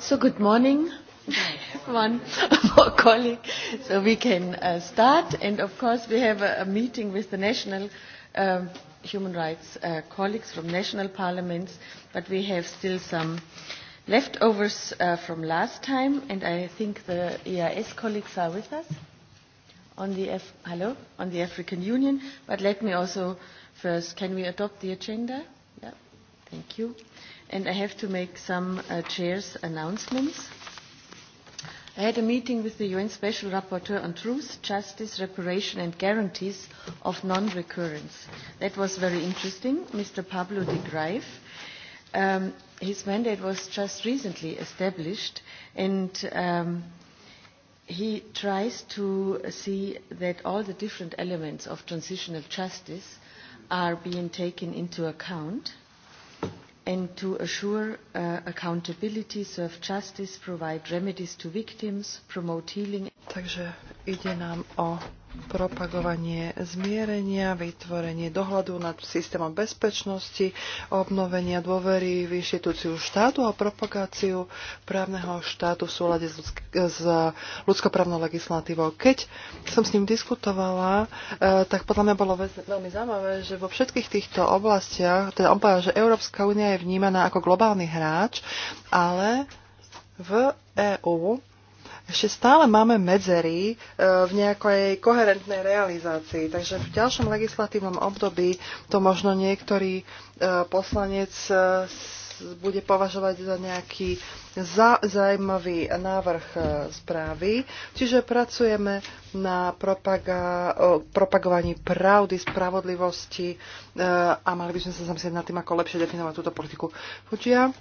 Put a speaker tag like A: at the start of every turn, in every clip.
A: So good morning, one more colleague. So we can uh, start, and of course we have a, a meeting with the national um, human rights uh, colleagues from national parliaments, but we have still some leftovers uh, from last time, and I think the EIS colleagues are with us on the F hello on the African Union. But let me also first, can we adopt the agenda? Yeah, thank you and I have to make some uh, chair's announcements. I had a meeting with the UN Special Rapporteur on Truth, Justice, Reparation and Guarantees of Non-Recurrence. That was very interesting. Mr. Pablo de Greif, um, his mandate was just recently established and um, he tries to see that all the different elements of transitional justice are being taken into account and to assure uh, accountability, serve justice, provide remedies to victims, promote healing. Takže ide nám o propagovanie zmierenia,
B: vytvorenie dohľadu nad systémom bezpečnosti, obnovenia dôvery v inštitúciu štátu a propagáciu právneho štátu v súlade s, ľudskoprávnou legislatívou. Keď som s ním diskutovala, eh, tak podľa mňa bolo veľmi zaujímavé, že vo všetkých týchto oblastiach, teda on povedal, že Európska únia je vnímaná ako globálny hráč, ale v EÚ ešte stále máme medzery e, v nejakej koherentnej realizácii. Takže v ďalšom legislatívnom období to možno niektorý e, poslanec e, bude považovať za nejaký zaujímavý návrh správy. Čiže pracujeme na propaga- propagovaní pravdy, spravodlivosti a mali by sme sa zamyslieť nad tým, ako lepšie definovať túto politiku. Fučia?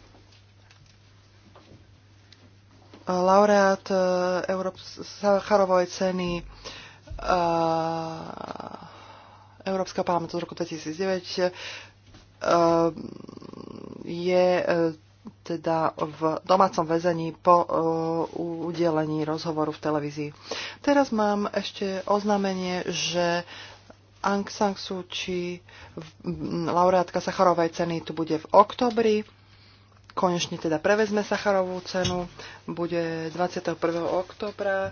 B: laureát e, Sacharovej ceny e, Európskeho parlamentu z roku 2009 e, je teda v domácom väzení po udelení rozhovoru v televízii. Teraz mám ešte oznámenie, že Aung San Suu Kyi, laureátka Sacharovej ceny, tu bude v oktobri konečne teda prevezme Sacharovú cenu, bude 21. oktobra. E,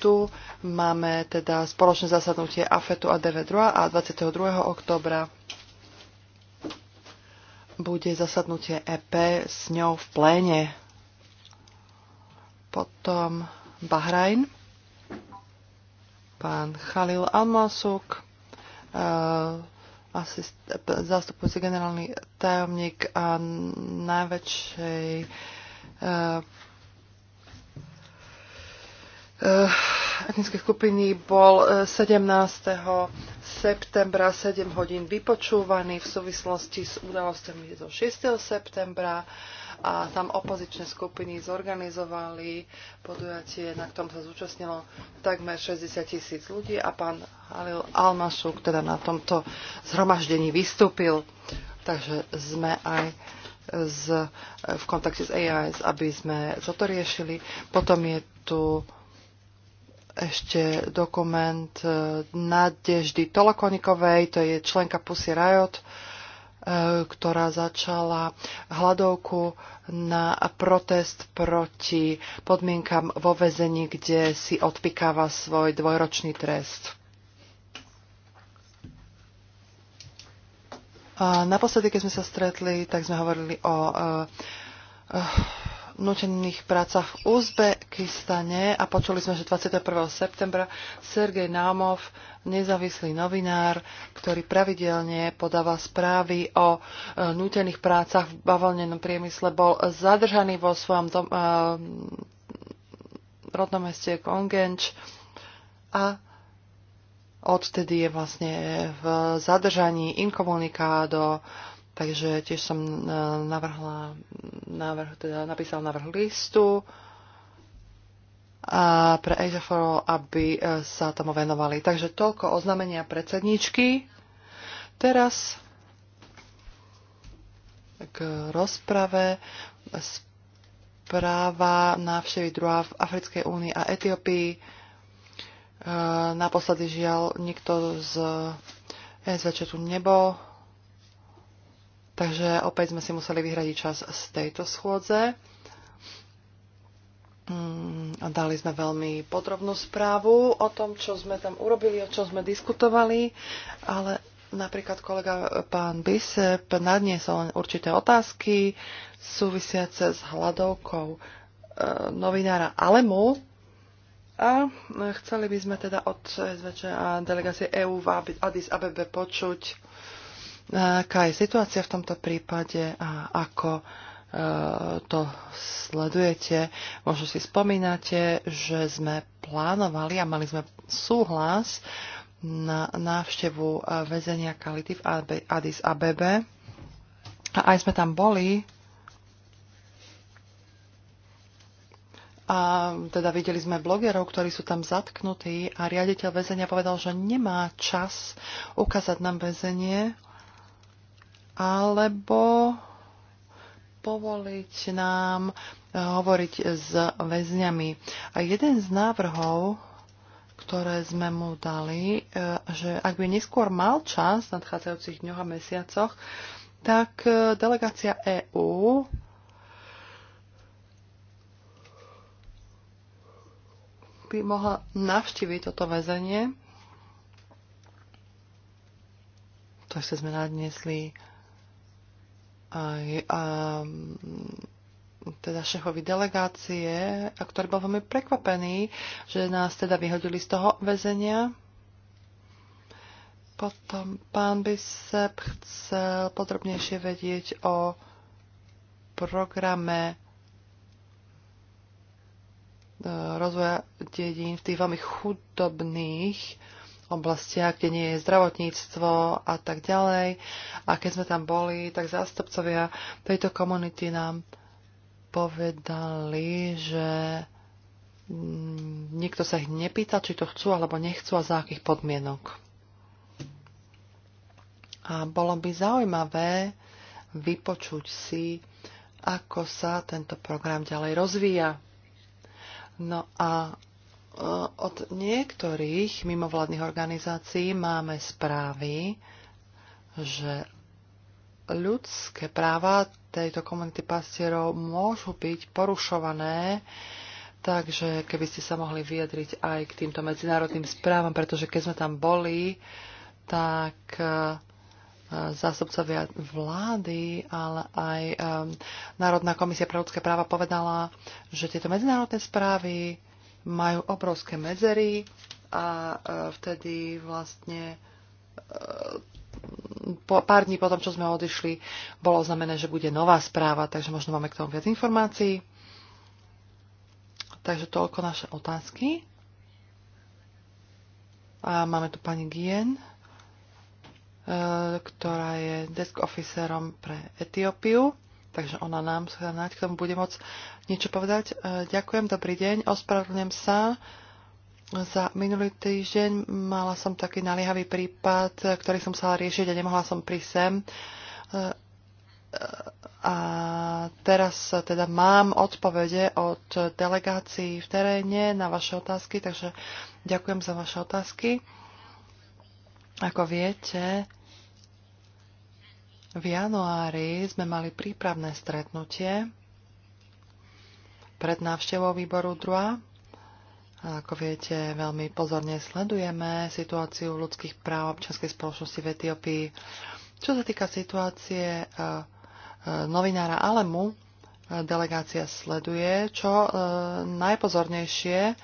B: tu máme teda spoločné zasadnutie AFETu a DV2 a 22. oktobra bude zasadnutie EP s ňou v pléne. Potom Bahrajn, pán Khalil Almasuk, e, asist, zastupujúci generálny tajomník a najväčšej uh, uh, skupiny bol 17. Eh, septembra 7 hodín vypočúvaný v súvislosti s udalosťami zo 6. septembra. Uh, a tam opozičné skupiny zorganizovali podujatie, na ktorom sa zúčastnilo takmer 60 tisíc ľudí a pán Halil Almasuk teda na tomto zhromaždení vystúpil. Takže sme aj z, v kontakte s AIS, aby sme toto riešili. Potom je tu ešte dokument Nadeždy Tolokonikovej, to je členka Pussy Riot, Eh, ktorá začala hladovku na protest proti podmienkam vo vezení, kde si odpikáva svoj dvojročný trest. naposledy, keď sme sa stretli, tak sme hovorili o eh, eh, nutených prácach v Uzbekistane a počuli sme, že 21. septembra Sergej Námov, nezávislý novinár, ktorý pravidelne podáva správy o e, nutených prácach v bavlnenom priemysle, bol zadržaný vo svojom dom, uh, rodnom meste Kongenč a odtedy je vlastne v zadržaní inkomunikádo Takže tiež som e, navrhla, navrh, teda napísal návrh listu a pre All, aby e, sa tomu venovali. Takže toľko oznamenia predsedničky. Teraz k rozprave správa návštevy druhá v Africkej únii a Etiópii. E, naposledy žiaľ nikto z SVČ tu nebol Takže opäť sme si museli vyhradiť čas z tejto schôdze. Mm, a dali sme veľmi podrobnú správu o tom, čo sme tam urobili, o čom sme diskutovali, ale napríklad kolega pán Bisep eh, nadniesol určité otázky súvisiace s e, novinára Alemu. A chceli by sme teda od SVČ a delegácie EU v Addis ABB počuť aká je situácia v tomto prípade a ako e, to sledujete. Možno si spomínate, že sme plánovali a mali sme súhlas na návštevu e, väzenia Kality v Addis Abebe. A aj sme tam boli. A teda videli sme blogerov, ktorí sú tam zatknutí a riaditeľ väzenia povedal, že nemá čas ukázať nám väzenie alebo povoliť nám eh, hovoriť s väzňami. A jeden z návrhov, ktoré sme mu dali, eh, že ak by neskôr mal čas v nadchádzajúcich dňoch a mesiacoch, tak eh, delegácia EÚ by mohla navštíviť toto väzenie. To ešte sme nadnesli aj a, ehm, teda šéfovi delegácie, a ktorý bol veľmi prekvapený, že nás teda vyhodili z toho väzenia. Potom pán by se chcel podrobnejšie vedieť o programe e, rozvoja dedín v tých veľmi chudobných oblastiach, kde nie je zdravotníctvo a tak ďalej. A keď sme tam boli, tak zástupcovia tejto komunity nám povedali, že mm, nikto sa ich nepýta, či to chcú alebo nechcú a za akých podmienok. A bolo by zaujímavé vypočuť si, ako sa tento program ďalej rozvíja. No a Eh, od niektorých mimovládnych organizácií máme správy, že ľudské práva tejto komunity pastierov môžu byť porušované, takže keby ste sa mohli vyjadriť aj k týmto medzinárodným správam, pretože keď sme tam boli, tak eh, zástupcovia vlády, ale aj eh, Národná komisia pre ľudské práva povedala, že tieto medzinárodné správy majú obrovské medzery a e, vtedy vlastne e, po, pár dní potom, čo sme odišli, bolo znamené, že bude nová správa, takže možno máme k tomu viac informácií. Takže toľko naše otázky. A máme tu pani Gien, e, ktorá je desk officerom pre Etiópiu takže ona nám snáď k tomu bude môcť niečo povedať. E, ďakujem, dobrý deň, ospravedlňujem sa. Za minulý týždeň mala som taký naliehavý prípad, ktorý som musela riešiť a nemohla som prísť sem. E, e, a teraz teda mám odpovede od delegácií v teréne na vaše otázky, takže ďakujem za vaše otázky. Ako viete, v januári sme mali prípravné stretnutie pred návštevou výboru DRUA. Ako viete, veľmi pozorne sledujeme situáciu ľudských práv občianskej spoločnosti v Etiópii. Čo sa týka situácie e, e, novinára Alemu, e, delegácia sleduje čo najpozornejšie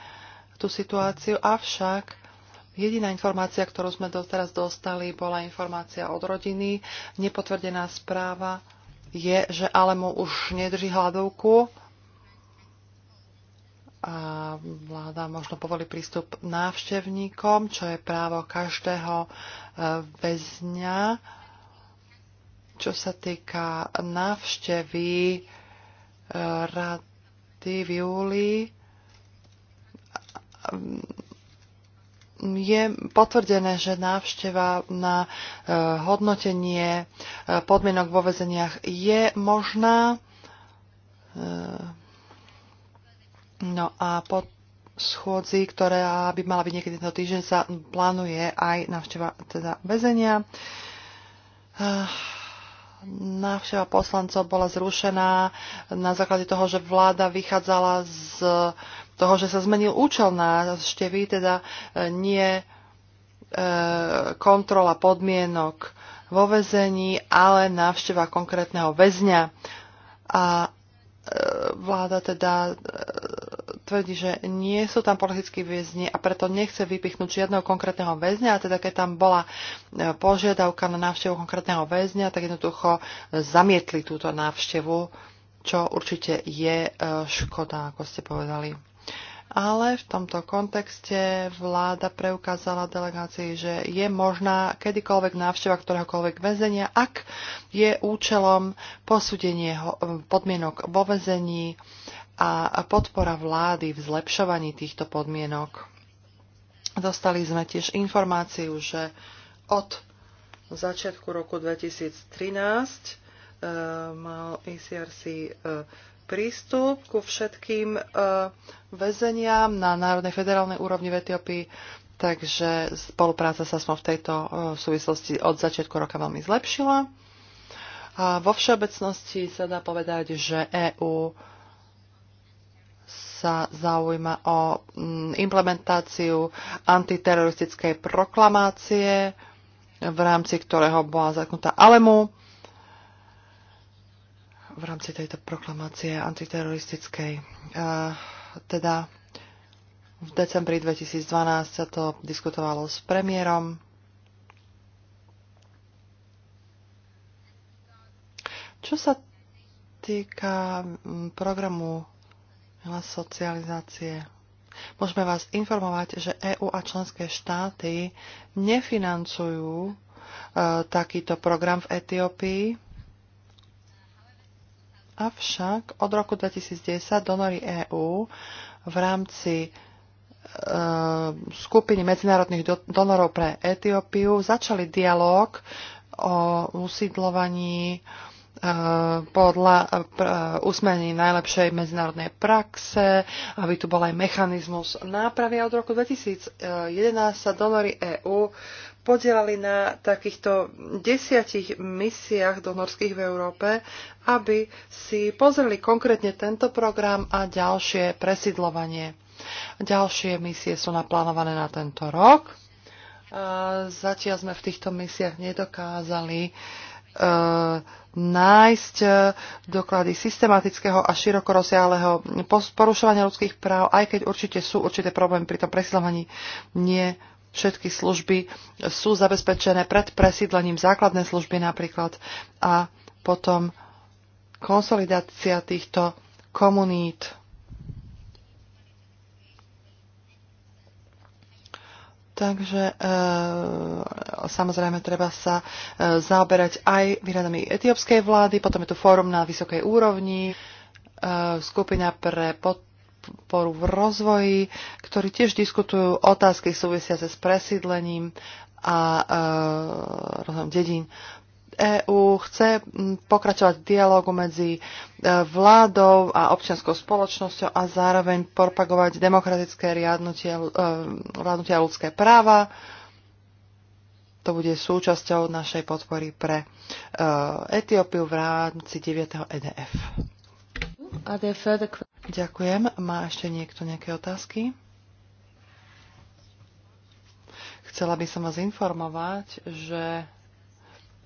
B: tú situáciu, avšak Jediná informácia, ktorú sme doteraz dostali, bola informácia od rodiny. Nepotvrdená správa je, že Alemu už nedrží hladovku a vláda možno povolí prístup návštevníkom, čo je právo každého e, väzňa. Čo sa týka návštevy e, rady v júli, je potvrdené, že návšteva na e, hodnotenie e, podmienok vo vezeniach je možná. E, no a po schôdzi, ktorá by mala byť niekedy tento týždeň, sa plánuje aj návšteva teda vezenia. Návšteva poslancov bola zrušená na základe toho, že vláda vychádzala z uh, toho, že sa zmenil účel návštevy, teda e, nie e, kontrola podmienok vo väzení, ale návšteva konkrétneho väzňa. A e, vláda teda tvrdí, že nie sú tam politickí väzni a preto nechce vypichnúť žiadneho konkrétneho väzňa. A teda keď tam bola požiadavka na návštevu konkrétneho väzňa, tak jednoducho zamietli túto návštevu, čo určite je škoda, ako ste povedali ale v tomto kontexte vláda preukázala delegácii, že je možná kedykoľvek návšteva ktoréhokoľvek väzenia, ak je účelom posúdenie eh, podmienok vo väzení a podpora vlády v zlepšovaní týchto podmienok. Dostali sme tiež informáciu, že od začiatku roku 2013 eh, mal ECRC prístup ku všetkým e, väzeniam na národnej federálnej úrovni v Etiópii. Takže spolupráca sa som v tejto e, súvislosti od začiatku roka veľmi zlepšila. A vo všeobecnosti sa dá povedať, že EÚ sa zaujíma o implementáciu antiteroristickej proklamácie, v rámci ktorého bola zaknutá Alemu v rámci tejto proklamácie antiteroristickej. Teda v decembri 2012 sa to diskutovalo s premiérom. Čo sa týka programu socializácie, môžeme vás informovať, že EÚ a členské štáty nefinancujú e, takýto program v Etiópii Avšak od roku 2010 donory EÚ v rámci e, skupiny medzinárodných donorov pre Etiópiu začali dialog o usídlovaní Eh, podľa eh, eh, usmernení najlepšej medzinárodnej praxe, aby tu bol aj mechanizmus nápravy. A od roku 2011 sa donory EÚ podielali na takýchto desiatich misiách donorských v Európe, aby si pozreli konkrétne tento program a ďalšie presidlovanie. Ďalšie misie sú naplánované na tento rok. Zatiaľ sme v týchto misiách nedokázali uh, E, nájsť e, doklady systematického a široko rozsiahleho porušovania ľudských práv, aj keď určite sú určité problémy pri tom presilovaní, Nie všetky služby sú zabezpečené pred presídlením základné služby napríklad a potom konsolidácia týchto komunít Takže e, samozrejme treba sa e, zaoberať aj výradami etiópskej vlády, potom je tu fórum na vysokej úrovni, e, skupina pre podporu v rozvoji, ktorí tiež diskutujú otázky súvisiace s presídlením a e, dedín. EÚ chce mm, pokračovať v dialogu medzi e, vládou a občianskou spoločnosťou a zároveň propagovať demokratické riadnutie, e, vládnutie a ľudské práva. To bude súčasťou našej podpory pre e, Etiópiu v rámci 9. EDF. Ďakujem. Má ešte niekto nejaké otázky? Chcela by som vás informovať, že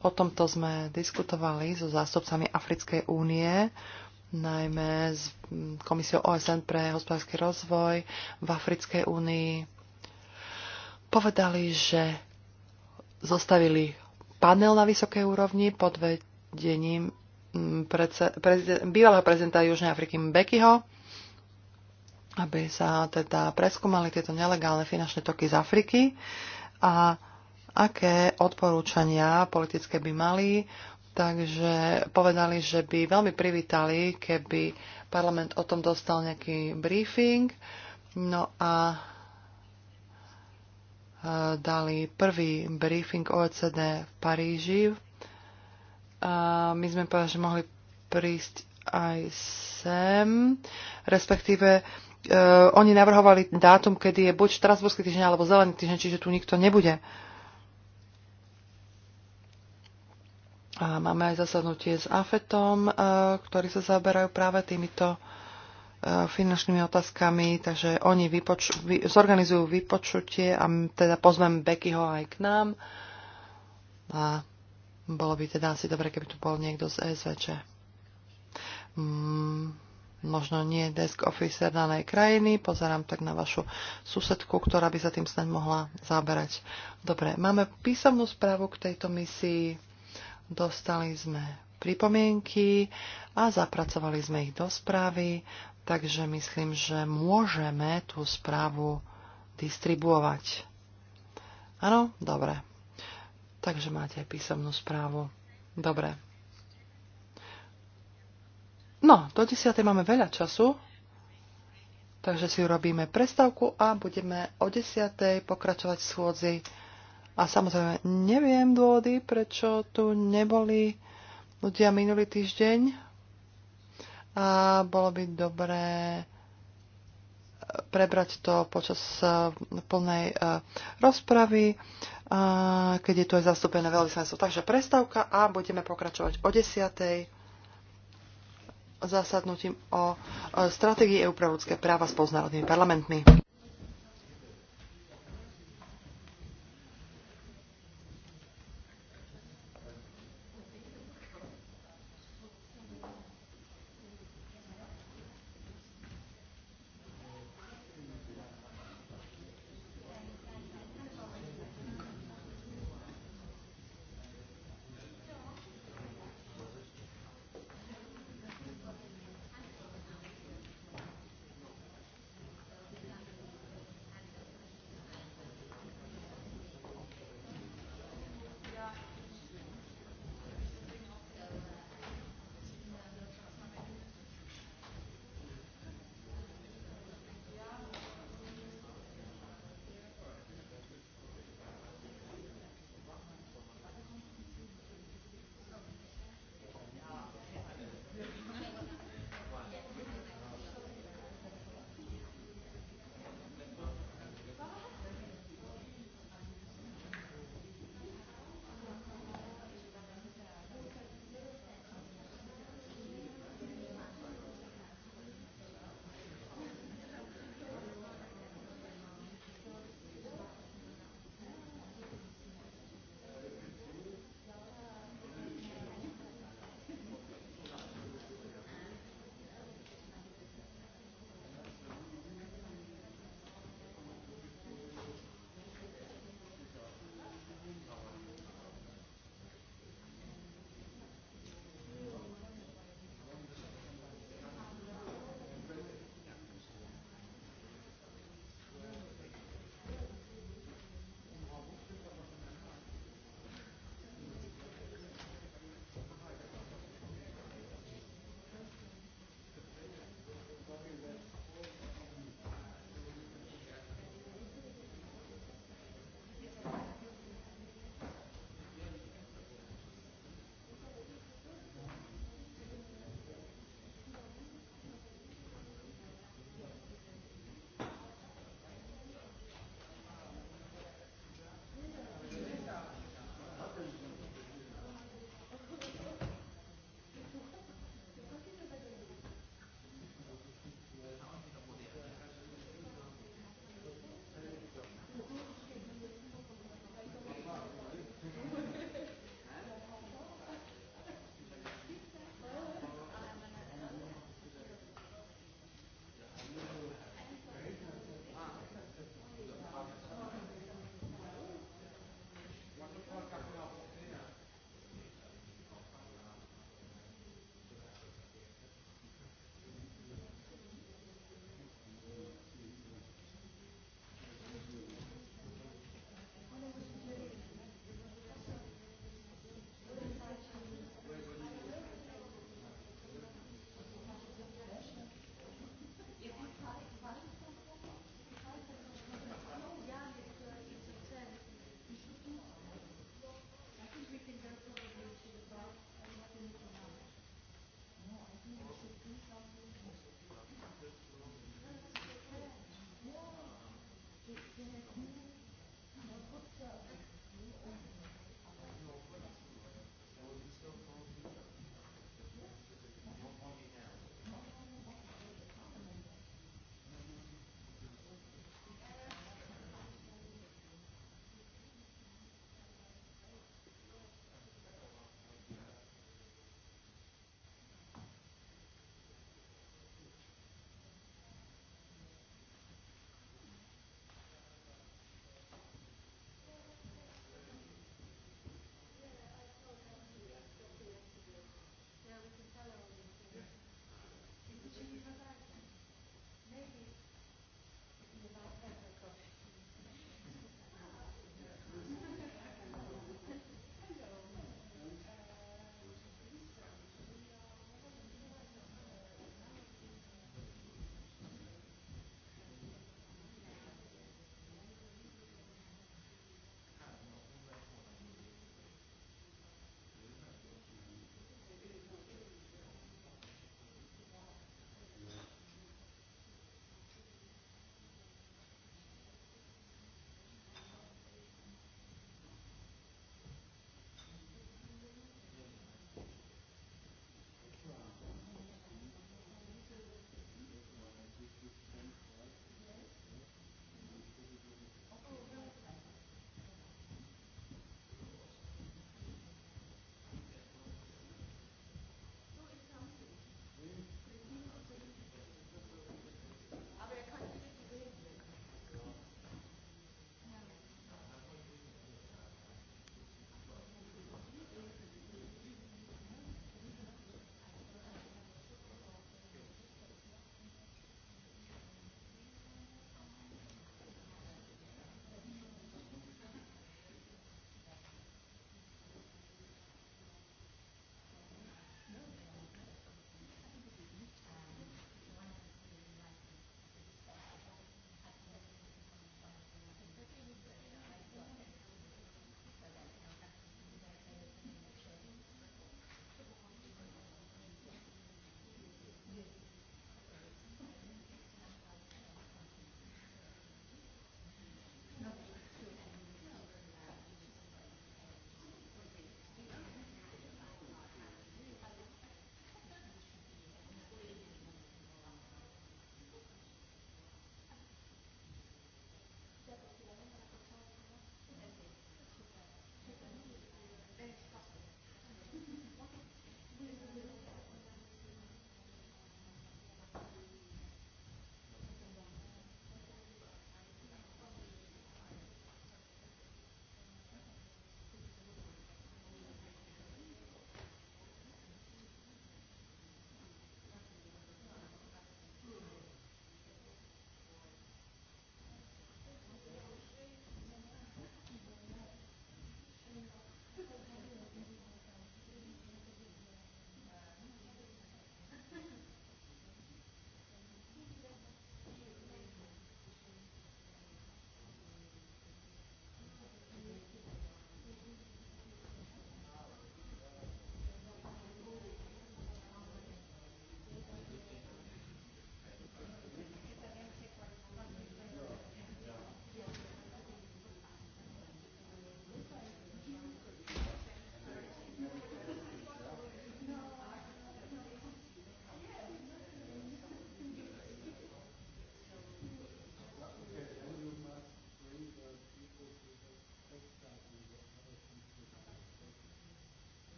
B: O tomto sme diskutovali so zástupcami Africkej únie, najmä s Komisiou OSN pre hospodársky rozvoj v Africkej únii. Povedali, že zostavili panel na vysokej úrovni pod vedením prece, bývalého prezidenta Južnej Afriky Mbekiho, aby sa teda preskúmali tieto nelegálne finančné toky z Afriky a aké odporúčania politické by mali, takže povedali, že by veľmi privítali, keby parlament o tom dostal nejaký briefing. No a e, dali prvý briefing OECD v Paríži. A e, my sme povedali, že mohli prísť aj sem, respektíve uh, oni navrhovali dátum, kedy je buď Štrasburský týždeň alebo Zelený týždeň, čiže tu nikto nebude. Uh, A máme aj zasadnutie s AFETom, e, ktorí sa zaberajú práve týmito e, finančnými otázkami, takže oni vypoču, vy, zorganizujú vypočutie a teda pozvem Beckyho aj k nám. A bolo by teda asi dobre, keby tu bol niekto z SVČ. Mm, možno nie desk officer danej krajiny, pozerám tak na vašu susedku, ktorá by sa tým snad mohla záberať Dobre, máme písomnú správu k tejto misii dostali sme pripomienky a zapracovali sme ich do správy, takže myslím, že môžeme tú správu distribuovať. Áno, dobre. Takže máte aj písomnú správu. Dobre. No, do 10. máme veľa času, takže si urobíme prestavku a budeme o 10. pokračovať v schôdzi a samozrejme, neviem dôvody, prečo tu neboli ľudia minulý týždeň. A bolo by dobré eh, prebrať to počas eh, plnej eh, rozpravy, keď je tu aj zastúpené veľvyslanectvo. Takže prestávka a budeme pokračovať o 10 zasadnutím o stratégii EU pre ľudské práva s poznárodnými parlamentmi.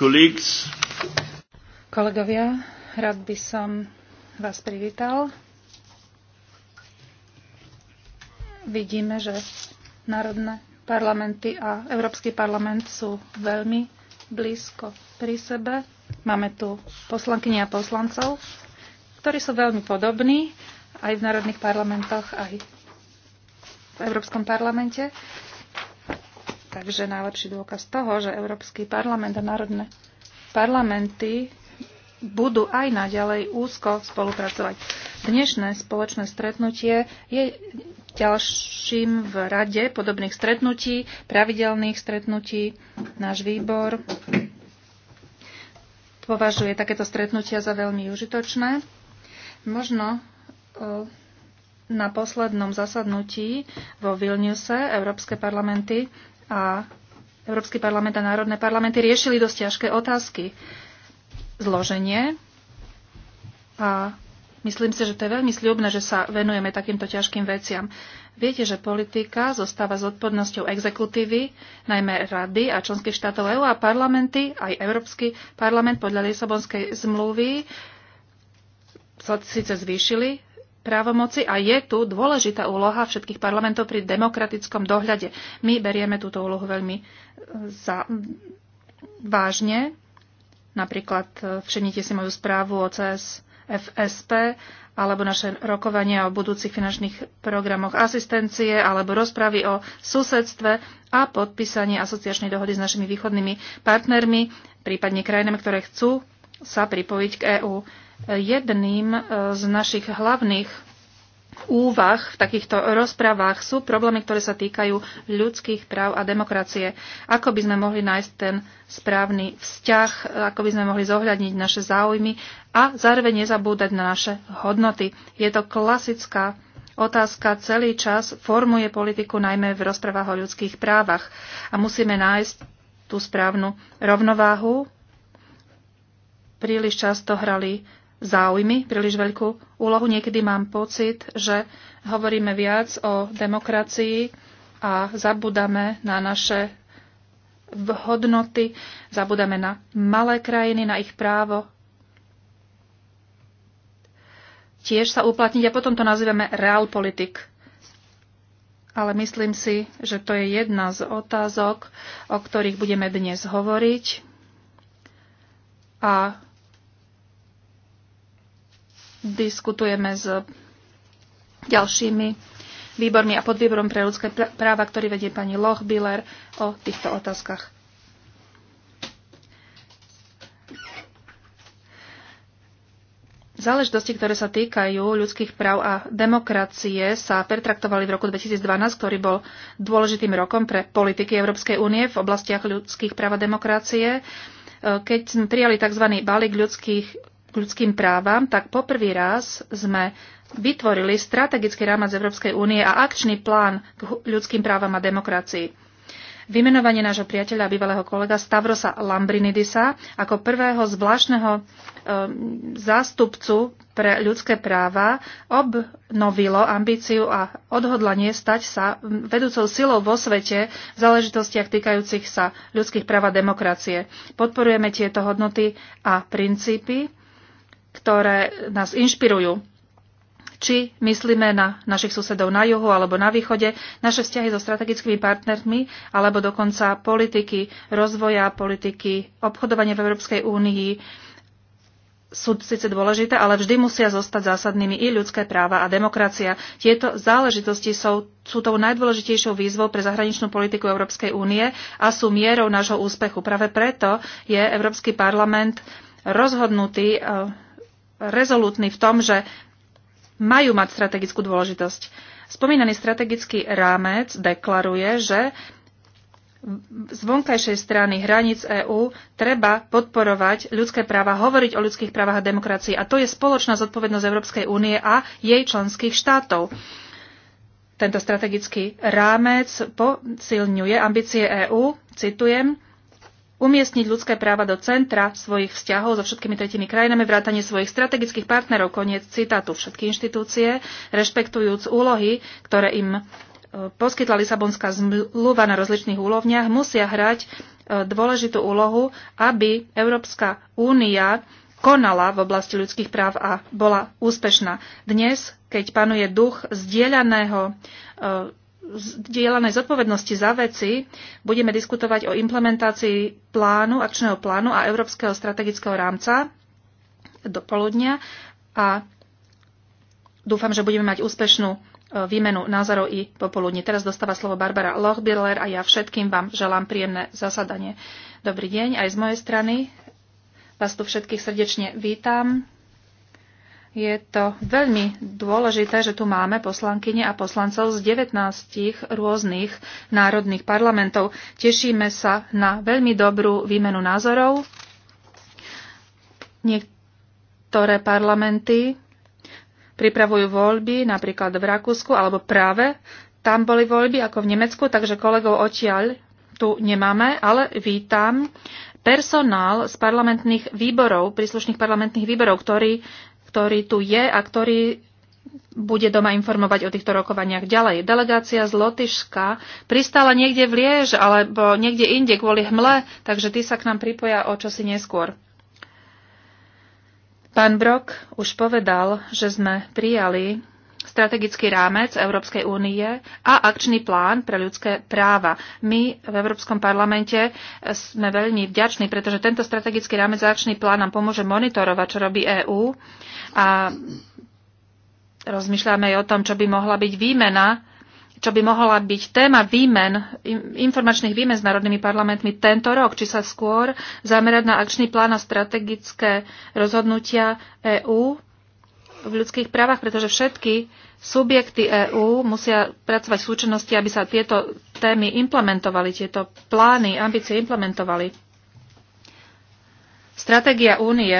C: colleagues.
D: Kolegovia, rád by som vás privítal. Vidíme, že národné parlamenty a Európsky parlament sú veľmi blízko pri sebe. Máme tu poslankyne a poslancov, ktorí sú veľmi podobní aj v národných parlamentoch, aj v Európskom parlamente. Takže najlepší dôkaz toho, že Európsky parlament a národné parlamenty budú aj naďalej úzko spolupracovať. Dnešné spoločné stretnutie je ďalším v rade podobných stretnutí, pravidelných stretnutí. Náš výbor považuje takéto stretnutia za veľmi užitočné. Možno e, na poslednom zasadnutí vo Vilniuse Európske parlamenty a Európsky parlament a národné parlamenty riešili dosť ťažké otázky. Zloženie a myslím si, že to je veľmi sľubné, že sa venujeme takýmto ťažkým veciam. Viete, že politika zostáva odpornosťou exekutívy, najmä rady a členských štátov EU a parlamenty, aj Európsky parlament podľa Lisabonskej zmluvy sa síce zvýšili právomoci a je tu dôležitá úloha všetkých parlamentov pri demokratickom dohľade. My berieme túto úlohu veľmi e, za, vážne. Napríklad e, všimnite si moju správu o CSFSP, alebo naše rokovania o budúcich finančných programoch asistencie alebo rozpravy o susedstve a podpísanie asociačnej dohody s našimi východnými partnermi, prípadne krajinami, ktoré chcú sa pripojiť k EÚ. Jedným e, z našich hlavných úvah v takýchto rozprávach sú problémy, ktoré sa týkajú ľudských práv a demokracie. Ako by sme mohli nájsť ten správny vzťah, ako by sme mohli zohľadniť naše záujmy a zároveň nezabúdať na naše hodnoty. Je to klasická otázka celý čas formuje politiku najmä v rozprávach o ľudských právach a musíme nájsť tú správnu rovnováhu. Príliš často hrali záujmy príliš veľkú úlohu. Niekedy mám pocit, že hovoríme viac o demokracii a zabudame na naše hodnoty, zabudame na malé krajiny, na ich právo tiež sa uplatniť a potom to nazývame realpolitik. Ale myslím si, že to je jedna z otázok, o ktorých budeme dnes hovoriť. A diskutujeme s ďalšími výbormi a podvýborom pre ľudské práva, ktorý vedie pani Lochbiller o týchto otázkach. Záležitosti, ktoré sa týkajú ľudských práv a demokracie, sa pertraktovali v roku 2012, ktorý bol dôležitým rokom pre politiky Európskej únie v oblastiach ľudských práv a demokracie. Keď sme prijali tzv. balík ľudských k ľudským právam, tak poprvý raz sme vytvorili strategický rámec Európskej únie a akčný plán k ľudským právam a demokracii. Vymenovanie nášho priateľa a bývalého kolega Stavrosa Lambrinidisa ako prvého zvláštneho e, zástupcu pre ľudské práva obnovilo ambíciu a odhodlanie stať sa vedúcou silou vo svete v záležitostiach týkajúcich sa ľudských práv a demokracie. Podporujeme tieto hodnoty a princípy ktoré nás inšpirujú. Či myslíme na našich susedov na juhu alebo na východe, naše vzťahy so strategickými partnermi alebo dokonca politiky rozvoja, politiky obchodovania v Európskej únii sú síce dôležité, ale vždy musia zostať zásadnými i ľudské práva a demokracia. Tieto záležitosti sú, sú tou najdôležitejšou výzvou pre zahraničnú politiku Európskej únie a sú mierou nášho úspechu. Práve preto je Európsky parlament rozhodnutý eh, rezolutní v tom, že majú mať strategickú dôležitosť. Spomínaný strategický rámec deklaruje, že z vonkajšej strany hraníc EÚ treba podporovať ľudské práva, hovoriť o ľudských právach a demokracii. A to je spoločná zodpovednosť Európskej únie a jej členských štátov. Tento strategický rámec posilňuje ambície EÚ, citujem, umiestniť ľudské práva do centra svojich vzťahov so všetkými tretimi krajinami, vrátanie svojich strategických partnerov, koniec citátu, všetky inštitúcie, rešpektujúc úlohy, ktoré im e, poskytla Lisabonská zmluva na rozličných úlovniach, musia hrať e, dôležitú úlohu, aby Európska únia konala v oblasti ľudských práv a bola úspešná. Dnes, keď panuje duch zdieľaného e, zdieľanej zodpovednosti za veci budeme diskutovať o implementácii plánu, akčného plánu a Európskeho strategického rámca do poludnia a dúfam, že budeme mať úspešnú e, výmenu názorov i popoludní. Teraz dostáva slovo Barbara Lochbiller a ja všetkým vám želám príjemné zasadanie. Dobrý deň aj z mojej strany. Vás tu všetkých srdečne vítam je to veľmi dôležité, že tu máme poslankyne a poslancov z 19 rôznych národných parlamentov. Tešíme sa na veľmi dobrú výmenu názorov. Niektoré parlamenty pripravujú voľby, napríklad v Rakúsku alebo práve tam boli voľby ako v Nemecku, takže kolegov odtiaľ tu nemáme, ale vítam personál z parlamentných výborov, príslušných parlamentných výborov, ktorí ktorý tu je a ktorý bude doma informovať o týchto rokovaniach ďalej. Delegácia z Lotyšska pristála niekde v Liež alebo niekde inde kvôli hmle, takže ty sa k nám pripoja o čosi neskôr. Pán Brok už povedal, že sme prijali strategický rámec Európskej únie a akčný plán pre ľudské práva. My v Európskom parlamente sme veľmi vďační, pretože tento strategický rámec a akčný plán nám pomôže monitorovať, čo robí EÚ a rozmýšľame aj o tom, čo by mohla byť výmena čo by mohla byť téma výmen, informačných výmen s národnými parlamentmi tento rok, či sa skôr zamerať na akčný plán a strategické rozhodnutia EÚ v ľudských právach, pretože všetky subjekty EÚ musia pracovať v súčinnosti, aby sa tieto témy implementovali, tieto plány, ambície implementovali. Stratégia únie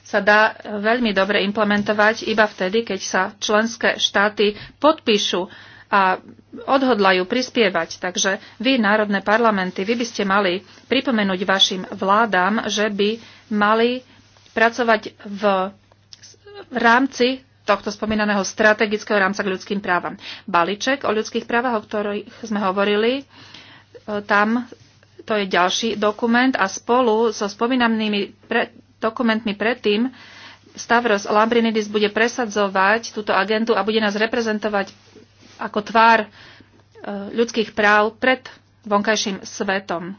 D: sa dá veľmi dobre implementovať iba vtedy, keď sa členské štáty podpíšu a odhodlajú prispievať. Takže vy, národné parlamenty, vy by ste mali pripomenúť vašim vládám, že by mali pracovať v v rámci tohto spomínaného strategického rámca k ľudským právam. Balíček o ľudských právach, o ktorých sme hovorili, e, tam to je ďalší dokument a spolu so spomínanými pre, dokumentmi predtým Stavros Lambrinidis bude presadzovať túto agentu a bude nás reprezentovať ako tvár e, ľudských práv pred vonkajším svetom.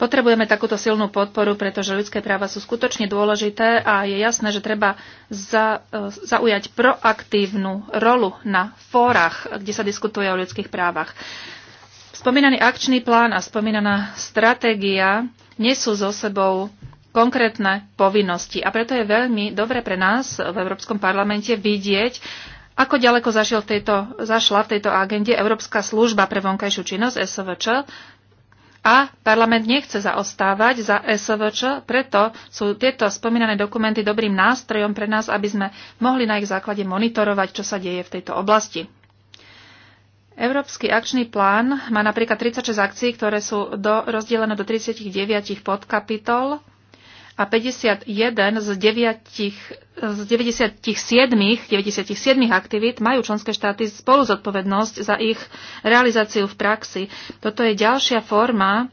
D: Potrebujeme takúto silnú podporu, pretože ľudské práva sú skutočne dôležité a je jasné, že treba za, e, zaujať proaktívnu rolu na fórach, kde sa diskutuje o ľudských právach. Spomínaný akčný plán a spomínaná stratégia nesú so sebou konkrétne povinnosti a preto je veľmi dobre pre nás v Európskom parlamente vidieť, ako ďaleko zašiel v tejto, zašla v tejto agende Európska služba pre vonkajšiu činnosť SVČ, a parlament nechce zaostávať za SVČ, preto sú tieto spomínané dokumenty dobrým nástrojom pre nás, aby sme mohli na ich základe monitorovať, čo sa deje v tejto oblasti. Európsky akčný plán má napríklad 36 akcií, ktoré sú do, rozdelené do 39 podkapitol a 51 z, 9, z 97, 97 aktivít majú členské štáty spolu zodpovednosť za ich realizáciu v praxi. Toto je ďalšia forma,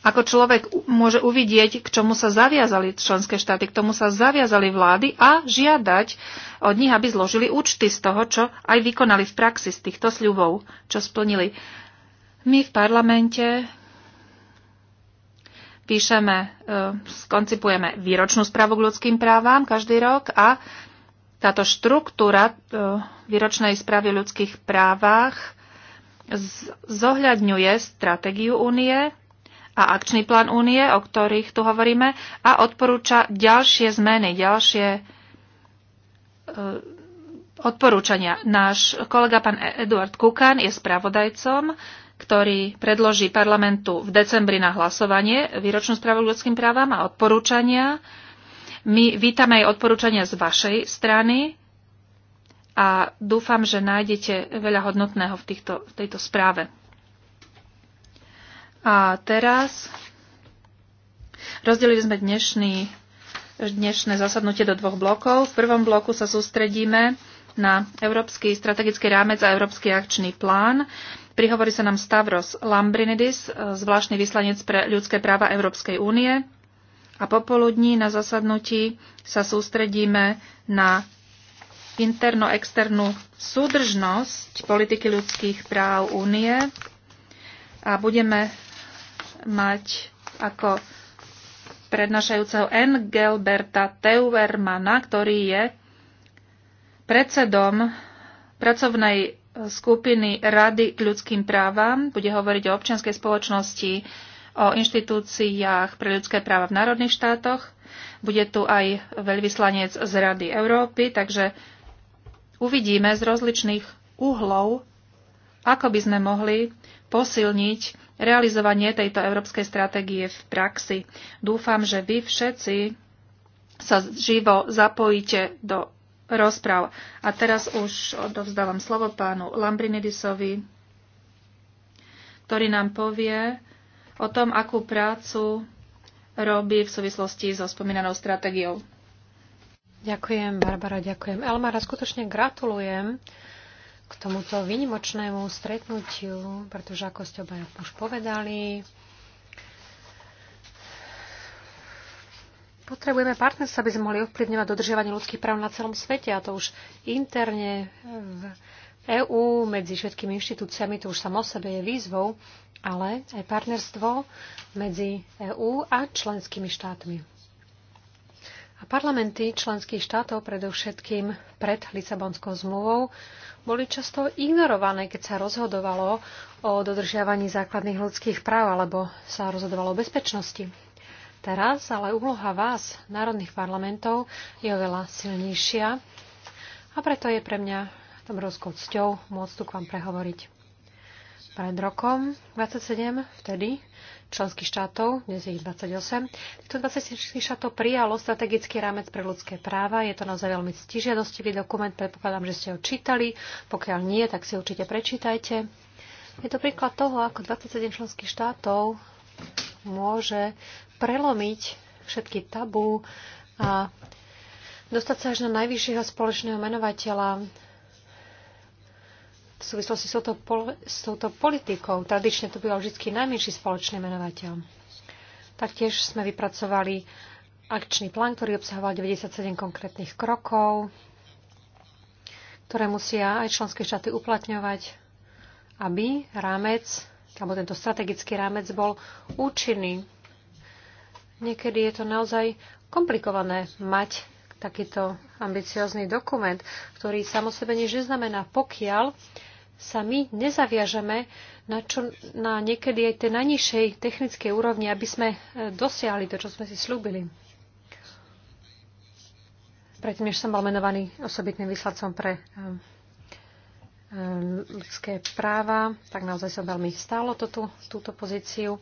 D: ako človek môže uvidieť, k čomu sa zaviazali členské štáty, k tomu sa zaviazali vlády a žiadať od nich, aby zložili účty z toho, čo aj vykonali v praxi z týchto sľubov, čo splnili. My v parlamente píšeme, e, skoncipujeme výročnú správu k ľudským právam každý rok a táto štruktúra e, výročnej správy o ľudských právach zohľadňuje stratégiu únie a akčný plán únie, o ktorých tu hovoríme, a odporúča ďalšie zmeny, ďalšie e, odporúčania. Náš kolega pán Eduard Kukan je spravodajcom ktorý predloží parlamentu v decembri na hlasovanie výročnú správu ľudským právam a odporúčania. My vítame aj odporúčania z vašej strany a dúfam, že nájdete veľa hodnotného v, týchto, v tejto správe. A teraz rozdelili sme dnešný, dnešné zasadnutie do dvoch blokov. V prvom bloku sa sústredíme na Európsky strategický rámec a Európsky akčný plán. Prihovorí sa nám Stavros Lambrinidis, e, zvláštny vyslanec pre ľudské práva Európskej únie. A popoludní na zasadnutí sa sústredíme na interno-externú súdržnosť politiky ľudských práv únie a budeme mať ako prednášajúceho Engelberta Teuermana, ktorý je predsedom pracovnej skupiny Rady k ľudským právam. Bude hovoriť o občianskej spoločnosti, o inštitúciách pre ľudské práva v národných štátoch. Bude tu aj veľvyslanec z Rady Európy, takže uvidíme z rozličných uhlov, ako by sme mohli posilniť realizovanie tejto európskej stratégie v praxi. Dúfam, že vy všetci sa živo zapojíte do rozpráv. A teraz už odovzdávam slovo pánu Lambrinidisovi, ktorý nám povie o tom, akú prácu robí v súvislosti so spomínanou stratégiou. Ďakujem, Barbara,
E: ďakujem. Elmara, skutočne gratulujem k tomuto výnimočnému stretnutiu, pretože ako ste obaja už povedali, Potrebujeme partnerstva, aby sme mohli ovplyvňovať dodržiavanie ľudských práv na celom svete a to už interne v EÚ medzi všetkými inštitúciami, to už samo sebe je výzvou, ale aj partnerstvo medzi EÚ a členskými štátmi. A parlamenty členských štátov predovšetkým pred Lisabonskou zmluvou boli často ignorované, keď sa rozhodovalo o dodržiavaní základných ľudských práv alebo sa rozhodovalo o bezpečnosti teraz, ale úloha vás, národných parlamentov, je oveľa silnejšia a preto je pre mňa obrovskou cťou môcť tu k vám prehovoriť. Pred rokom 27 vtedy členských štátov, dnes je ich 28, týchto 27 štátov prijalo strategický rámec pre ľudské práva. Je to naozaj veľmi stížiadostivý dokument, predpokladám, že ste ho čítali. Pokiaľ nie, tak si určite prečítajte. Je to príklad toho, ako 27 členských štátov môže prelomiť všetky tabú a dostať sa až na najvyššieho spoločného menovateľa v súvislosti s touto, s touto politikou. Tradične to býval vždy najmenší spoločný menovateľ. Taktiež sme vypracovali akčný plán, ktorý obsahoval 97 konkrétnych krokov, ktoré musia aj členské štáty uplatňovať, aby rámec alebo tento strategický rámec bol účinný. Niekedy je to naozaj komplikované mať takýto ambiciózny dokument, ktorý samo sebe nič neznamená, pokiaľ sa my nezaviažeme na, čo, na niekedy aj tej najnižšej technickej úrovni, aby sme e, dosiahli to, čo sme si slúbili. Predtým, než som bol menovaný osobitným vyslancom pre e, Ehm, ľudské práva, tak naozaj som veľmi stálo to tú, túto pozíciu.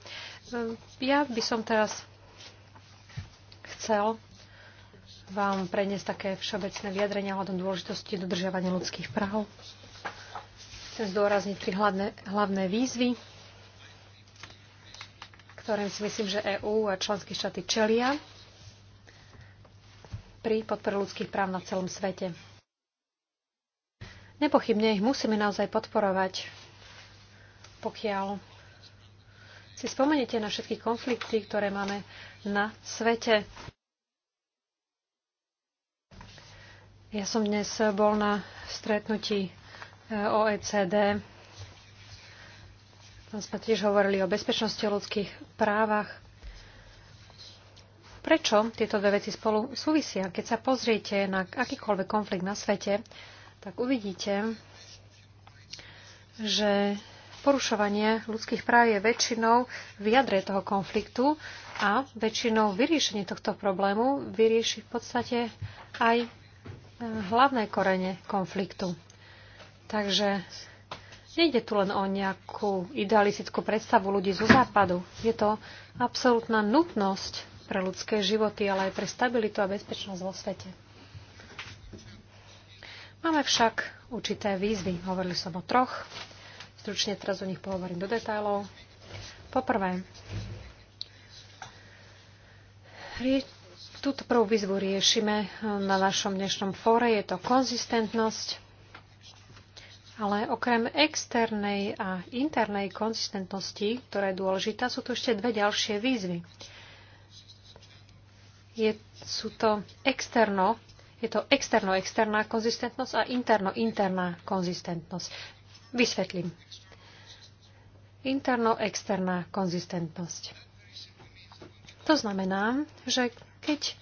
E: Ehm, ja by som teraz chcel vám preniesť také všeobecné vyjadrenia hľadom dôležitosti dodržiavania ľudských práv. Chcem zdôrazniť tri hlavné, hlavné výzvy, ktorým si myslím, že EÚ a členské štáty čelia pri podpore ľudských práv na celom svete. Nepochybne ich musíme naozaj podporovať. Pokiaľ si spomeniete na všetky konflikty, ktoré máme na svete. Ja som dnes bol na stretnutí e, OECD. Tam sme tiež hovorili o bezpečnosti o ľudských právach. Prečo tieto dve veci spolu súvisia? Keď sa pozriete na akýkoľvek konflikt na svete, tak uvidíte, že porušovanie ľudských práv je väčšinou v jadre toho konfliktu a väčšinou vyriešenie tohto problému vyrieši v podstate aj e, hlavné korene konfliktu. Takže nejde tu len o nejakú idealistickú predstavu ľudí zo západu. Je to absolútna nutnosť pre ľudské životy, ale aj pre stabilitu a bezpečnosť vo svete. Máme však určité výzvy. Hovorili som o troch. Stručne teraz o nich pohovorím do detailov. Poprvé, túto prvú výzvu riešime eh, na našom dnešnom fóre. Je to konzistentnosť, ale okrem externej a internej konzistentnosti, ktorá je dôležitá, sú tu ešte dve ďalšie výzvy. Je, sú to externo je to externo-externá konzistentnosť a interno-interná konzistentnosť. Vysvetlím. Interno-externá konzistentnosť. To znamená, že keď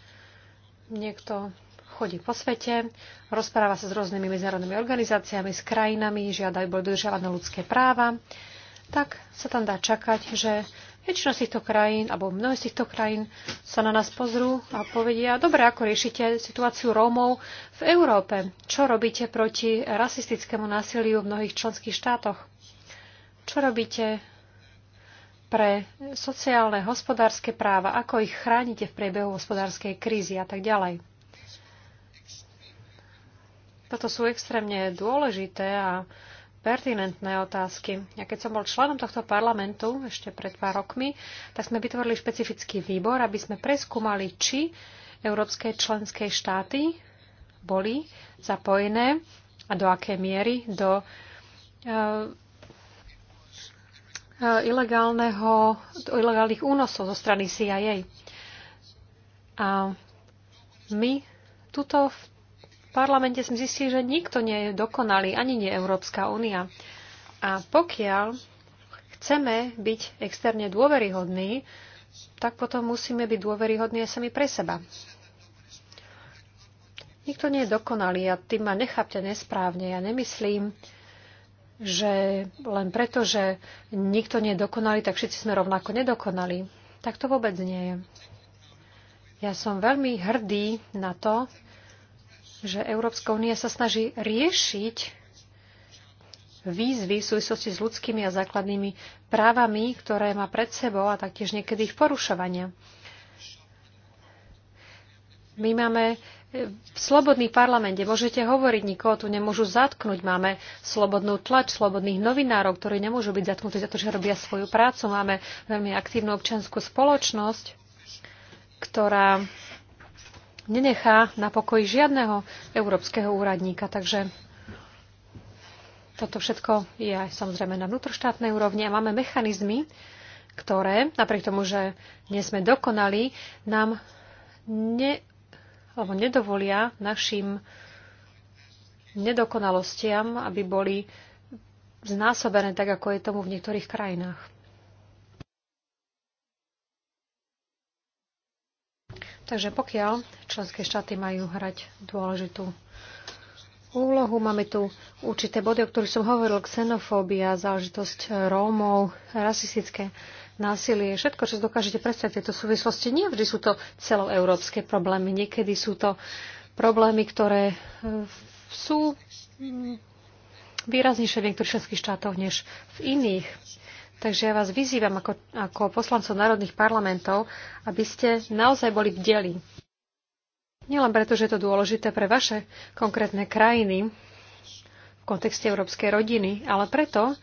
E: niekto chodí po svete, rozpráva sa s rôznymi medzinárodnými organizáciami, s krajinami, žiadajú boli dodržiavané ľudské práva, tak sa tam dá čakať, že Väčšina z týchto krajín, alebo mnohé z týchto krajín sa na nás pozrú a povedia, dobre, ako riešite situáciu Rómov v Európe? Čo robíte proti rasistickému násiliu v mnohých členských štátoch? Čo robíte pre sociálne, hospodárske práva? Ako ich chránite v priebehu hospodárskej krízy a tak ďalej? Toto sú extrémne dôležité a pertinentné otázky. Ja keď som bol členom tohto parlamentu ešte pred pár rokmi, tak sme vytvorili špecifický výbor, aby sme preskúmali, či európske členské štáty boli zapojené a do akej miery do eh, eh, ilegálneho, ilegálnych únosov zo strany CIA. A my tuto v parlamente sme zistili, že nikto nie je dokonalý, ani nie Európska únia. A pokiaľ chceme byť externe dôveryhodní, tak potom musíme byť dôveryhodní aj sami pre seba. Nikto nie je dokonalý a tým ma nechápte nesprávne. Ja nemyslím, že len preto, že nikto nie je dokonalý, tak všetci sme rovnako nedokonali. Tak to vôbec nie je. Ja som veľmi hrdý na to, že Európska únia sa snaží riešiť výzvy v súvislosti s ľudskými a základnými právami, ktoré má pred sebou a taktiež niekedy ich porušovania. My máme e, slobodný parlament, kde môžete hovoriť, nikoho tu nemôžu zatknúť. Máme slobodnú tlač, slobodných novinárov, ktorí nemôžu byť zatknutí za to, že robia svoju prácu. Máme veľmi aktívnu občanskú spoločnosť, ktorá nenechá na pokoji žiadneho európskeho úradníka. Takže toto všetko je aj samozrejme na vnútroštátnej úrovni a máme mechanizmy, ktoré, napriek tomu, že nie sme dokonali, nám ne, alebo nedovolia našim nedokonalostiam, aby boli znásobené tak, ako je tomu v niektorých krajinách. Takže pokiaľ členské štáty majú hrať dôležitú úlohu, máme tu určité body, o ktorých som hovoril, xenofóbia, záležitosť Rómov, rasistické násilie, všetko, čo dokážete predstaviť v tejto súvislosti. Nie vždy sú to celoeurópske problémy, niekedy sú to problémy, ktoré e, sú mm, výraznejšie v niektorých členských štátoch než v iných. Takže ja vás vyzývam ako, ako poslancov národných parlamentov, aby ste naozaj boli bdeli. Nielen preto, že je to dôležité pre vaše konkrétne krajiny v kontexte európskej rodiny, ale preto,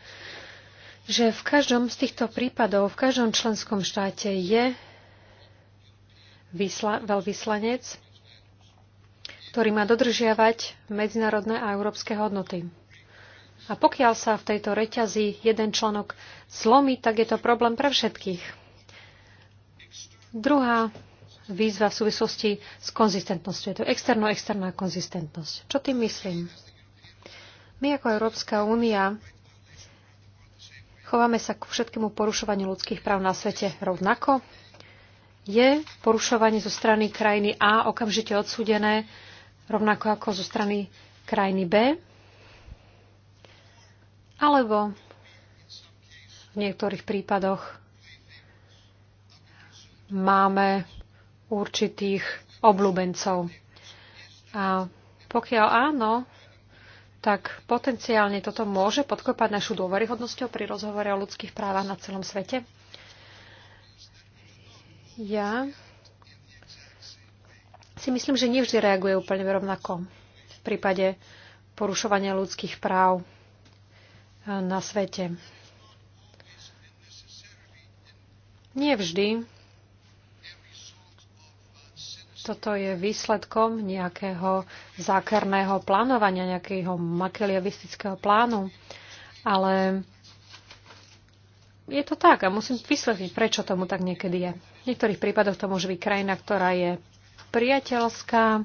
E: že v každom z týchto prípadov, v každom členskom štáte je vysla, veľvyslanec, ktorý má dodržiavať medzinárodné a európske hodnoty. A pokiaľ sa v tejto reťazi jeden členok zlomí, tak je to problém pre všetkých. Druhá výzva v súvislosti s konzistentnosťou. Je to externo-externá konzistentnosť. Čo tým myslím? My ako Európska únia chováme sa k všetkému porušovaniu ľudských práv na svete rovnako. Je porušovanie zo strany krajiny A okamžite odsúdené rovnako ako zo strany krajiny B alebo v niektorých prípadoch máme určitých obľúbencov. A pokiaľ áno, tak potenciálne toto môže podkopať našu dôveryhodnosťou pri rozhovore o ľudských právach na celom svete. Ja si myslím, že nevždy reaguje úplne rovnako v prípade porušovania ľudských práv na svete. Nie vždy toto je výsledkom nejakého zákerného plánovania, nejakého makeliavistického plánu, ale je to tak a musím vysvetliť, prečo tomu tak niekedy je. V niektorých prípadoch to môže byť krajina, ktorá je priateľská,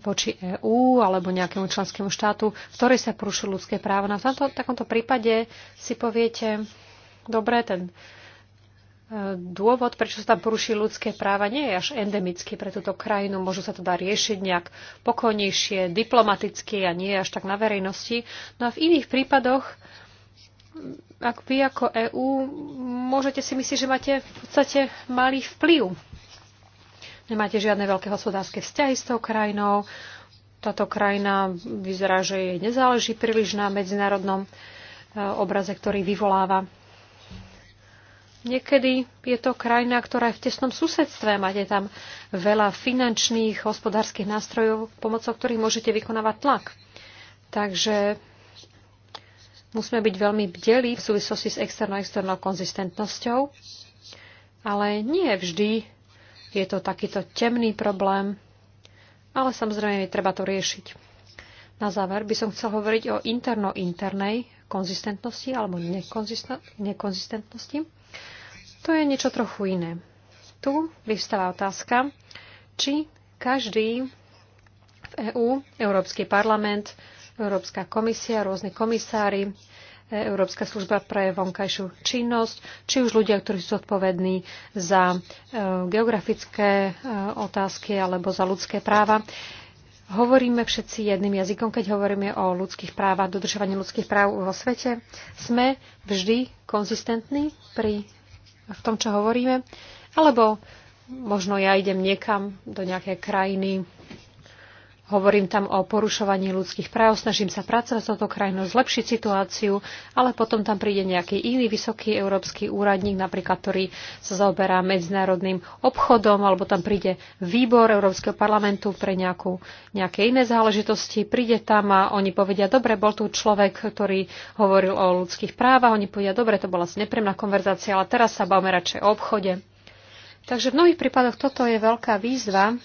E: voči EÚ alebo nejakému členskému štátu, v ktorej sa porušujú ľudské práva. Na no tomto, takomto prípade si poviete, dobre, ten e, dôvod, prečo sa tam poruší ľudské práva, nie je až endemický pre túto krajinu. Môžu sa to dá riešiť nejak pokojnejšie, diplomaticky a nie až tak na verejnosti. No a v iných prípadoch ak vy ako EÚ môžete si myslieť, že máte v podstate malý vplyv nemáte žiadne veľké hospodárske vzťahy s tou krajinou. Táto krajina vyzerá, že jej nezáleží príliš na medzinárodnom e, obraze, ktorý vyvoláva. Niekedy je to krajina, ktorá je v tesnom susedstve. Máte tam veľa finančných, hospodárskych nástrojov, pomocou ktorých môžete vykonávať tlak. Takže musíme byť veľmi bdelí v súvislosti s externou externou konzistentnosťou, ale nie vždy je to takýto temný problém, ale samozrejme je treba to riešiť. Na záver by som chcel hovoriť o interno-internej konzistentnosti alebo nekonzistentnosti. To je niečo trochu iné. Tu vyvstáva otázka, či každý v EÚ, EU, Európsky parlament, Európska komisia, rôzne komisári, Európska služba pre vonkajšiu činnosť, či už ľudia, ktorí sú zodpovední za e, geografické e, otázky alebo za ľudské práva. Hovoríme všetci jedným jazykom, keď hovoríme o ľudských právach, dodržovaní ľudských práv vo svete. Sme vždy konzistentní pri, v tom, čo hovoríme, alebo možno ja idem niekam do nejakej krajiny, Hovorím tam o porušovaní ľudských práv, snažím sa pracovať s touto krajinou, zlepšiť situáciu, ale potom tam príde nejaký iný vysoký európsky úradník, napríklad, ktorý sa zaoberá medzinárodným obchodom, alebo tam príde výbor Európskeho parlamentu pre nejakú, nejaké iné záležitosti, príde tam a oni povedia, dobre, bol tu človek, ktorý hovoril o ľudských právach, oni povedia, dobre, to bola asi nepríjemná konverzácia, ale teraz sa bavme radšej o obchode. Takže v mnohých prípadoch toto je veľká výzva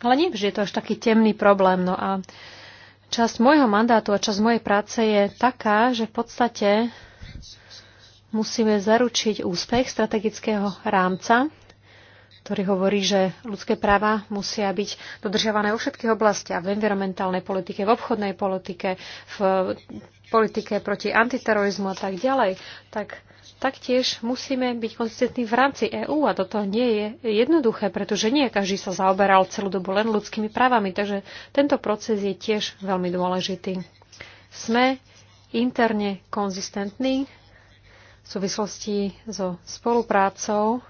E: ale nie, že je to až taký temný problém. No a časť môjho mandátu a časť mojej práce je taká, že v podstate musíme zaručiť úspech strategického rámca, ktorý hovorí, že ľudské práva musia byť dodržiavané vo všetkých oblastiach, v environmentálnej politike, v obchodnej politike, v politike proti antiterorizmu a tak ďalej. Tak taktiež musíme byť konzistentní v rámci EÚ a toto nie je jednoduché, pretože nie každý sa zaoberal celú dobu len ľudskými právami, takže tento proces je tiež veľmi dôležitý. Sme interne konzistentní v súvislosti so spoluprácou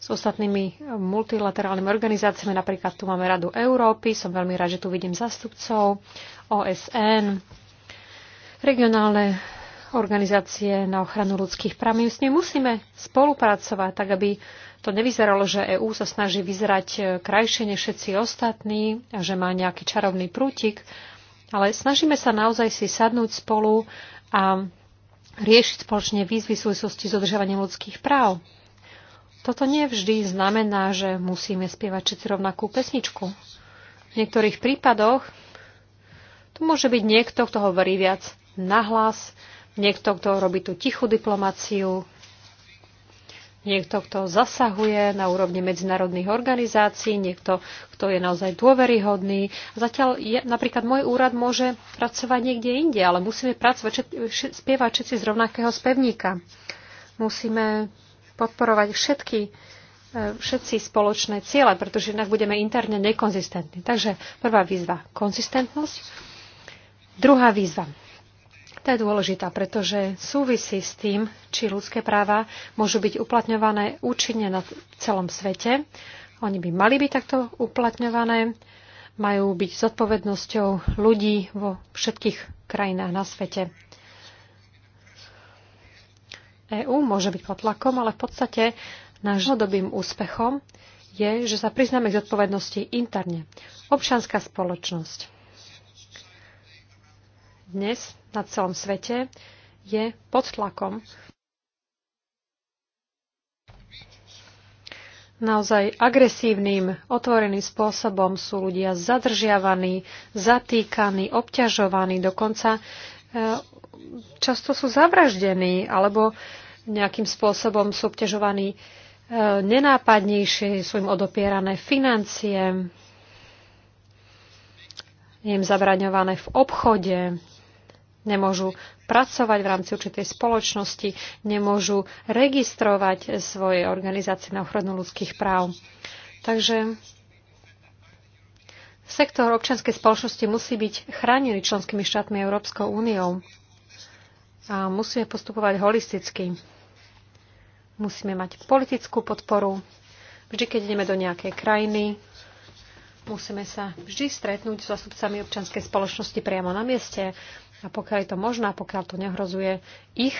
E: s ostatnými multilaterálnymi organizáciami. Napríklad tu máme Radu Európy, som veľmi rád, že tu vidím zastupcov OSN, regionálne organizácie na ochranu ľudských práv. My s nimi musíme spolupracovať, tak aby to nevyzeralo, že EÚ sa snaží vyzerať e, krajšie než všetci ostatní a že má nejaký čarovný prútik, ale snažíme sa naozaj si sadnúť spolu a riešiť spoločne výzvy súvislosti s održovaním ľudských práv. Toto nevždy znamená, že musíme spievať všetci rovnakú pesničku. V niektorých prípadoch tu môže byť niekto, kto hovorí viac nahlas, niekto, kto robí tú tichú diplomáciu, niekto, kto zasahuje na úrovni medzinárodných organizácií, niekto, kto je naozaj dôveryhodný. Zatiaľ je, napríklad môj úrad môže pracovať niekde inde, ale musíme pracovať, spievať všetci z rovnakého spevníka. Musíme podporovať všetky e, všetci spoločné ciele, pretože inak budeme interne nekonzistentní. Takže prvá výzva konzistentnosť. Druhá výzva tá je dôležitá, pretože súvisí s tým, či ľudské práva môžu byť uplatňované účinne na celom svete. Oni by mali byť takto uplatňované, majú byť zodpovednosťou ľudí vo všetkých krajinách na svete. EÚ môže byť pod tlakom, ale v podstate náš dlhodobým úspechom je, že sa priznáme k zodpovednosti interne. Občianská spoločnosť dnes na celom svete je pod tlakom. Naozaj agresívnym, otvoreným spôsobom sú ľudia zadržiavaní, zatýkaní, obťažovaní, dokonca e, často sú zavraždení alebo nejakým spôsobom sú obťažovaní e, nenápadnejšie, sú im odopierané financie, je im zabraňované v obchode, nemôžu pracovať v rámci určitej spoločnosti, nemôžu registrovať svoje organizácie na ochranu ľudských práv. Takže sektor občianskej spoločnosti musí byť chránený členskými štátmi Európskou úniou a musíme postupovať holisticky. Musíme mať politickú podporu. Vždy, keď ideme do nejakej krajiny, musíme sa vždy stretnúť s so zástupcami občianskej spoločnosti priamo na mieste, a pokiaľ je to možné, a pokiaľ to nehrozuje ich,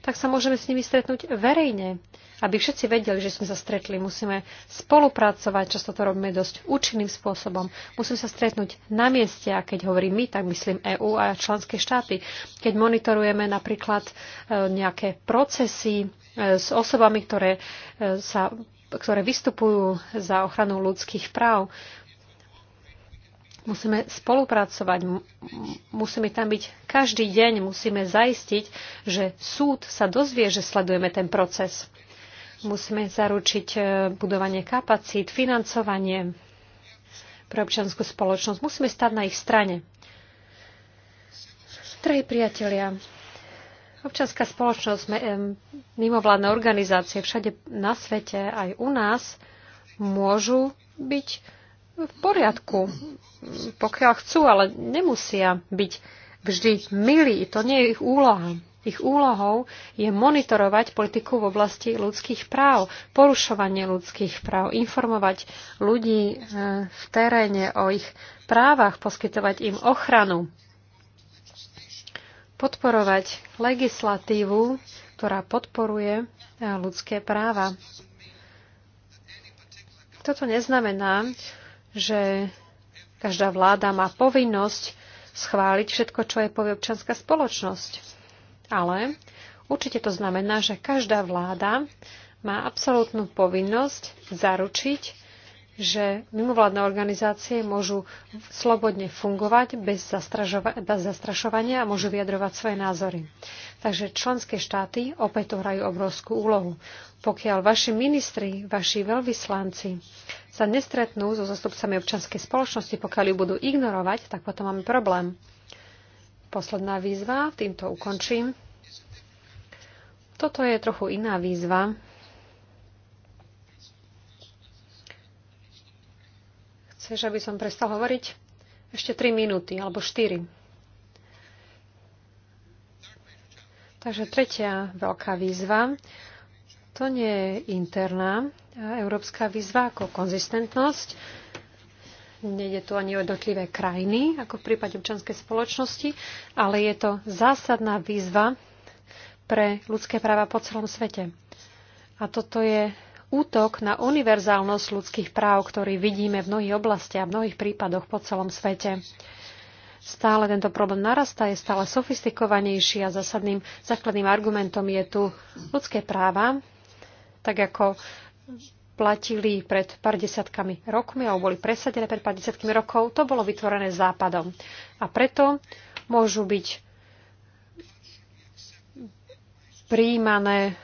E: tak sa môžeme s nimi stretnúť verejne, aby všetci vedeli, že sme sa stretli. Musíme spolupracovať, často to robíme dosť účinným spôsobom. Musíme sa stretnúť na mieste a keď hovorím my, tak myslím EÚ a členské štáty. Keď monitorujeme napríklad e, nejaké procesy e, s osobami, ktoré, e, sa, ktoré vystupujú za ochranu ľudských práv, Musíme spolupracovať, musíme tam byť každý deň, musíme zaistiť, že súd sa dozvie, že sledujeme ten proces. Musíme zaručiť e, budovanie kapacít, financovanie pre občanskú spoločnosť. Musíme stať na ich strane. Drahí priatelia, občianská spoločnosť, mimovládne organizácie všade na svete, aj u nás, môžu byť v poriadku, pokiaľ chcú, ale nemusia byť vždy milí. To nie je ich úloha. Ich úlohou je monitorovať politiku v oblasti ľudských práv, porušovanie ľudských práv, informovať ľudí eh, v teréne o ich právach, poskytovať im ochranu, podporovať legislatívu, ktorá podporuje eh, ľudské práva. Toto neznamená, že každá vláda má povinnosť schváliť všetko, čo je povie občanská spoločnosť. Ale určite to znamená, že každá vláda má absolútnu povinnosť zaručiť, že mimovládne organizácie môžu slobodne fungovať bez, bez zastrašovania a môžu vyjadrovať svoje názory. Takže členské štáty opäť tu hrajú obrovskú úlohu. Pokiaľ vaši ministri, vaši veľvyslanci sa nestretnú so zastupcami občanskej spoločnosti, pokiaľ ju budú ignorovať, tak potom máme problém. Posledná výzva, týmto ukončím. Toto je trochu iná výzva, Chceš, aby som prestal hovoriť? Ešte 3 minúty, alebo 4. Takže tretia veľká výzva. To nie je interná európska výzva ako konzistentnosť. Nejde tu ani o jednotlivé krajiny, ako v prípade občanskej spoločnosti, ale je to zásadná výzva pre ľudské práva po celom svete. A toto je útok na univerzálnosť ľudských práv, ktorý vidíme v mnohých oblastiach, v mnohých prípadoch po celom svete. Stále tento problém narastá, je stále sofistikovanejší a zásadným základným argumentom je tu ľudské práva, tak ako platili pred pár desiatkami rokmi alebo boli presadené pred pár desiatkami rokov, to bolo vytvorené západom. A preto môžu byť príjmané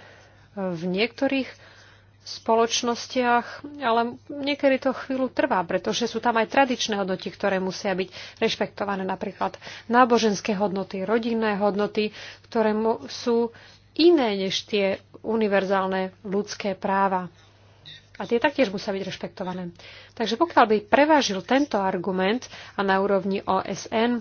E: v niektorých spoločnostiach, ale niekedy to chvíľu trvá, pretože sú tam aj tradičné hodnoty, ktoré musia byť rešpektované, napríklad náboženské hodnoty, rodinné hodnoty, ktoré sú iné než tie univerzálne ľudské práva. A tie taktiež musia byť rešpektované. Takže pokiaľ by prevážil tento argument a na úrovni OSN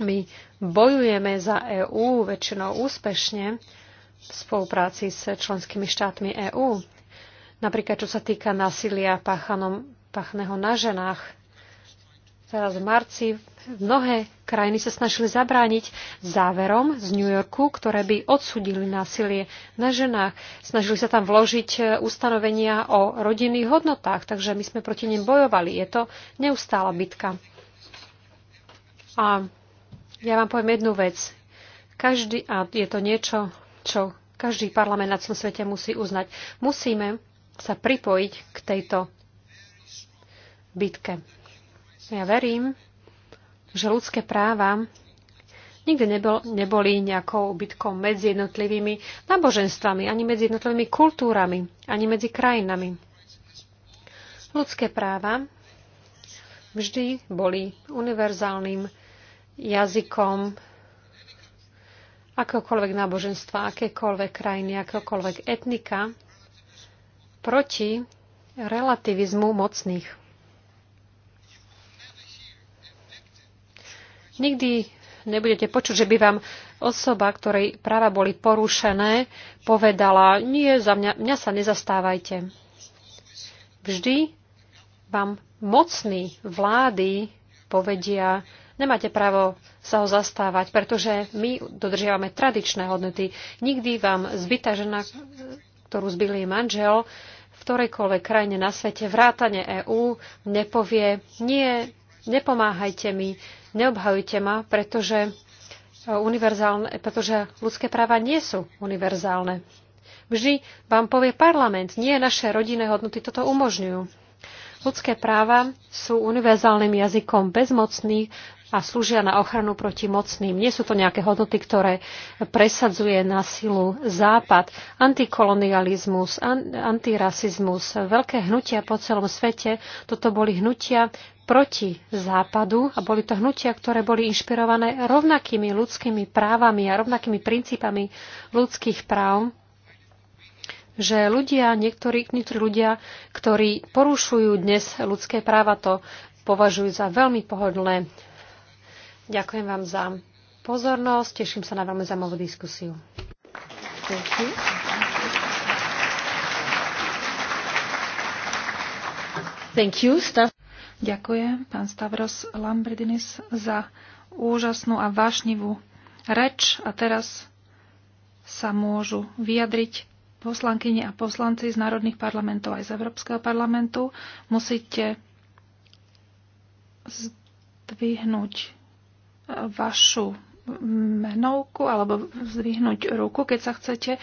E: my bojujeme za EÚ väčšinou úspešne v spolupráci s členskými štátmi EÚ, Napríklad, čo sa týka násilia páchanom, na ženách. Teraz v marci mnohé krajiny sa snažili zabrániť záverom z New Yorku, ktoré by odsudili násilie na ženách. Snažili sa tam vložiť e, ustanovenia o rodinných hodnotách, takže my sme proti nim bojovali. Je to neustála bitka. A ja vám poviem jednu vec. Každý, a je to niečo, čo každý parlament na celom svete musí uznať. Musíme sa pripojiť k tejto bitke. Ja verím, že ľudské práva nikdy nebol, neboli nejakou bitkou medzi jednotlivými náboženstvami, ani medzi jednotlivými kultúrami, ani medzi krajinami. Ľudské práva vždy boli univerzálnym jazykom akéhokoľvek náboženstva, akékoľvek krajiny, akéhokoľvek etnika, proti relativizmu mocných. Nikdy nebudete počuť, že by vám osoba, ktorej práva boli porušené, povedala, nie, za mňa, mňa sa nezastávajte. Vždy vám mocní vlády povedia, nemáte právo sa ho zastávať, pretože my dodržiavame tradičné hodnoty. Nikdy vám zbytá žena ktorú zbyl jej manžel, v ktorejkoľvek krajine na svete, vrátane EÚ, nepovie, nie, nepomáhajte mi, neobhajujte ma, pretože, e, univerzálne, pretože ľudské práva nie sú univerzálne. Vždy vám povie parlament, nie naše rodinné hodnoty toto umožňujú. Ľudské práva sú univerzálnym jazykom bezmocných, a slúžia na ochranu proti mocným. Nie sú to nejaké hodnoty, ktoré presadzuje na silu Západ. Antikolonializmus, an- antirasizmus, veľké hnutia po celom svete, toto boli hnutia proti Západu a boli to hnutia, ktoré boli inšpirované rovnakými ľudskými právami a rovnakými princípami ľudských práv že ľudia, niektorí, niektorí ľudia, ktorí porušujú dnes ľudské práva, to považujú za veľmi pohodlné Ďakujem vám za pozornosť. Teším sa na veľmi zaujímavú diskusiu.
D: Thank you. Thank you. Ďakujem, pán Stavros Lambridinis, za úžasnú a vášnivú reč. A teraz sa môžu vyjadriť poslankyne a poslanci z národných parlamentov aj z Európskeho parlamentu. Musíte zdvihnúť vašu menovku alebo zdvihnúť ruku, keď sa chcete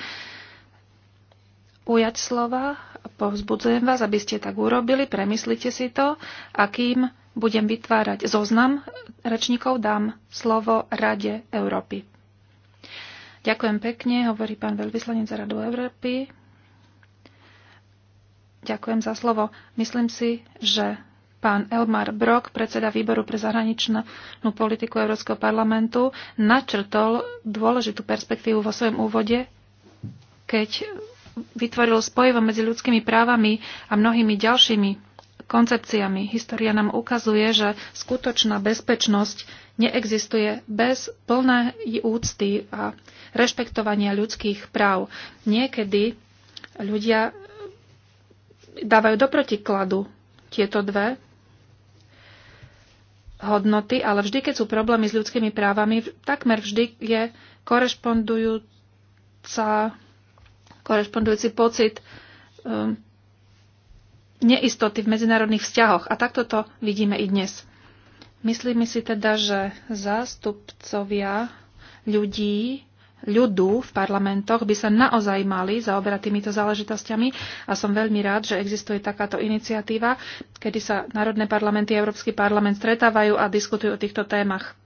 D: ujať slova. Povzbudzujem vás, aby ste tak urobili, premyslite si to a kým budem vytvárať zoznam rečníkov, dám slovo Rade Európy. Ďakujem pekne, hovorí pán veľvyslanec Radu Európy. Ďakujem za slovo. Myslím si, že pán Elmar Brok, predseda výboru pre zahraničnú politiku Európskeho parlamentu, načrtol dôležitú perspektívu vo svojom úvode, keď vytvoril spojivo medzi ľudskými právami a mnohými ďalšími koncepciami. História nám ukazuje, že skutočná bezpečnosť neexistuje bez plnej úcty a rešpektovania ľudských práv. Niekedy ľudia dávajú do protikladu tieto dve hodnoty, ale vždy, keď sú problémy s ľudskými právami, takmer vždy je korešpondujúca, korešpondujúci pocit um, neistoty v medzinárodných vzťahoch. A takto to vidíme i dnes. Myslíme si teda, že zástupcovia ľudí ľudu v parlamentoch by sa naozaj mali zaoberať týmito záležitosťami a som veľmi rád, že existuje takáto iniciatíva, kedy sa národné parlamenty a Európsky parlament stretávajú a diskutujú o týchto témach.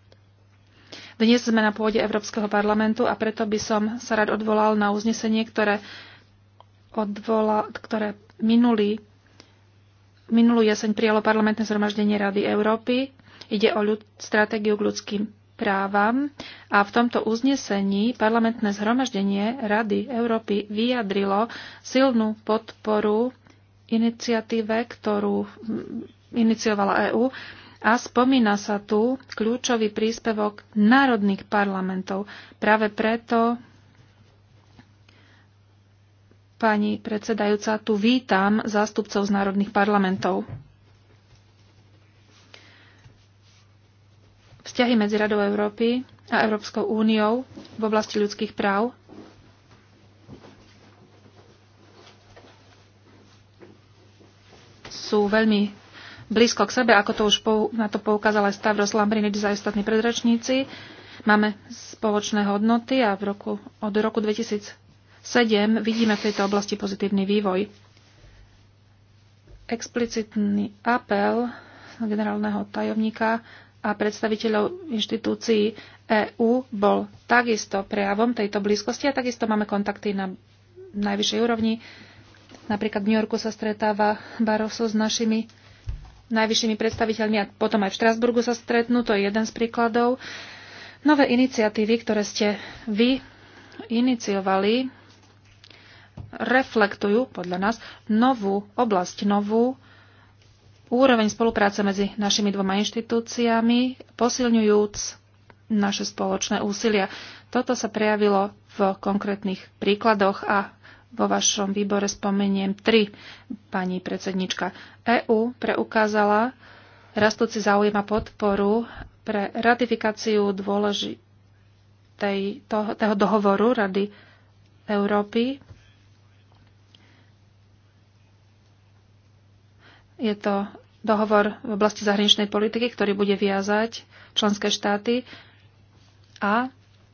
D: Dnes sme na pôde Európskeho parlamentu a preto by som sa rád odvolal na uznesenie, ktoré, odvola, ktoré minulý, minulú jeseň prijalo parlamentné zhromaždenie Rady Európy. Ide o ľud, stratégiu k ľudským právam a v tomto uznesení parlamentné zhromaždenie Rady Európy vyjadrilo silnú podporu iniciatíve, ktorú iniciovala EÚ a spomína sa tu kľúčový príspevok národných parlamentov. Práve preto pani predsedajúca, tu vítam zástupcov z národných parlamentov. Vzťahy medzi Radou Európy a Európskou úniou v oblasti ľudských práv sú veľmi blízko k sebe, ako to už na to poukázal aj Stavros Lambrinidis a ostatní predračníci. Máme spoločné hodnoty a v roku, od roku 2007 vidíme v tejto oblasti pozitívny vývoj. Explicitný apel generálneho tajomníka a predstaviteľov inštitúcií EÚ bol takisto prejavom tejto blízkosti a takisto máme kontakty na najvyššej úrovni. Napríklad v New Yorku sa stretáva Barroso s našimi najvyššími predstaviteľmi a potom aj v Štrasburgu sa stretnú, to je jeden z príkladov. Nové iniciatívy, ktoré ste vy iniciovali, reflektujú podľa nás novú oblasť, novú úroveň spolupráce medzi našimi dvoma inštitúciami, posilňujúc naše spoločné úsilia. Toto sa prejavilo v konkrétnych príkladoch a vo vašom výbore spomeniem tri, pani predsednička. EÚ preukázala rastúci záujem a podporu pre ratifikáciu dôležitej toho, toho dohovoru Rady Európy. Je to dohovor v oblasti zahraničnej politiky, ktorý bude viazať členské štáty a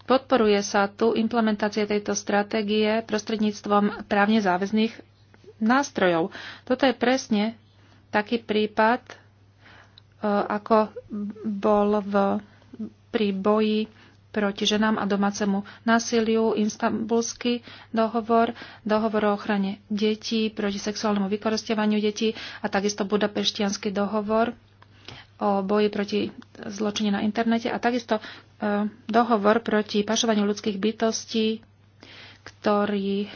D: podporuje sa tu implementácia tejto stratégie prostredníctvom právne záväzných nástrojov. Toto je presne taký prípad, e, ako bol v, pri boji proti ženám a domácemu násiliu, Istanbulský dohovor, dohovor o ochrane detí proti sexuálnemu vykorostiavaniu detí a takisto Budapeštianský dohovor o boji proti zločine na internete a takisto e, dohovor proti pašovaniu ľudských bytostí, ktorý e,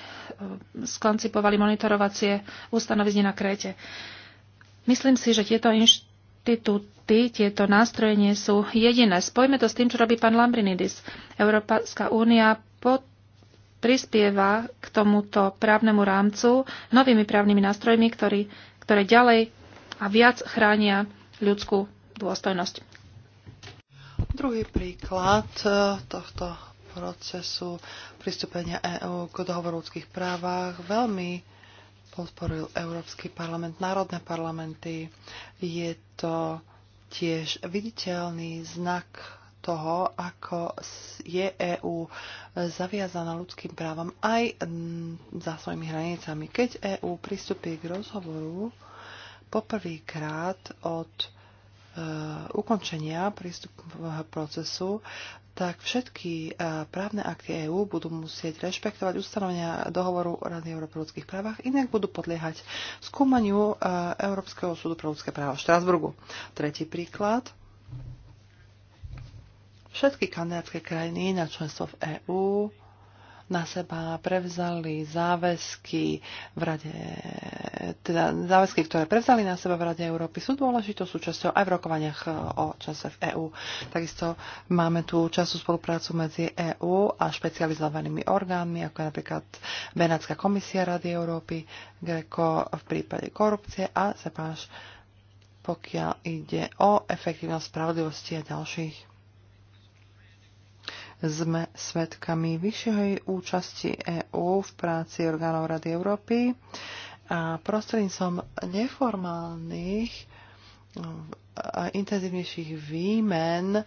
D: skoncipovali monitorovacie ustanovizne na Kréte. Myslím si, že tieto inš- inštitúty, tieto nástroje nie sú jediné. Spojme to s tým, čo robí pán Lambrinidis. Európska únia pod prispieva k tomuto právnemu rámcu novými právnymi nástrojmi, ktorý, ktoré ďalej a viac chránia ľudskú dôstojnosť.
B: Druhý príklad eh, tohto procesu pristúpenia EÚ k dohovoru o ľudských právach veľmi podporil Európsky parlament, národné parlamenty. Je to tiež viditeľný znak toho, ako je EÚ zaviazaná ľudským právom aj za svojimi hranicami. Keď EÚ pristupí k rozhovoru poprvýkrát od e, ukončenia prístupového procesu, tak všetky právne akty EÚ budú musieť rešpektovať ustanovenia dohovoru Rady Európy o ľudských právach, inak budú podliehať skúmaniu Európskeho súdu pre ľudské práva v Štrásburgu. Tretí príklad. Všetky kandidátske krajiny na členstvo v EÚ na seba prevzali záväzky v rade, teda záväzky, ktoré prevzali na seba v Rade Európy, sú dôležitou súčasťou aj v rokovaniach e, o čase v EÚ. Takisto máme tu časú spoluprácu medzi EÚ a špecializovanými orgánmi, ako je napríklad Benátska komisia Rady Európy, Greko v prípade korupcie a Sepáš pokiaľ ide o efektívnosť spravodlivosti a ďalších sme svetkami vyššej účasti EÚ v práci orgánov Rady Európy a prostredníctvom neformálnych a eh, intenzívnejších výmen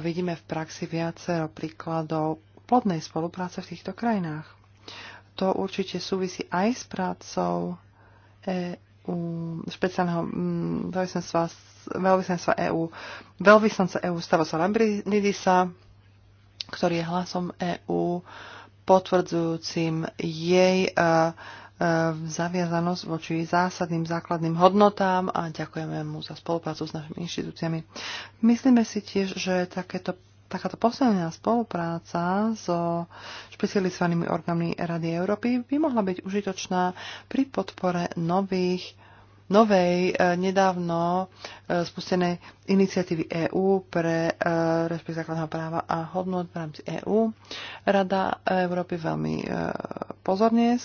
B: vidíme v praxi viacero príkladov plodnej spolupráce v týchto krajinách. To určite súvisí aj s prácou EU, špeciálneho mm, veľvyslanstva EÚ, veľvyslanca EÚ Stavosa Lambridisa, ktorý je hlasom EÚ potvrdzujúcim jej e, e, zaviazanosť voči zásadným základným hodnotám a ďakujeme mu za spoluprácu s našimi inštitúciami. Myslíme si tiež, že takéto takáto posilnená spolupráca so špecializovanými orgánmi Rady Európy by mohla byť užitočná pri podpore nových novej e, nedávno e, spustenej iniciatívy EÚ pre e, rešpekt základného práva a hodnot v rámci EÚ. Rada Európy veľmi pozorne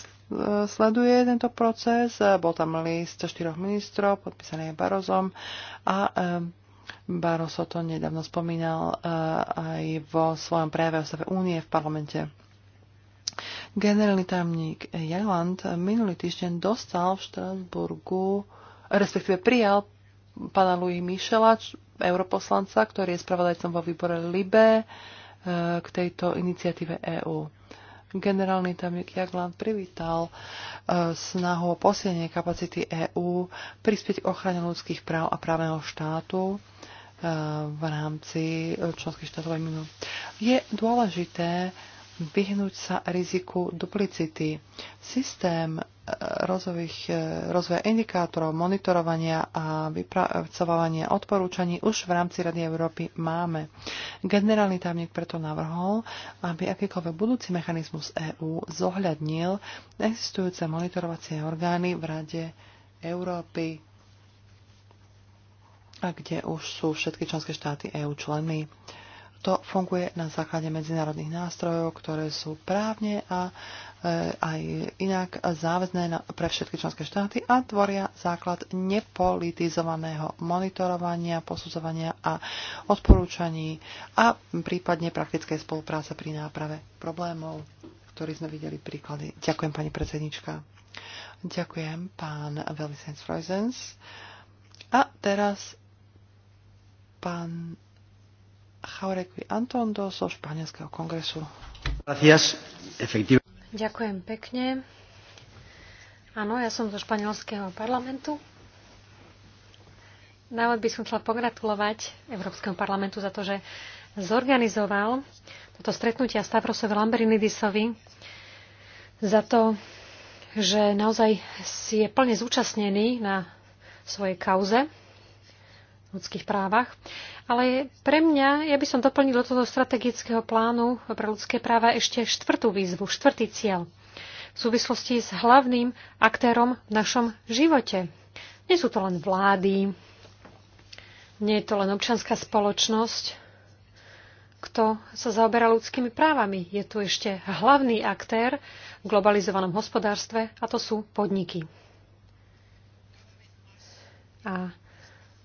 B: sleduje tento proces. Bol tam list štyroch ministrov, podpísaný Barozom a Baroso to nedávno spomínal aj vo svojom prejave o stave únie v parlamente. Generálny tajomník Jagland minulý týždeň dostal v Štrasburgu, respektíve prijal pána Louis Michela, europoslanca, ktorý je spravodajcom vo výbore LIBE eh, k tejto iniciatíve EÚ. Generálny tajomník Jagland privítal eh, snahu o posilnenie kapacity EÚ prispieť k ochrane ľudských práv a právneho štátu eh, v rámci členských štátov aj mimo. Je dôležité vyhnúť sa riziku duplicity. Systém e, e, rozvoja indikátorov, monitorovania a vypracovávania odporúčaní už v rámci Rady Európy máme. Generálny tajomník preto navrhol, aby akýkoľvek budúci mechanizmus EÚ zohľadnil existujúce monitorovacie orgány v Rade Európy a kde už sú všetky členské štáty EÚ členmi to funguje na základe medzinárodných nástrojov, ktoré sú právne a e, aj inak záväzné pre všetky členské štáty a tvoria základ nepolitizovaného monitorovania, posudzovania a odporúčaní a prípadne praktickej spolupráce pri náprave problémov, ktorých sme videli príklady. Ďakujem, pani predsednička. Ďakujem, pán Velisens Freusens. A teraz pán Jauregui Antondo zo Španielského kongresu.
E: Ďakujem pekne. Áno, ja som zo Španielského parlamentu. Návod by som chcela pogratulovať Európskemu parlamentu za to, že zorganizoval toto stretnutia Stavrosovi Lamberinidisovi za to, že naozaj si je plne zúčastnený na svojej kauze ľudských právach. Ale pre mňa, ja by som doplnil do toho strategického plánu pre ľudské práva ešte štvrtú výzvu, štvrtý cieľ v súvislosti s hlavným aktérom v našom živote. Nie sú to len vlády, nie je to len občanská spoločnosť, kto sa zaoberá ľudskými právami. Je tu ešte hlavný aktér v globalizovanom hospodárstve a to sú podniky. A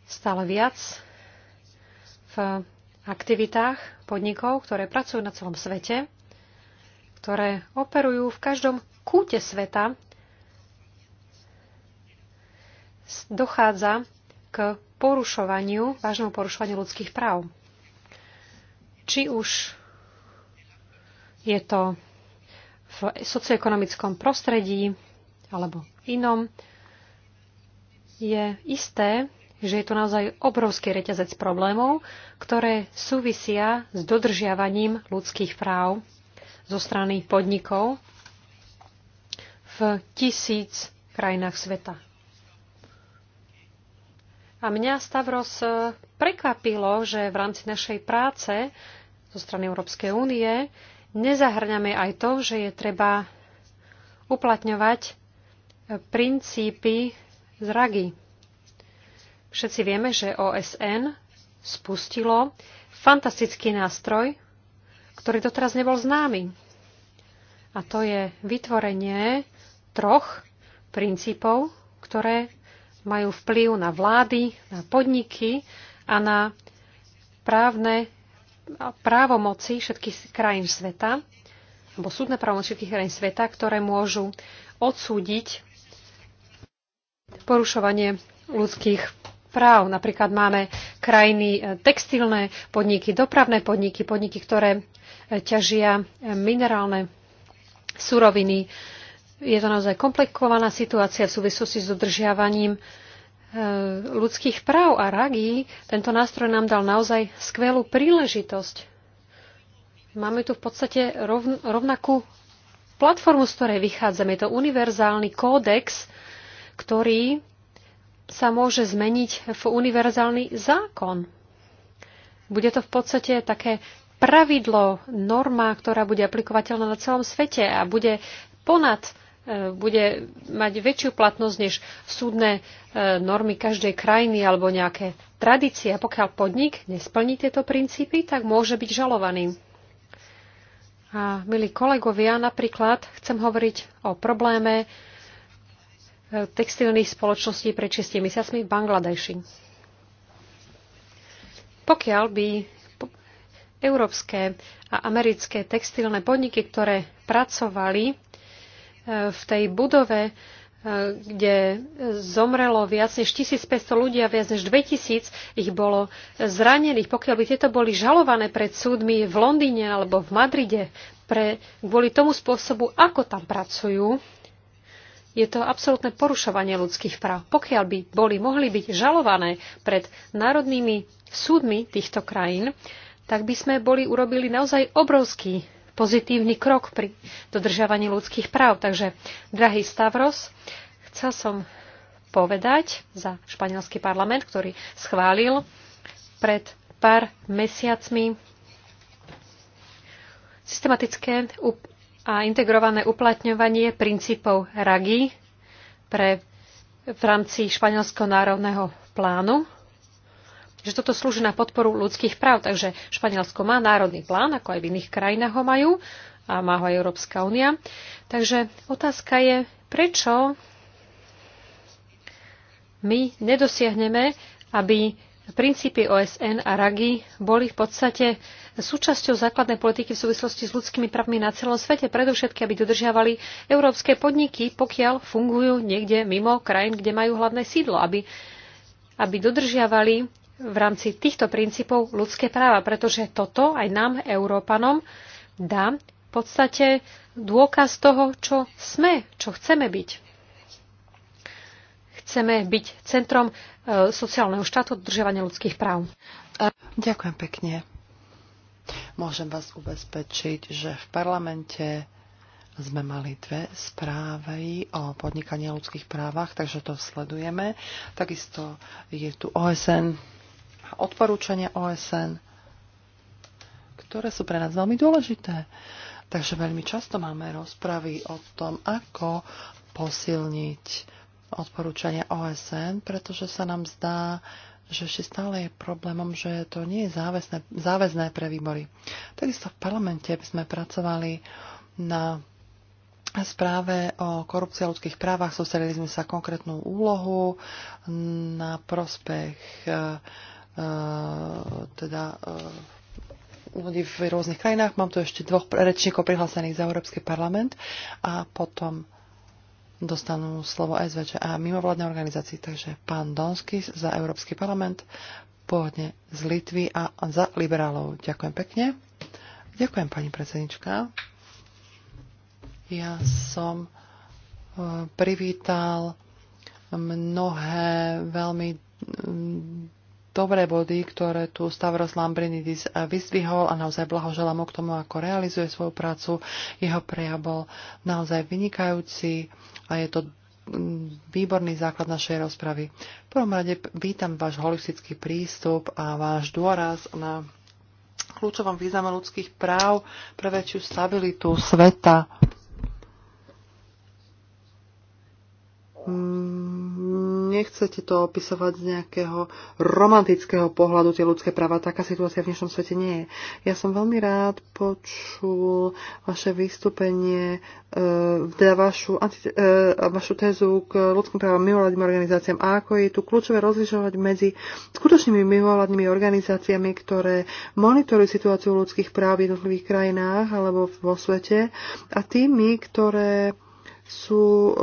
E: stále viac v aktivitách podnikov, ktoré pracujú na celom svete, ktoré operujú v každom kúte sveta. Dochádza k porušovaniu, vážnemu porušovaniu ľudských práv. Či už je to v socioekonomickom prostredí alebo inom, je isté, že je to naozaj obrovský reťazec problémov, ktoré súvisia s dodržiavaním ľudských práv zo strany podnikov v tisíc krajinách sveta. A mňa, Stavros, prekvapilo, že v rámci našej práce zo strany Európskej únie nezahrňame aj to, že je treba uplatňovať princípy zragy Všetci vieme, že OSN spustilo fantastický nástroj, ktorý doteraz nebol známy. A to je vytvorenie troch princípov, ktoré majú vplyv na vlády, na podniky a na právne právomoci všetkých krajín sveta, alebo súdne právomoci všetkých krajín sveta, ktoré môžu odsúdiť porušovanie ľudských práv. Napríklad máme krajiny e, textilné podniky, dopravné podniky, podniky, ktoré e, ťažia e, minerálne suroviny. Je to naozaj komplikovaná situácia v súvislosti s dodržiavaním ľudských práv a ragí. Tento nástroj nám dal naozaj skvelú príležitosť. Máme tu v podstate rovn- rovnakú platformu, z ktorej vychádzame. Je to univerzálny kódex, ktorý sa môže zmeniť v univerzálny zákon. Bude to v podstate také pravidlo, norma, ktorá bude aplikovateľná na celom svete a bude ponad e, bude mať väčšiu platnosť než súdne e, normy každej krajiny alebo nejaké tradície. A pokiaľ podnik nesplní tieto princípy, tak môže byť žalovaný. A milí kolegovia, napríklad chcem hovoriť o probléme textilných spoločností pred 6 mesiacmi v Bangladeši. Pokiaľ by európske a americké textilné podniky, ktoré pracovali e, v tej budove, e, kde zomrelo viac než 1500 ľudí a viac než 2000 ich bolo zranených. Pokiaľ by tieto boli žalované pred súdmi v Londýne alebo v Madride pre, kvôli tomu spôsobu, ako tam pracujú, je to absolútne porušovanie ľudských práv. Pokiaľ by boli mohli byť žalované pred národnými súdmi týchto krajín, tak by sme boli urobili naozaj obrovský pozitívny krok pri dodržiavaní ľudských práv. Takže, drahý Stavros, chcel som povedať za španielský parlament, ktorý schválil pred pár mesiacmi systematické a integrované uplatňovanie princípov RAGI pre, v rámci Španielského národného plánu že toto slúži na podporu ľudských práv. Takže Španielsko má národný plán, ako aj v iných krajinách ho majú a má ho aj Európska únia. Takže otázka je, prečo my nedosiahneme, aby princípy OSN a RAGI boli v podstate súčasťou základnej politiky v súvislosti s ľudskými právmi na celom svete, predovšetky, aby dodržiavali európske podniky, pokiaľ fungujú niekde mimo krajín, kde majú hlavné sídlo, aby, aby dodržiavali v rámci týchto princípov ľudské práva, pretože toto aj nám, Európanom, dá v podstate dôkaz toho, čo sme, čo chceme byť chceme byť centrom e, sociálneho štátu dodržiavania ľudských práv.
B: Ďakujem pekne. Môžem vás ubezpečiť, že v parlamente sme mali dve správy o podnikaní a ľudských právach, takže to sledujeme. Takisto je tu OSN, a odporúčania OSN, ktoré sú pre nás veľmi dôležité. Takže veľmi často máme rozpravy o tom, ako posilniť odporúčania OSN, pretože sa nám zdá, že ešte stále je problémom, že to nie je záväzné, záväzné pre výbory. Takisto v parlamente sme pracovali na správe o korupcii a ľudských právach. Sústredili sme sa konkrétnu úlohu na prospech e, e, teda e, ľudí v rôznych krajinách. Mám tu ešte dvoch rečníkov prihlásených za Európsky parlament a potom dostanú slovo SVČ a mimovládne organizácie. Takže pán Donsky za Európsky parlament, pôvodne z Litvy a za liberálov. Ďakujem pekne. Ďakujem, pani predsednička. Ja som e, privítal mnohé veľmi dobré body, ktoré tu Stavros Lambrinidis eh, vyzvihol a naozaj blahoželám mu k tomu, ako realizuje svoju prácu. Jeho prejav bol naozaj vynikajúci a je to mm, výborný základ našej rozpravy. V prvom rade vítam váš holistický prístup a váš dôraz na kľúčovom význame ľudských práv pre väčšiu stabilitu sveta mm, nechcete to opisovať z nejakého romantického pohľadu tie ľudské práva. Taká situácia v dnešnom svete nie je. Ja som veľmi rád počul vaše vystúpenie, e, teda vašu, e, vašu tézu k ľudským právam mimovládnym organizáciám a ako je tu kľúčové rozlišovať medzi skutočnými mimovládnymi organizáciami, ktoré monitorujú situáciu ľudských práv v jednotlivých krajinách alebo vo svete a tými, ktoré sú e,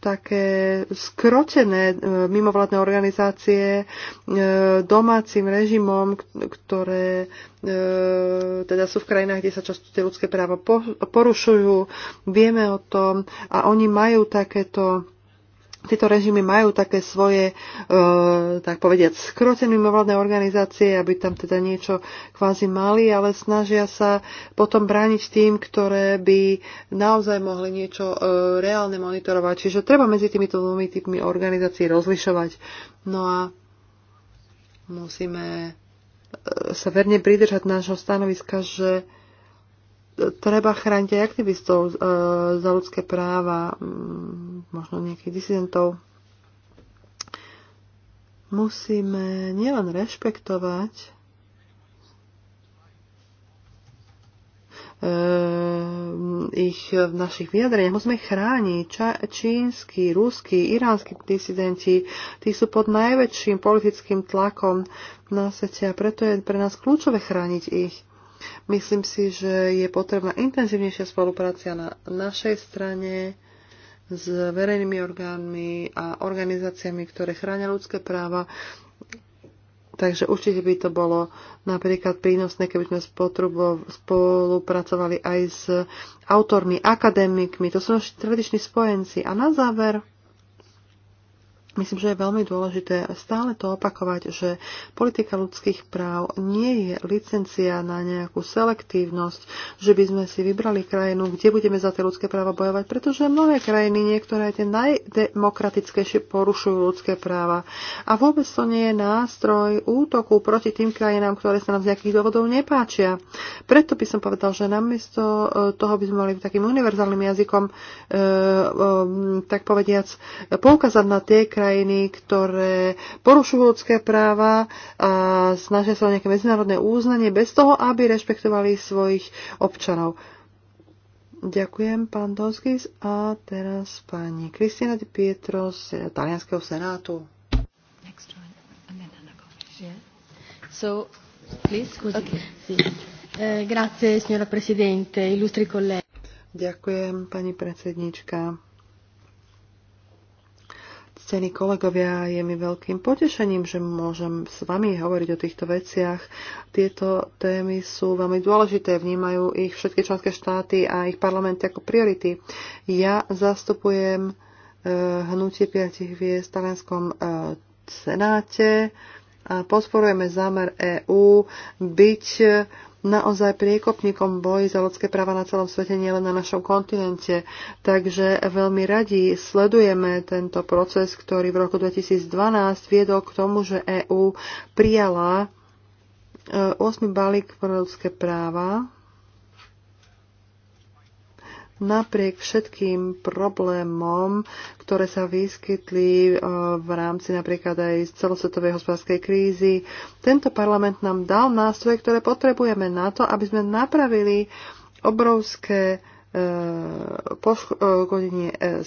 B: také skrotené e, mimovládne organizácie e, domácim režimom, ktoré e, teda sú v krajinách, kde sa často tie ľudské práva porušujú. Vieme o tom a oni majú takéto tieto režimy majú také svoje, e, tak povediať, skrotené mimovládne organizácie, aby tam teda niečo kvázi mali, ale snažia sa potom brániť tým, ktoré by naozaj mohli niečo e, reálne monitorovať. Čiže treba medzi týmito dvomi typmi organizácií rozlišovať. No a musíme e, sa verne pridržať nášho stanoviska, že treba chrániť aj aktivistov e, za ľudské práva, mm, možno nejakých disidentov. Musíme nielen rešpektovať e, ich v našich vyjadreniach. Musíme chrániť čínsky, ruský, iránsky disidenti. Tí sú pod najväčším politickým tlakom na svete a preto je pre nás kľúčové chrániť ich Myslím si, že je potrebná intenzívnejšia spolupráca na našej strane s verejnými orgánmi a organizáciami, ktoré chránia ľudské práva. Takže určite by to bolo napríklad prínosné, keby sme spolupracovali aj s autormi, akadémikmi. To sú naši tradiční spojenci. A na záver Myslím, že je veľmi dôležité stále to opakovať, že politika ľudských práv nie je licencia na nejakú selektívnosť, že by sme si vybrali krajinu, kde budeme za tie ľudské práva bojovať, pretože mnohé krajiny, niektoré tie najdemokratickejšie porušujú ľudské práva. A vôbec to nie je nástroj útoku proti tým krajinám, ktoré sa nám z nejakých dôvodov nepáčia. Preto by som povedal, že namiesto e, toho by sme mali takým univerzálnym jazykom, e, e, tak povediac, poukázať na tie krajiny, krajiny, ktoré porušujú ľudské práva a snažia sa o nejaké medzinárodné úznanie bez toho, aby rešpektovali svojich občanov. Ďakujem, pán Donskis. A teraz pani Kristina Di Pietro z Talianského senátu.
A: Next one. So, please, okay. Eh, grazie,
B: Ďakujem, pani predsednička ctení kolegovia, je mi veľkým potešením, že môžem s vami hovoriť o týchto veciach. Tieto témy sú veľmi dôležité, vnímajú ich všetky členské štáty a ich parlamenty ako priority. Ja zastupujem e, hnutie piatich hviezd v Talianskom e, senáte a podporujeme zámer EÚ byť e, naozaj priekopníkom boji za ľudské práva na celom svete, nielen na našom kontinente. Takže veľmi radi sledujeme tento proces, ktorý v roku 2012 viedol k tomu, že EÚ prijala 8. E, balík pre ľudské práva napriek všetkým problémom, ktoré sa vyskytli e, v rámci napríklad aj celosvetovej hospodárskej krízy. Tento parlament nám dal nástroje, ktoré potrebujeme na to, aby sme napravili obrovské e, poškodenie e,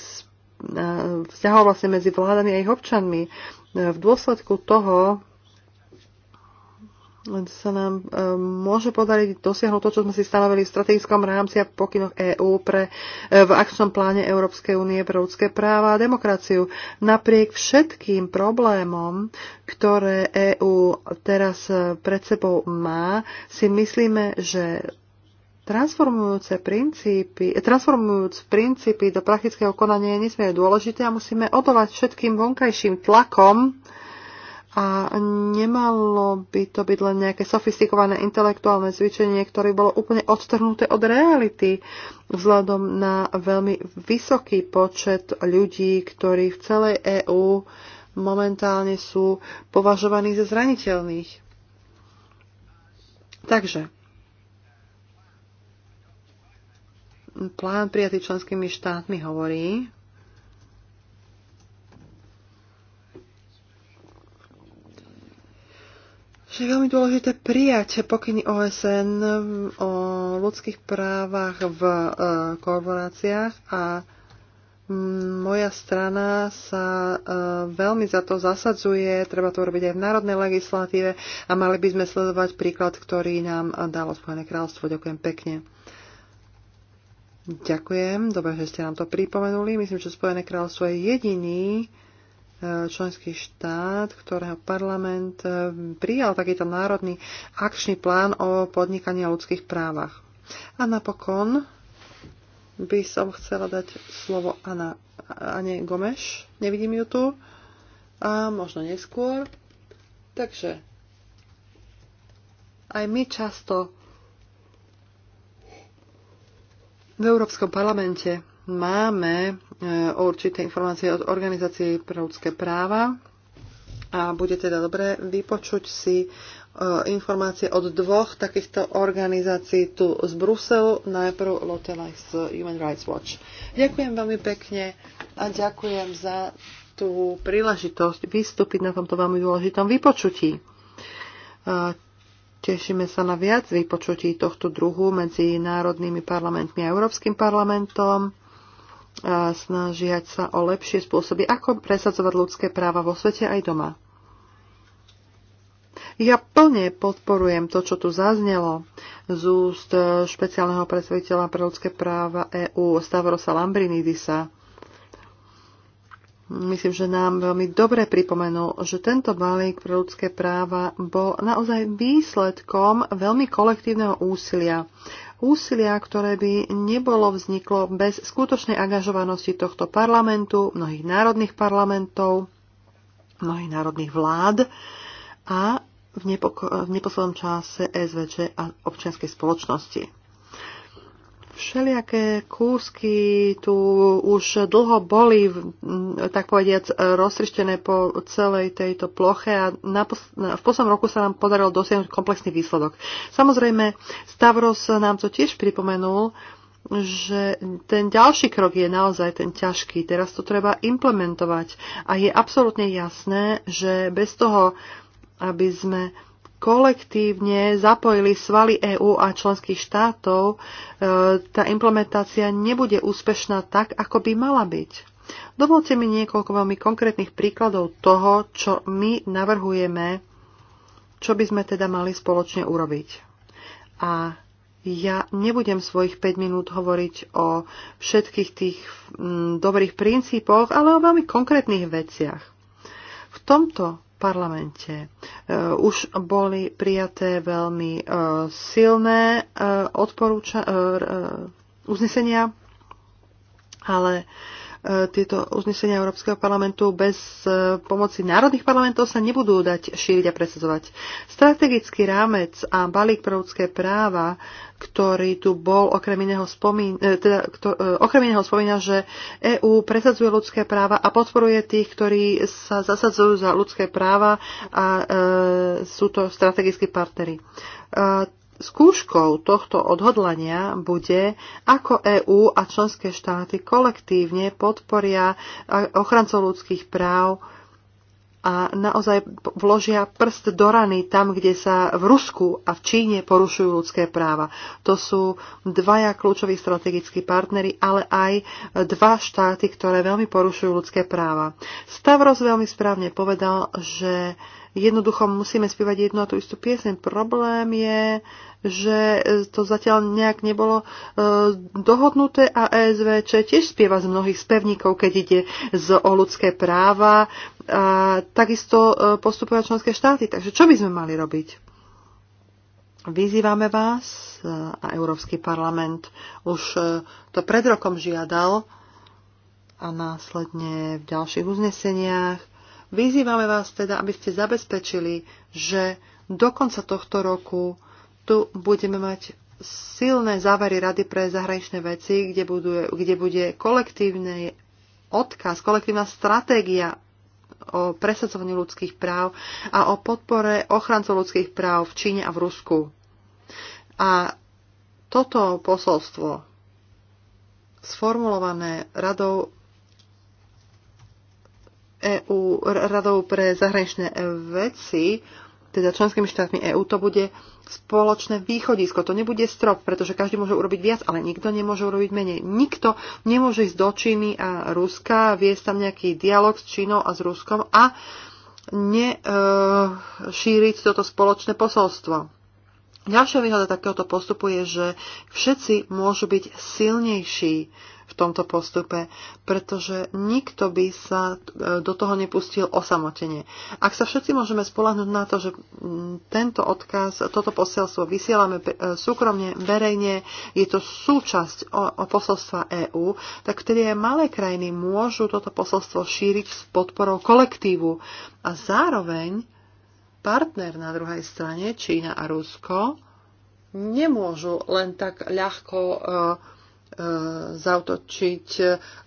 B: vzťahov vlastne medzi vládami a ich občanmi. V dôsledku toho sa nám e, môže podariť dosiahnuť to, čo sme si stanovili v strategickom rámci a pokynoch EÚ pre, e, v akčnom pláne Európskej únie pre ľudské práva a demokraciu. Napriek všetkým problémom, ktoré EÚ teraz e, pred sebou má, si myslíme, že transformujúce princípy, transformujúc princípy do praktického konania je nesmierne dôležité a musíme odolať všetkým vonkajším tlakom, a nemalo by to byť len nejaké sofistikované intelektuálne cvičenie, ktoré bolo úplne odtrhnuté od reality vzhľadom na veľmi vysoký počet ľudí, ktorí v celej EÚ momentálne sú považovaní za zraniteľných. Takže plán prijatý členskými štátmi hovorí, že je veľmi dôležité prijať pokyny OSN o ľudských právach v e, korporáciách a moja strana sa e, veľmi za to zasadzuje, treba to urobiť aj v národnej legislatíve a mali by sme sledovať príklad, ktorý nám dalo Spojené kráľstvo. Ďakujem pekne. Ďakujem, dobre, že ste nám to pripomenuli. Myslím, že Spojené kráľstvo je jediný členský štát, ktorého parlament eh, prijal takýto národný akčný plán o podnikaní a ľudských právach. A napokon by som chcela dať slovo Ana, Ane Gomeš. Nevidím ju tu. A možno neskôr. Takže aj my často v Európskom parlamente máme e, určité informácie od organizácie pre ľudské práva a bude teda dobré vypočuť si e, informácie od dvoch takýchto organizácií tu z Bruselu, najprv Lotela z Human Rights Watch. Ďakujem veľmi pekne a ďakujem za tú príležitosť vystúpiť na tomto veľmi dôležitom vypočutí. E, tešíme sa na viac vypočutí tohto druhu medzi národnými parlamentmi a Európskym parlamentom snažiať sa o lepšie spôsoby, ako presadzovať ľudské práva vo svete aj doma. Ja plne podporujem to, čo tu zaznelo z úst špeciálneho predstaviteľa pre ľudské práva EÚ Stavrosa Lambrinidisa myslím, že nám veľmi dobre pripomenul, že tento balík pre ľudské práva bol naozaj výsledkom veľmi kolektívneho úsilia. Úsilia, ktoré by nebolo vzniklo bez skutočnej angažovanosti tohto parlamentu, mnohých národných parlamentov, mnohých národných vlád a v, nepoko- v neposlednom čase SVČ a občianskej spoločnosti. Všelijaké kúsky tu už dlho boli, tak povediac, roztrištené po celej tejto ploche a v poslednom roku sa nám podarilo dosiahnuť komplexný výsledok. Samozrejme, Stavros nám to tiež pripomenul, že ten ďalší krok je naozaj ten ťažký. Teraz to treba implementovať a je absolútne jasné, že bez toho, aby sme kolektívne zapojili svaly EÚ a členských štátov, e, tá implementácia nebude úspešná tak, ako by mala byť. Dovolte mi niekoľko veľmi konkrétnych príkladov toho, čo my navrhujeme, čo by sme teda mali spoločne urobiť. A ja nebudem svojich 5 minút hovoriť o všetkých tých dobrých princípoch, ale o veľmi konkrétnych veciach. V tomto parlamente. E, už boli prijaté veľmi e, silné e, odporúča- uznesenia, ale E, tieto uznesenia Európskeho parlamentu bez e, pomoci národných parlamentov sa nebudú dať šíriť a presadzovať. Strategický rámec a balík pre ľudské práva, ktorý tu bol okrem iného spomína, e, teda, okrem iného spomína, že EÚ presadzuje ľudské práva a podporuje tých, ktorí sa zasadzujú za ľudské práva a e, sú to strategickí partnery. E, Skúškou tohto odhodlania bude, ako EÚ a členské štáty kolektívne podporia ochrancov ľudských práv a naozaj vložia prst do rany tam, kde sa v Rusku a v Číne porušujú ľudské práva. To sú dvaja kľúčoví strategickí partnery, ale aj dva štáty, ktoré veľmi porušujú ľudské práva. Stavros veľmi správne povedal, že jednoducho musíme spievať jednu a tú istú pieseň. Problém je, že to zatiaľ nejak nebolo e, dohodnuté a ESVČ tiež spieva z mnohých spevníkov, keď ide z, o ľudské práva a takisto e, postupujú členské štáty. Takže čo by sme mali robiť? Vyzývame vás e, a Európsky parlament už e, to pred rokom žiadal a následne v ďalších uzneseniach Vyzývame vás teda, aby ste zabezpečili, že do konca tohto roku tu budeme mať silné závery Rady pre zahraničné veci, kde, budú, kde bude kolektívny odkaz, kolektívna stratégia o presadzovaní ľudských práv a o podpore ochrancov ľudských práv v Číne a v Rusku. A toto posolstvo sformulované radou EU, Radou pre zahraničné veci, teda členskými štátmi EÚ, to bude spoločné východisko. To nebude strop, pretože každý môže urobiť viac, ale nikto nemôže urobiť menej. Nikto nemôže ísť do Číny a Ruska, viesť tam nejaký dialog s Čínou a s Ruskom a nešíriť e, toto spoločné posolstvo. Ďalšia výhoda takéhoto postupu je, že všetci môžu byť silnejší v tomto postupe, pretože nikto by sa e, do toho nepustil osamotene. Ak sa všetci môžeme spolahnuť na to, že mm, tento odkaz, toto posielstvo vysielame e, súkromne, verejne, je to súčasť o, o posolstva EÚ, tak vtedy aj malé krajiny môžu toto posolstvo šíriť s podporou kolektívu. A zároveň partner na druhej strane, Čína a Rusko, nemôžu len tak ľahko e, e, zautočiť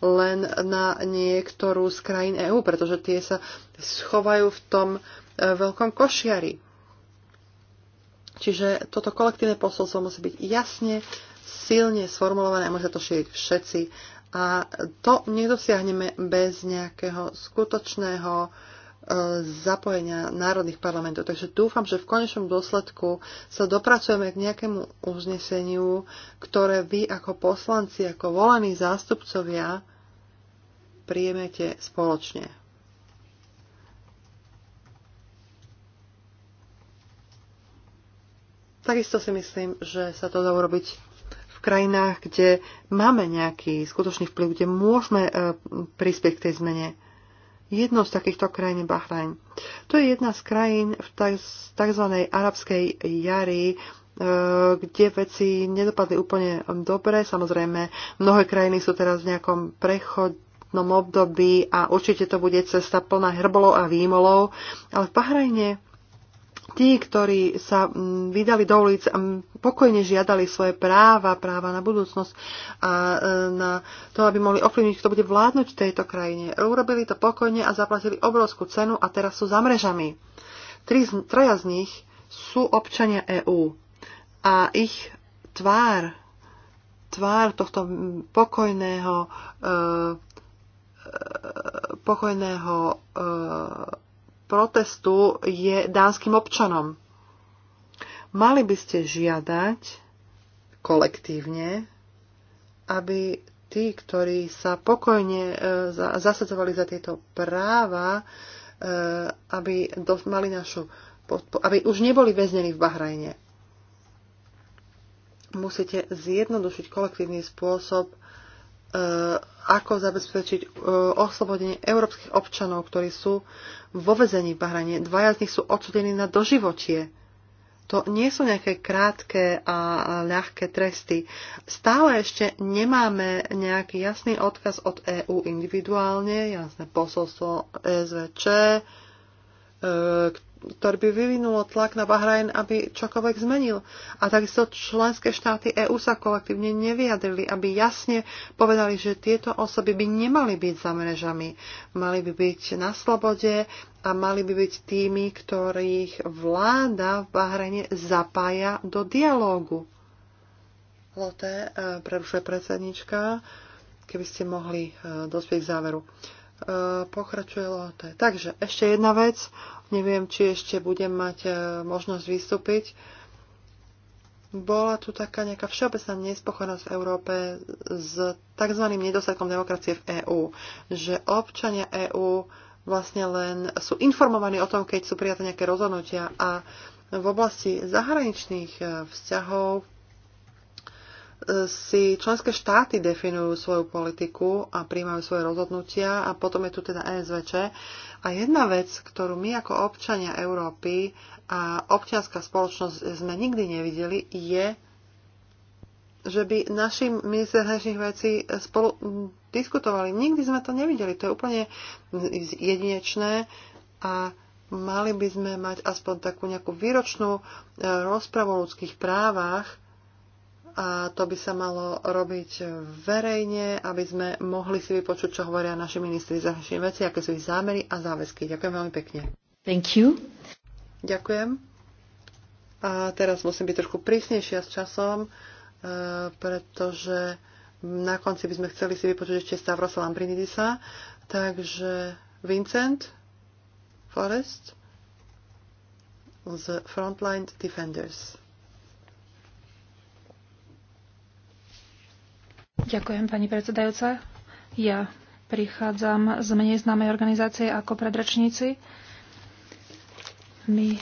B: len na niektorú z krajín EÚ, pretože tie sa schovajú v tom e, veľkom košiari. Čiže toto kolektívne posolstvo musí byť jasne, silne sformulované a môže to šíriť všetci. A to nedosiahneme bez nejakého skutočného uh, zapojenia národných parlamentov. Takže dúfam, že v konečnom dôsledku sa dopracujeme k nejakému uzneseniu, ktoré vy ako poslanci, ako volení zástupcovia príjmete spoločne. Takisto si myslím, že sa to dá urobiť v krajinách, kde máme nejaký skutočný vplyv, kde môžeme eh, prispieť k tej zmene Jednou z takýchto krajín je Bahrajn. To je jedna z krajín v tzv. arabskej jari, e, kde veci nedopadli úplne dobre. Samozrejme, mnohé krajiny sú teraz v nejakom prechodnom období a určite to bude cesta plná hrbolov a výmolov. Ale v Bahrajne tí, ktorí sa mm, vydali do ulic a pokojne žiadali svoje práva, práva na budúcnosť a e, na to, aby mohli ovplyvniť, kto bude vládnuť v tejto krajine. Urobili to pokojne a zaplatili obrovskú cenu a teraz sú za mrežami. Tri, troja z nich sú občania EÚ a ich tvár, tvár tohto pokojného, e, e pokojného e, protestu je dánskym občanom. Mali by ste žiadať kolektívne, aby tí, ktorí sa pokojne e, zasadzovali za tieto práva, e, aby mali našu aby už neboli väznení v Bahrajne. Musíte zjednodušiť kolektívny spôsob, e, ako zabezpečiť oslobodenie európskych občanov, ktorí sú vo vezení v Bahrane. Dvaja z nich sú odsudení na doživočie. To nie sú nejaké krátke a ľahké tresty. Stále ešte nemáme nejaký jasný odkaz od EÚ individuálne, jasné posolstvo e SVČ, E, ktoré by vyvinulo tlak na Bahrajn, aby čokoľvek zmenil. A takisto členské štáty EÚ sa kolektívne nevyjadrili, aby jasne povedali, že tieto osoby by nemali byť za mrežami. Mali by byť na slobode a mali by byť tými, ktorých vláda v Bahrajne zapája do dialógu. Lote, e, prerušuje predsednička, keby ste mohli e, dospieť k záveru. E, pokračuje Lotte. Takže ešte jedna vec. Neviem, či ešte budem mať e, možnosť vystúpiť. Bola tu taká nejaká všeobecná nespokojnosť v Európe s tzv. nedostatkom demokracie v EÚ. Že občania EÚ vlastne len sú informovaní o tom, keď sú prijaté nejaké rozhodnutia a v oblasti zahraničných e, vzťahov si členské štáty definujú svoju politiku a príjmajú svoje rozhodnutia a potom je tu teda ESVČ. A jedna vec, ktorú my ako občania Európy a občianská spoločnosť sme nikdy nevideli, je, že by naši minister vecí spolu diskutovali. Nikdy sme to nevideli. To je úplne jedinečné a mali by sme mať aspoň takú nejakú výročnú e, rozpravu o ľudských právach, a to by sa malo robiť verejne, aby sme mohli si vypočuť, čo hovoria naši ministri zahraničných veci, aké sú ich zámery a záväzky. Ďakujem veľmi pekne. Thank you. Ďakujem. A teraz musím byť trošku prísnejšia s časom, e, pretože na konci by sme chceli si vypočuť ešte Stavrosa Lambrinidisa. Takže Vincent Forrest z Frontline Defenders.
D: Ďakujem, pani predsedajúca. Ja prichádzam z menej známej organizácie ako predračníci. My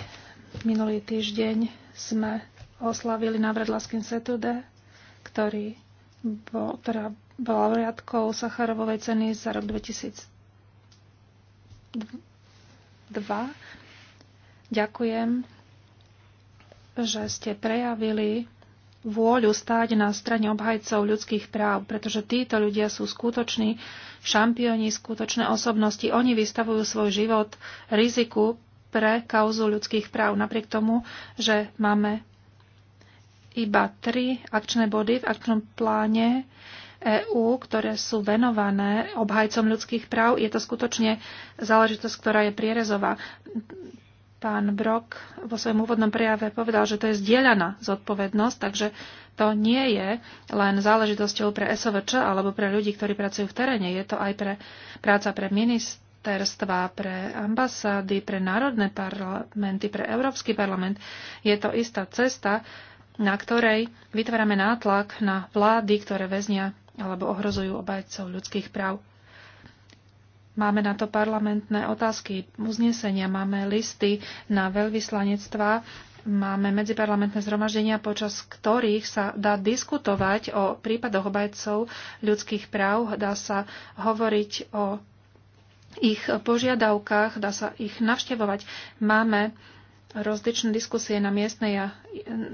D: minulý týždeň sme oslavili návrat Laskin Setude, ktorý bol, ktorá bola laureátkou Sacharovovej ceny za rok 2002. Ďakujem, že ste prejavili vôľu stáť na strane obhajcov ľudských práv, pretože títo ľudia sú skutoční šampióni, skutočné osobnosti. Oni vystavujú svoj život riziku pre kauzu ľudských práv, napriek tomu, že máme iba tri akčné body v akčnom pláne EÚ, ktoré sú venované obhajcom ľudských práv. Je to skutočne záležitosť, ktorá je prierezová. Pán Brok vo svojom úvodnom prejave povedal, že to je zdieľaná zodpovednosť, takže to nie je len záležitosťou pre SOVČ alebo pre ľudí, ktorí pracujú v teréne. Je to aj pre práca pre ministerstva, pre ambasády, pre národné parlamenty, pre Európsky parlament. Je to istá cesta, na ktorej vytvárame nátlak na vlády, ktoré väznia alebo ohrozujú obajcov ľudských práv. Máme na to parlamentné otázky, uznesenia, máme listy na veľvyslanectvá, máme medziparlamentné zhromaždenia, počas ktorých sa dá diskutovať o prípadoch obajcov ľudských práv, dá sa hovoriť o ich požiadavkách, dá sa ich navštevovať. Máme rozličné diskusie na miestnej a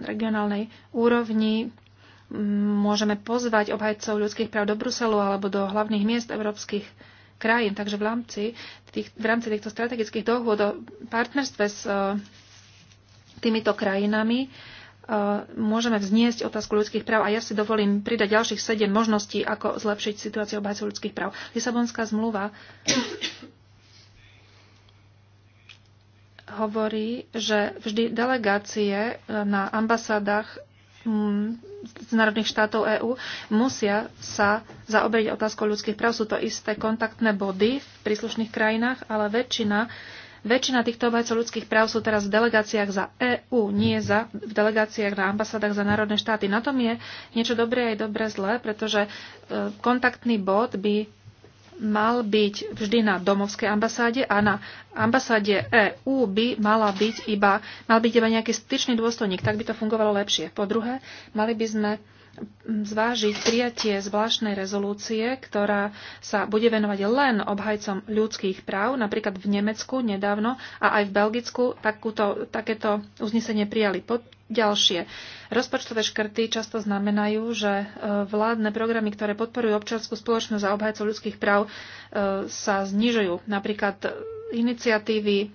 D: regionálnej úrovni, môžeme pozvať obhajcov ľudských práv do Bruselu alebo do hlavných miest európskych krajín. Takže v rámci, tých, v rámci týchto strategických dohôd o partnerstve s e, týmito krajinami e, môžeme vzniesť otázku ľudských práv a ja si dovolím pridať ďalších sedem možností, ako zlepšiť situáciu obhajcov ľudských práv. Lisabonská zmluva hovorí, že vždy delegácie na ambasádach z národných štátov EÚ musia sa zaoberiť otázkou ľudských práv. Sú to isté kontaktné body v príslušných krajinách, ale väčšina, väčšina týchto obhajcov ľudských práv sú teraz v delegáciách za EÚ, nie za, v delegáciách na ambasádach za národné štáty. Na tom je niečo dobré aj dobre zlé, pretože e, kontaktný bod by mal byť vždy na domovskej ambasáde a na ambasáde EÚ by mala byť iba, mal byť iba nejaký styčný dôstojník. Tak by to fungovalo lepšie. Po druhé, mali by sme zvážiť prijatie zvláštnej rezolúcie, ktorá sa bude venovať len obhajcom ľudských práv. Napríklad v Nemecku nedávno a aj v Belgicku takúto, takéto uznesenie prijali. Po Ďalšie. Rozpočtové škrty často znamenajú, že e, vládne programy, ktoré podporujú občianskú spoločnosť a obhajcov ľudských práv, e, sa znižujú. Napríklad iniciatívy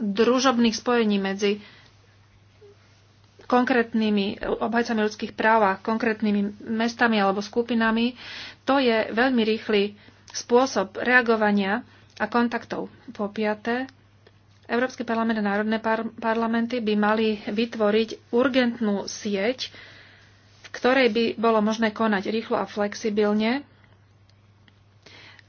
D: družobných spojení medzi konkrétnymi obhajcami ľudských práv a konkrétnymi mestami alebo skupinami, to je veľmi rýchly spôsob reagovania a kontaktov. Po piaté, Európsky parlament a národné par- parlamenty by mali vytvoriť urgentnú sieť, v ktorej by bolo možné konať rýchlo a flexibilne,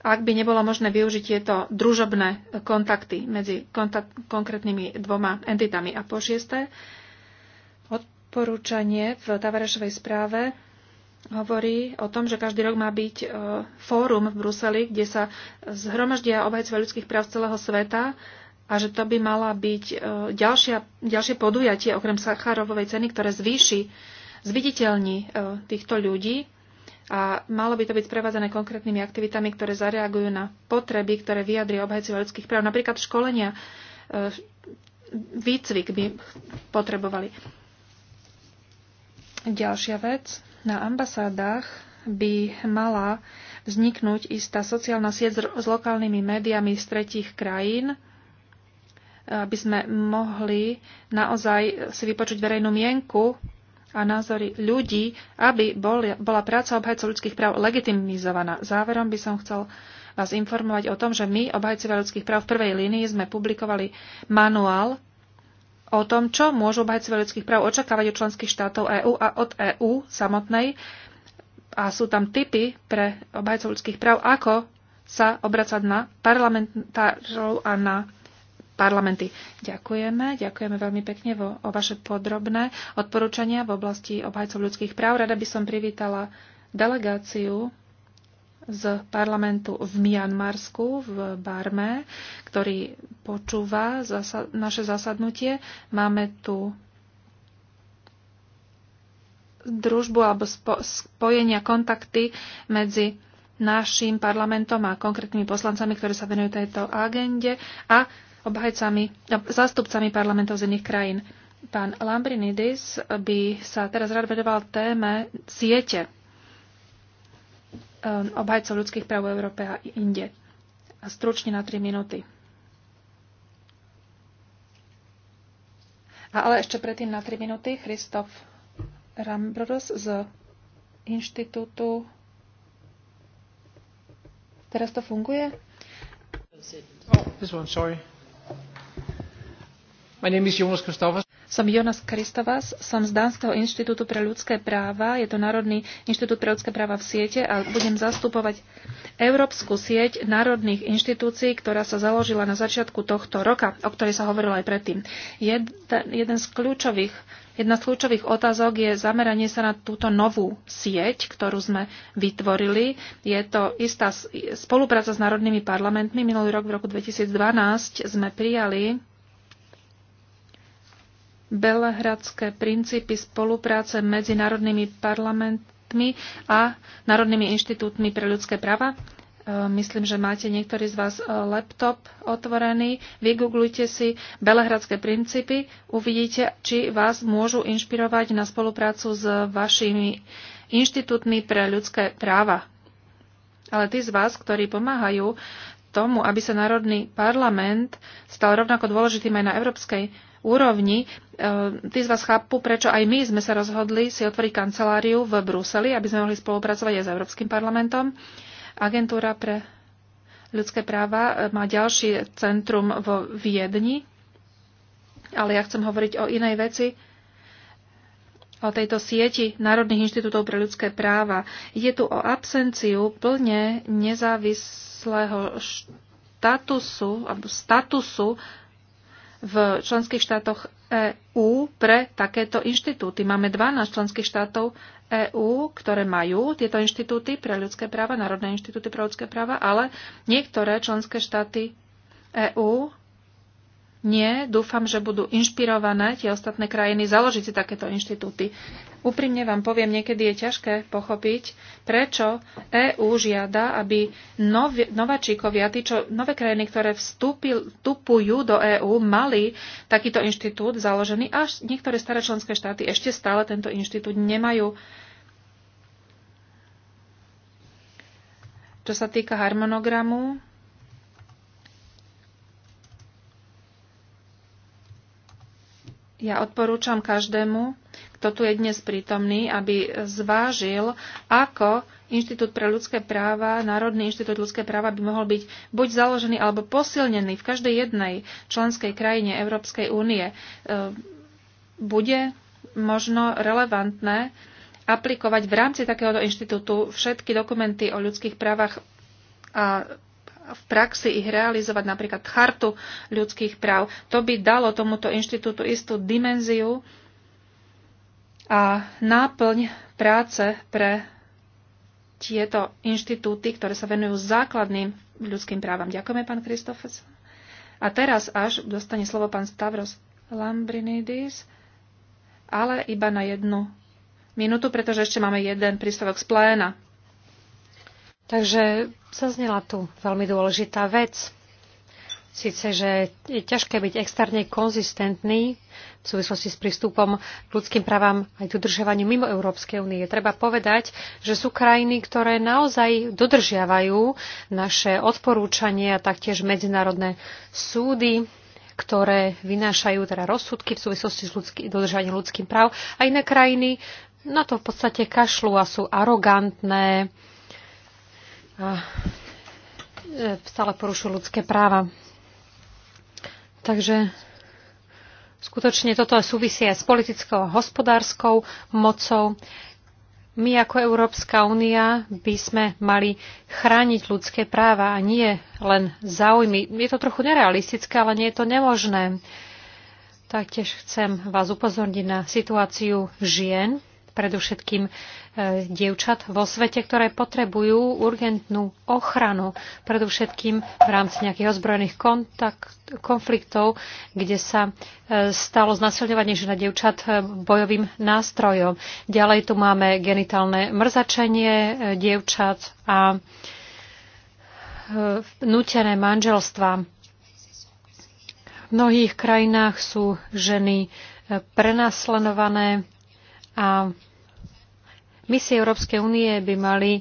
D: ak by nebolo možné využiť tieto družobné kontakty medzi kontakt- konkrétnymi dvoma entitami. A po šiesté, odporúčanie v Tavarešovej správe hovorí o tom, že každý rok má byť e, fórum v Bruseli, kde sa zhromaždia obhajcovia ľudských práv z celého sveta a že to by mala byť e, ďalšia, ďalšie podujatie okrem Sacharovovej ceny, ktoré zvýši, zviditeľní e, týchto ľudí a malo by to byť sprevádzané konkrétnymi aktivitami, ktoré zareagujú na potreby, ktoré vyjadria obhajcovia ľudských práv. Napríklad školenia, e, výcvik by potrebovali. Ďalšia vec. Na ambasádach by mala vzniknúť istá sociálna sieť s lokálnymi médiami z tretích krajín, aby sme mohli naozaj si vypočuť verejnú mienku a názory ľudí, aby boli, bola práca obhajcov ľudských práv legitimizovaná. Záverom by som chcel vás informovať o tom, že my, obhajcovia ľudských práv v prvej línii, sme publikovali manuál o tom, čo môžu obhajcovia ľudských práv očakávať od členských štátov EÚ a od EÚ samotnej. A sú tam typy pre obhajcov ľudských práv, ako sa obracať na parlamentárov a na parlamenty. Ďakujeme, ďakujeme veľmi pekne vo, o vaše podrobné odporúčania v oblasti obhajcov ľudských práv. Rada by som privítala delegáciu z parlamentu v Mianmarsku, v Barme, ktorý počúva zasa- naše zasadnutie. Máme tu družbu alebo spo- spojenia, kontakty medzi našim parlamentom a konkrétnymi poslancami, ktorí sa venujú tejto agende a obhajcami, no, zástupcami parlamentov z iných krajín. Pán Lambrinidis by sa teraz rád vedoval téme siete ehm, obhajcov ľudských práv v Európe a inde. A stručne na 3 minúty. A ale ešte predtým na 3 minúty Christoph Rambros z Inštitútu. Teraz to funguje?
E: Oh, this one, sorry.
B: My name is Jonas
D: Som Jonas Kristovas, som z Dánskeho inštitútu pre ľudské práva, je to Národný inštitút pre ľudské práva v siete a budem zastupovať Európsku sieť národných inštitúcií, ktorá sa založila na začiatku tohto roka, o ktorej sa hovorilo aj predtým. Jeden, jeden z kľúčových, jedna z kľúčových otázok je zameranie sa na túto novú sieť, ktorú sme vytvorili. Je to istá spolupráca s národnými parlamentmi. Minulý rok v roku 2012 sme prijali belehradské princípy spolupráce medzi národnými parlamentmi a národnými inštitútmi pre ľudské práva. E, myslím, že máte niektorý z vás e, laptop otvorený. Vygooglujte si belehradské princípy. Uvidíte, či vás môžu inšpirovať na spoluprácu s vašimi inštitútmi pre ľudské práva. Ale tí z vás, ktorí pomáhajú tomu, aby sa Národný parlament stal rovnako dôležitým aj na európskej úrovni. E, tí z vás chápu, prečo aj my sme sa rozhodli si otvoriť kanceláriu v Bruseli, aby sme mohli spolupracovať aj s Európskym parlamentom. Agentúra pre ľudské práva e, má ďalšie centrum vo Viedni, ale ja chcem hovoriť o inej veci, o tejto sieti Národných inštitútov pre ľudské práva. Ide tu o absenciu plne nezávislého statusu alebo statusu v členských štátoch EÚ pre takéto inštitúty. Máme 12 členských štátov EÚ, ktoré majú tieto inštitúty pre ľudské práva, národné inštitúty pre ľudské práva, ale niektoré členské štáty EÚ nie. Dúfam, že budú inšpirované tie ostatné krajiny založiť si takéto inštitúty Úprimne vám poviem, niekedy je ťažké pochopiť, prečo EÚ žiada, aby nov, nováčikovia, tí, čo, nové krajiny, ktoré vstúpil, vstupujú do EÚ, mali takýto inštitút založený, až niektoré staré členské štáty ešte stále tento inštitút nemajú. Čo sa týka harmonogramu, Ja odporúčam každému, kto tu je dnes prítomný, aby zvážil, ako Inštitút pre ľudské práva, Národný inštitút ľudské práva by mohol byť buď založený alebo posilnený v každej jednej členskej krajine Európskej únie. E, bude možno relevantné aplikovať v rámci takéhoto inštitútu všetky dokumenty o ľudských právach a v praxi ich realizovať, napríklad chartu ľudských práv. To by dalo tomuto inštitútu istú dimenziu a náplň práce pre tieto inštitúty, ktoré sa venujú základným ľudským právam. Ďakujeme, pán Kristofes. A teraz až dostane slovo pán Stavros Lambrinidis, ale iba na jednu minútu, pretože ešte máme jeden príspevok z pléna.
E: Takže zaznela tu veľmi dôležitá vec. Sice, že je ťažké byť externe konzistentný v súvislosti s prístupom k ľudským právam aj k dodržiavaniu mimo Európskej únie. Treba povedať, že sú krajiny, ktoré naozaj dodržiavajú naše odporúčania a taktiež medzinárodné súdy, ktoré vynášajú teda rozsudky v súvislosti s ľudský, dodržaním ľudských práv a iné krajiny na to v podstate kašľú a sú arogantné, a e, stále porušujú ľudské práva. Takže skutočne toto súvisí aj s politickou a hospodárskou mocou. My ako Európska únia by sme mali chrániť ľudské práva a nie len záujmy. Je to trochu nerealistické, ale nie je to nemožné. Taktiež chcem vás upozorniť na situáciu žien, predovšetkým dievčat vo svete, ktoré potrebujú urgentnú ochranu, predovšetkým v rámci nejakých ozbrojených kontakt, konfliktov, kde sa e, stalo znasilňovanie žena dievčat e, bojovým nástrojom. Ďalej tu máme genitálne mrzačenie e, dievčat a nutené manželstva. V mnohých krajinách sú ženy prenasledované a Misie Európskej únie by mali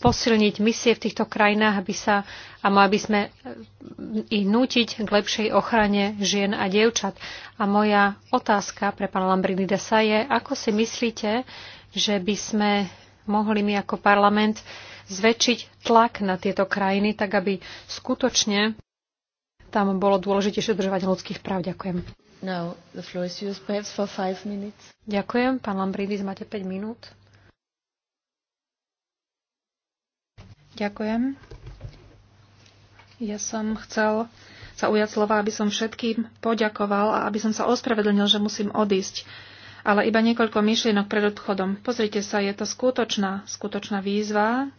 E: posilniť misie v týchto krajinách, aby sa, a mali by sme ich nútiť k lepšej ochrane žien a dievčat. A moja otázka pre pána Lambrinidesa je, ako si myslíte, že by sme mohli my ako parlament zväčšiť tlak na tieto krajiny, tak aby skutočne tam bolo dôležitejšie dodržovať ľudských práv. Ďakujem. Now, the floor is yours, perhaps for five minutes. Ďakujem. Pán Lambridis, máte 5 minút.
D: Ďakujem. Ja som chcel sa ujať slova, aby som všetkým poďakoval a aby som sa ospravedlnil, že musím odísť. Ale iba niekoľko myšlienok pred odchodom. Pozrite sa, je to skutočná, skutočná výzva.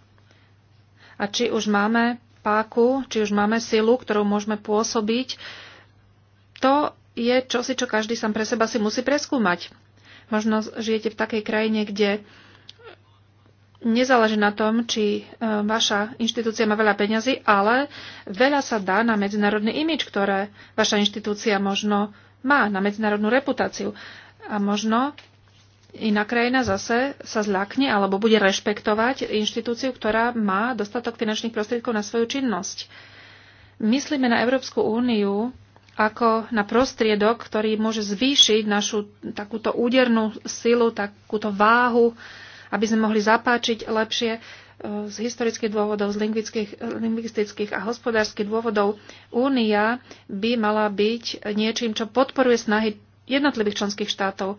D: A či už máme páku, či už máme silu, ktorú môžeme pôsobiť, to je čosi, čo každý sám pre seba si musí preskúmať. Možno žijete v takej krajine, kde nezáleží na tom, či e, vaša inštitúcia má veľa peňazí, ale veľa sa dá na medzinárodný imič, ktoré vaša inštitúcia možno má, na medzinárodnú reputáciu. A možno iná krajina zase sa zľakne alebo bude rešpektovať inštitúciu, ktorá má dostatok finančných prostriedkov na svoju činnosť. Myslíme na Európsku úniu ako na prostriedok, ktorý môže zvýšiť našu takúto údernú silu, takúto váhu, aby sme mohli zapáčiť lepšie e, z historických dôvodov, z lingvistických a hospodárskych dôvodov. Únia by mala byť niečím, čo podporuje snahy jednotlivých členských štátov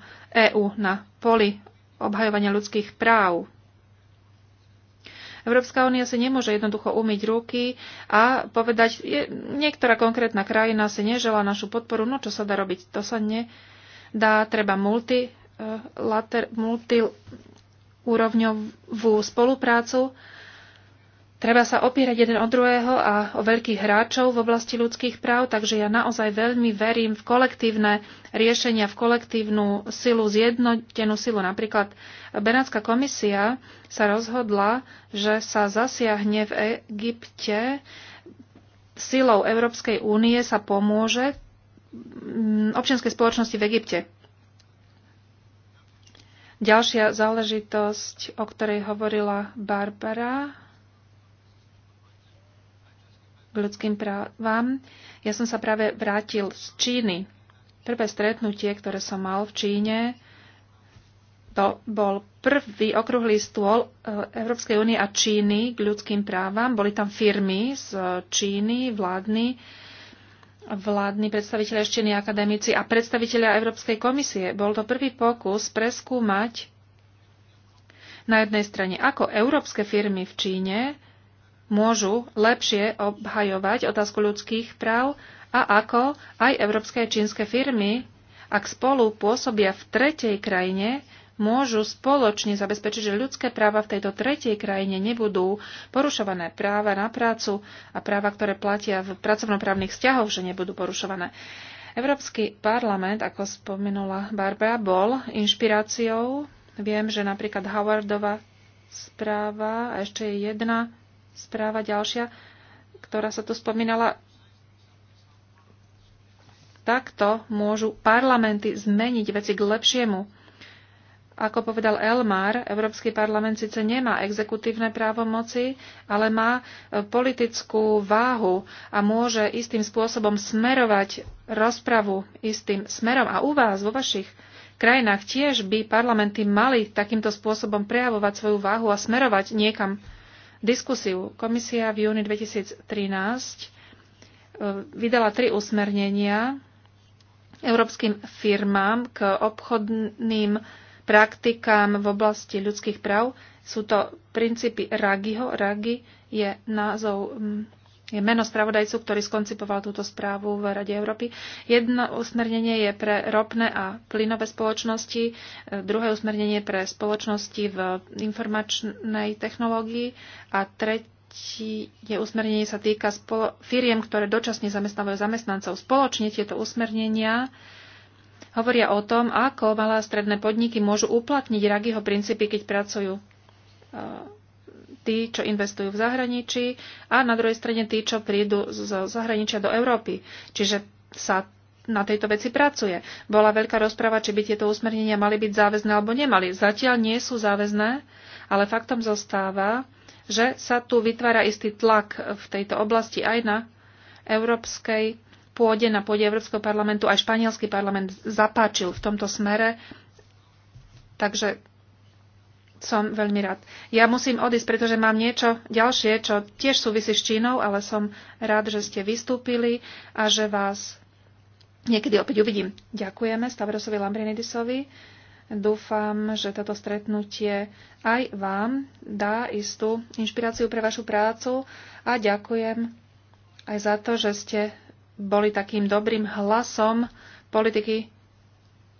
D: EÚ na poli obhajovania ľudských práv. Európska únia si nemôže jednoducho umyť ruky a povedať, je, niektorá konkrétna krajina si nežela našu podporu, no čo sa dá robiť, to sa nedá, treba multi, eh, later, multi úrovňovú spoluprácu Treba sa opierať jeden od druhého a o veľkých hráčov v oblasti ľudských práv, takže ja naozaj veľmi verím v kolektívne riešenia, v kolektívnu silu, zjednotenú silu. Napríklad Benátska komisia sa rozhodla, že sa zasiahne v Egypte silou Európskej únie sa pomôže mm, občianskej spoločnosti v Egypte. Ďalšia záležitosť, o ktorej hovorila Barbara, k ľudským právam. Ja som sa práve vrátil z Číny. Prvé stretnutie, ktoré som mal v Číne, to bol prvý okrúhly stôl e, Európskej únie a Číny k ľudským právam. Boli tam firmy z Číny, vládni, vládni predstaviteľe z Číny, akademici a predstaviteľe Európskej komisie. Bol to prvý pokus preskúmať na jednej strane, ako európske firmy v Číne môžu lepšie obhajovať otázku ľudských práv a ako aj európske a čínske firmy, ak spolu pôsobia v tretej krajine, môžu spoločne zabezpečiť, že ľudské práva v tejto tretej krajine nebudú porušované práva na prácu a práva, ktoré platia v pracovnoprávnych vzťahoch, že nebudú porušované. Európsky parlament, ako spomenula Barbara, bol inšpiráciou. Viem, že napríklad Howardova správa a ešte je jedna správa ďalšia, ktorá sa tu spomínala. Takto môžu parlamenty zmeniť veci k lepšiemu. Ako povedal Elmar, Európsky parlament síce nemá exekutívne právomoci, ale má e, politickú váhu a môže istým spôsobom smerovať rozpravu istým smerom. A u vás, vo vašich krajinách, tiež by parlamenty mali takýmto spôsobom prejavovať svoju váhu a smerovať niekam diskusiu. Komisia v júni 2013 e, vydala tri usmernenia európskym firmám k obchodným praktikám v oblasti ľudských práv. Sú to princípy Ragiho. Ragi je názov je meno spravodajcu, ktorý skoncipoval túto správu v Rade Európy. Jedno usmernenie je pre ropné a plynové spoločnosti, e, druhé usmernenie pre spoločnosti v informačnej technológii a tretie usmernenie sa týka spolo- firiem, ktoré dočasne zamestnávajú zamestnancov. Spoločne tieto usmernenia hovoria o tom, ako malé a stredné podniky môžu uplatniť Ragiho princípy, keď pracujú e, tí, čo investujú v zahraničí a na druhej strane tí, čo prídu z zahraničia do Európy. Čiže sa na tejto veci pracuje. Bola veľká rozpráva, či by tieto usmernenia mali byť záväzné alebo nemali. Zatiaľ nie sú záväzné, ale faktom zostáva, že sa tu vytvára istý tlak v tejto oblasti aj na európskej pôde, na pôde Európskeho parlamentu. Aj španielský parlament zapáčil v tomto smere. Takže som veľmi rád. Ja musím odísť, pretože mám niečo ďalšie, čo tiež súvisí s Čínou, ale som rád, že ste vystúpili a že vás niekedy opäť uvidím. Ďakujeme Stavrosovi Lambrinidisovi. Dúfam, že toto stretnutie aj vám dá istú inšpiráciu pre vašu prácu a ďakujem aj za to, že ste boli takým dobrým hlasom politiky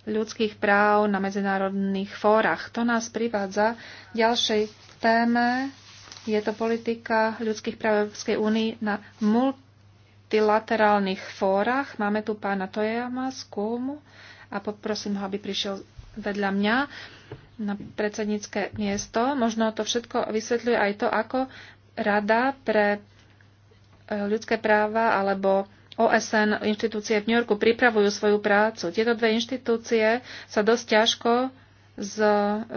D: ľudských práv na medzinárodných fórach. To nás privádza k ďalšej téme. Je to politika ľudských práv Európskej únie na multilaterálnych fórach. Máme tu pána Tojama z Kúmu a poprosím ho, aby prišiel vedľa mňa na predsednícke miesto. Možno to všetko vysvetľuje aj to, ako Rada pre e, ľudské práva alebo OSN inštitúcie v New Yorku pripravujú svoju prácu. Tieto dve inštitúcie sa dosť ťažko z,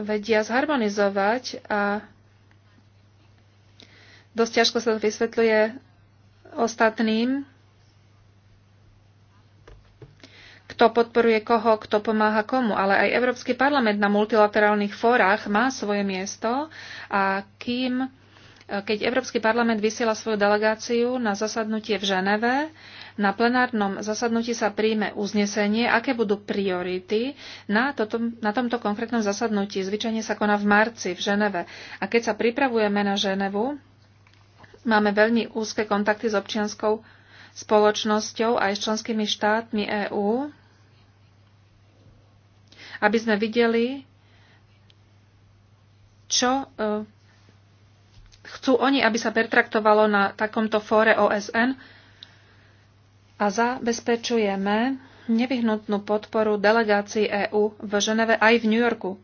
D: vedia zharmonizovať a dosť ťažko sa to vysvetľuje ostatným, kto podporuje koho, kto pomáha komu. Ale aj Európsky parlament na multilaterálnych fórach má svoje miesto a kým, keď Európsky parlament vysiela svoju delegáciu na zasadnutie v Ženeve, na plenárnom zasadnutí sa príjme uznesenie, aké budú priority na, toto, na tomto konkrétnom zasadnutí. Zvyčajne sa koná v marci v Ženeve. A keď sa pripravujeme na Ženevu, máme veľmi úzke kontakty s občianskou spoločnosťou aj s členskými štátmi EÚ, aby sme videli, čo e, chcú oni, aby sa pertraktovalo na takomto fóre OSN a zabezpečujeme nevyhnutnú podporu delegácií EÚ v Ženeve aj v New Yorku.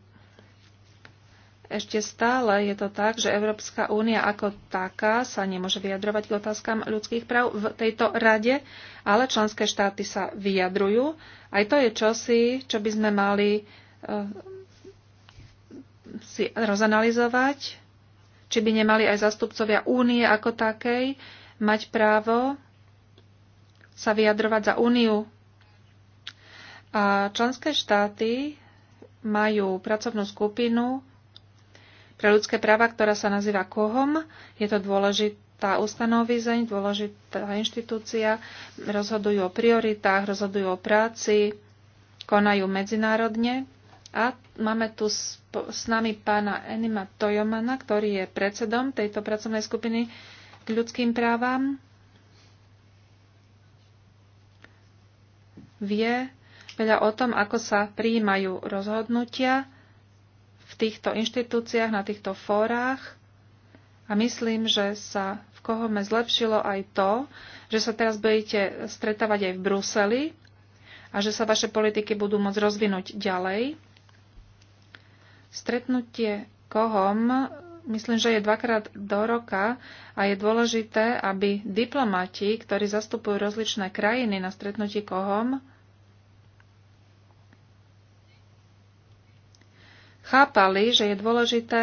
D: Ešte stále je to tak, že Európska únia ako taká sa nemôže vyjadrovať k otázkam ľudských práv v tejto rade, ale členské štáty sa vyjadrujú. Aj to je čosi, čo by sme mali e, si rozanalizovať, či by nemali aj zastupcovia únie ako takej mať právo sa vyjadrovať za úniu. A členské štáty majú pracovnú skupinu pre ľudské práva, ktorá sa nazýva KOHOM. Je to dôležitá ustanovizeň, dôležitá inštitúcia. Rozhodujú o prioritách, rozhodujú o práci, konajú medzinárodne. A máme tu s, s nami pána Enima Tojomana, ktorý je predsedom tejto pracovnej skupiny k ľudským právam vie veľa o tom, ako sa prijímajú rozhodnutia v týchto inštitúciách, na týchto fórach. A myslím, že sa v Kohome zlepšilo aj to, že sa teraz budete stretávať aj v Bruseli a že sa vaše politiky budú môcť rozvinúť ďalej. Stretnutie Kohom myslím, že je dvakrát do roka a je dôležité, aby diplomati, ktorí zastupujú rozličné krajiny na stretnutí kohom, chápali, že je dôležité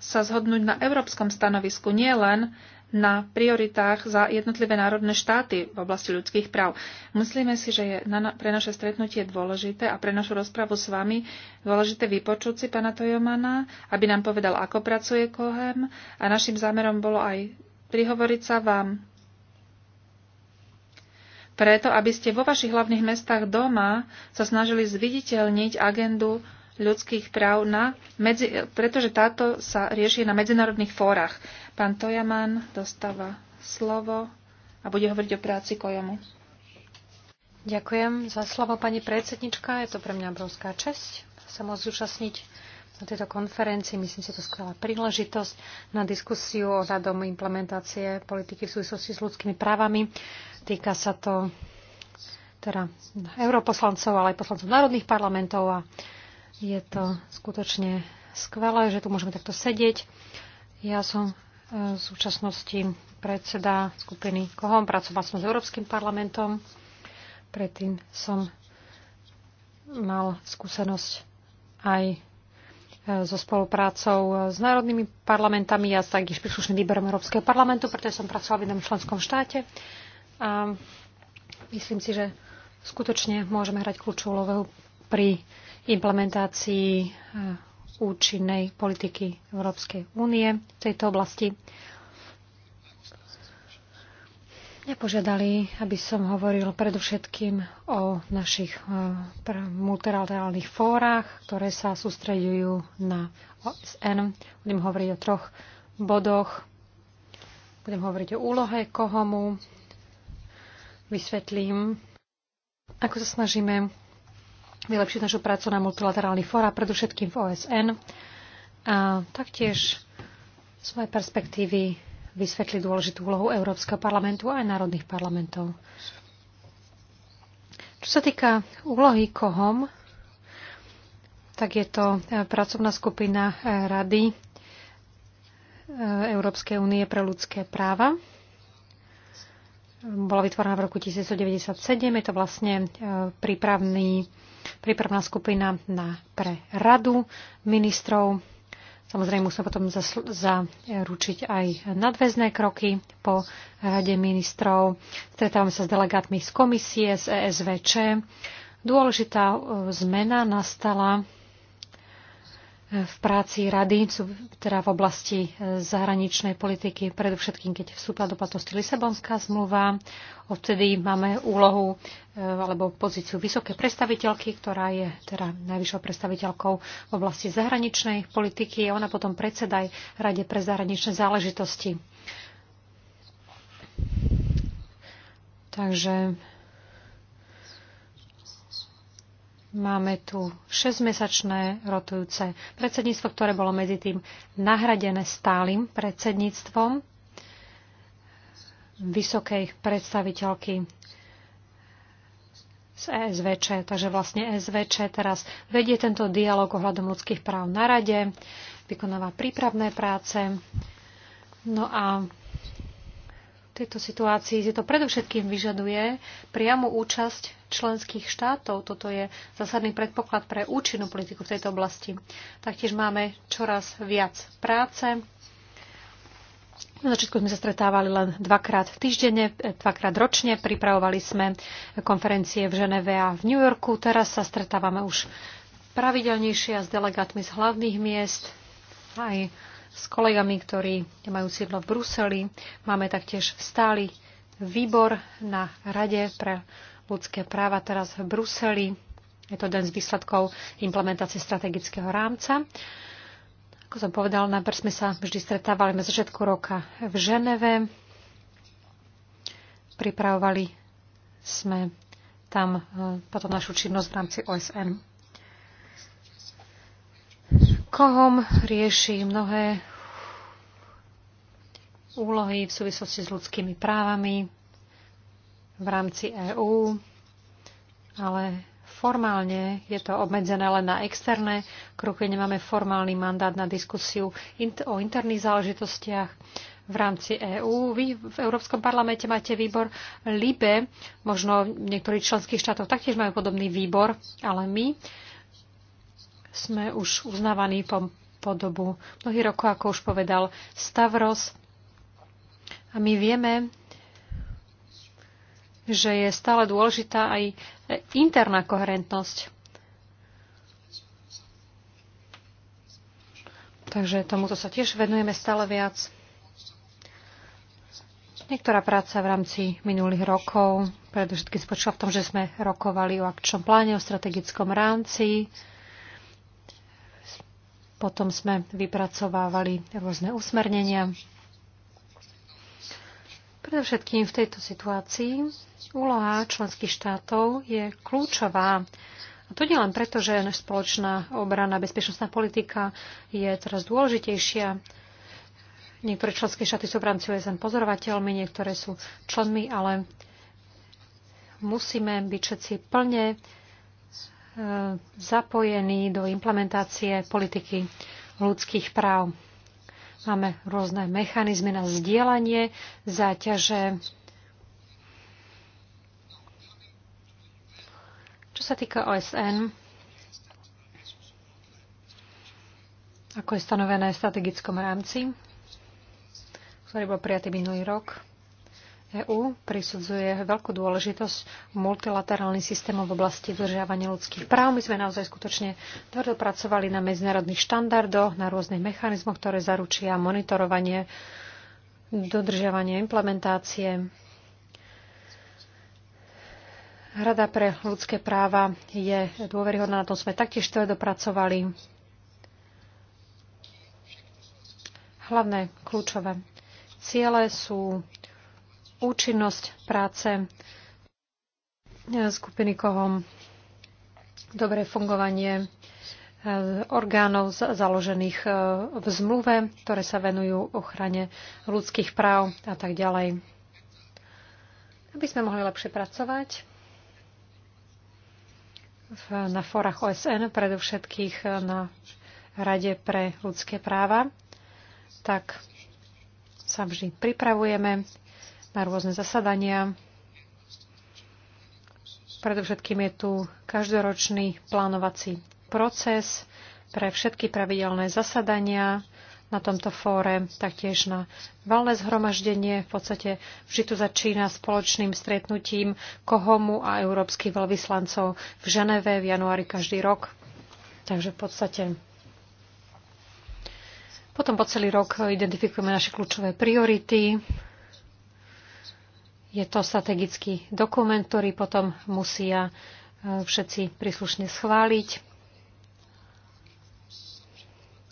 D: sa zhodnúť na európskom stanovisku, nie len na prioritách za jednotlivé národné štáty v oblasti ľudských práv. Myslíme si, že je na, pre naše stretnutie dôležité a pre našu rozpravu s vami dôležité vypočuť si pana Tojomana, aby nám povedal, ako pracuje Kohem a našim zámerom bolo aj prihovoriť sa vám preto, aby ste vo vašich hlavných mestách doma sa snažili zviditeľniť agendu ľudských práv, na medzi, pretože táto sa rieši na medzinárodných fórach. Pán Tojaman dostáva slovo a bude hovoriť o práci Kojomu. Ďakujem za slovo, pani predsednička. Je to pre mňa obrovská
E: česť sa môcť zúčastniť na tejto konferencii. Myslím že to skvelá príležitosť na diskusiu o radom implementácie politiky v súvislosti s ľudskými právami. Týka sa to teda europoslancov, ale aj poslancov národných parlamentov a je to skutočne skvelé, že tu môžeme takto sedieť. Ja som e, v súčasnosti predseda skupiny KOHOM, pracoval som s Európskym parlamentom. Predtým som mal skúsenosť aj e, so spoluprácou s národnými parlamentami. a s takým príslušným výberom Európskeho parlamentu, pretože som pracoval v jednom členskom štáte. A myslím si, že skutočne môžeme hrať kľúčovú úlohu pri implementácii eh, účinnej politiky Európskej únie v tejto oblasti. Nepožiadali, aby som hovoril predovšetkým o našich eh, multilaterálnych fórach, ktoré sa sústredujú na OSN. Budem hovoriť o troch bodoch. Budem hovoriť o úlohe Kohomu. Vysvetlím, ako sa snažíme vylepšiť našu prácu na multilaterálnych fóra, predovšetkým v OSN a taktiež svoje perspektívy vysvetli dôležitú úlohu Európskeho parlamentu a aj národných parlamentov. Čo sa týka úlohy KOHOM, tak je to e, pracovná skupina e, Rady e, Európskej únie pre ľudské práva. Bola vytvorená v roku 1997, je to vlastne prípravný prípravná skupina na, pre radu ministrov. Samozrejme musíme potom zaručiť aj nadväzné kroky po rade ministrov. Stretávame sa s delegátmi z komisie, z ESVČ. Dôležitá e, zmena nastala v práci rady, teda v oblasti eh, zahraničnej politiky, predovšetkým keď vstúpila do platnosti Lisabonská zmluva. Odtedy máme úlohu eh, alebo pozíciu vysoké predstaviteľky, ktorá je teda najvyššou predstaviteľkou v oblasti zahraničnej politiky ona potom predseda aj Rade pre zahraničné záležitosti. Takže Máme tu 6-mesačné rotujúce predsedníctvo, ktoré bolo medzi tým nahradené stálym predsedníctvom vysokej predstaviteľky z ESVČ. Takže vlastne ESVČ teraz vedie tento dialog ohľadom ľudských práv na rade, vykonáva prípravné práce. No a tejto situácii si to predovšetkým vyžaduje priamu účasť členských štátov. Toto je zásadný predpoklad pre účinnú politiku v tejto oblasti. Taktiež máme čoraz viac práce. Na začiatku sme sa stretávali len dvakrát týždenne, dvakrát ročne. Pripravovali sme konferencie v Ženeve a v New Yorku. Teraz sa stretávame už pravidelnejšie a s delegátmi z hlavných miest aj s kolegami, ktorí majú sídlo v Bruseli. Máme taktiež stály výbor na Rade pre ľudské práva teraz v Bruseli. Je to jeden z výsledkov implementácie strategického rámca. Ako som povedal, najprv sme sa vždy stretávali na začiatku roka v Ženeve. Pripravovali sme tam eh, potom našu činnosť v rámci OSN. Kohom rieši mnohé úlohy v súvislosti s ľudskými právami v rámci EÚ, ale formálne je to obmedzené len na externé kruhy. Nemáme formálny mandát na diskusiu o interných záležitostiach v rámci EÚ. Vy v Európskom parlamente máte výbor LIBE, možno v niektorých členských štátoch taktiež majú podobný výbor, ale my sme už uznávaní po, po dobu mnohých rokov, ako už povedal Stavros. A my vieme, že je stále dôležitá aj interná koherentnosť. Takže tomuto sa tiež venujeme stále viac. Niektorá práca v rámci minulých rokov predovšetkým spočíva v tom, že sme rokovali o akčnom pláne, o strategickom rámci, potom sme vypracovávali rôzne usmernenia. Predovšetkým v tejto situácii úloha členských štátov je kľúčová. A to nie len preto, že naša spoločná obrana, bezpečnostná politika je teraz dôležitejšia. Niektoré členské štáty sú v rámci OSN pozorovateľmi, niektoré sú členmi, ale musíme byť všetci plne E, zapojení do implementácie politiky ľudských práv. Máme rôzne mechanizmy na zdieľanie záťaže. Čo sa týka OSN, ako je stanovené v strategickom rámci, ktorý bol prijatý minulý rok, EÚ prisudzuje veľkú dôležitosť multilaterálny systém v oblasti dodržiavania ľudských práv. My sme naozaj skutočne tvrdo pracovali na medzinárodných štandardoch, na rôznych mechanizmoch, ktoré zaručia monitorovanie, dodržiavanie implementácie. Rada pre ľudské práva je dôveryhodná, na tom sme taktiež tvrdo pracovali. Hlavné, kľúčové ciele sú účinnosť práce skupiny KOHOM, dobré fungovanie eh, orgánov založených eh, v zmluve, ktoré sa venujú ochrane ľudských práv a tak ďalej. Aby sme mohli lepšie pracovať na fórach OSN, predovšetkých eh, na Rade pre ľudské práva, tak sa vždy pripravujeme na rôzne zasadania. Predovšetkým je tu každoročný plánovací proces pre všetky pravidelné zasadania na tomto fóre, taktiež na valné zhromaždenie. V podstate vždy tu začína spoločným stretnutím Kohomu a európskych veľvyslancov v Ženeve v januári každý rok. Takže v podstate potom po celý rok identifikujeme naše kľúčové priority je to strategický dokument, ktorý potom musia e, všetci príslušne schváliť.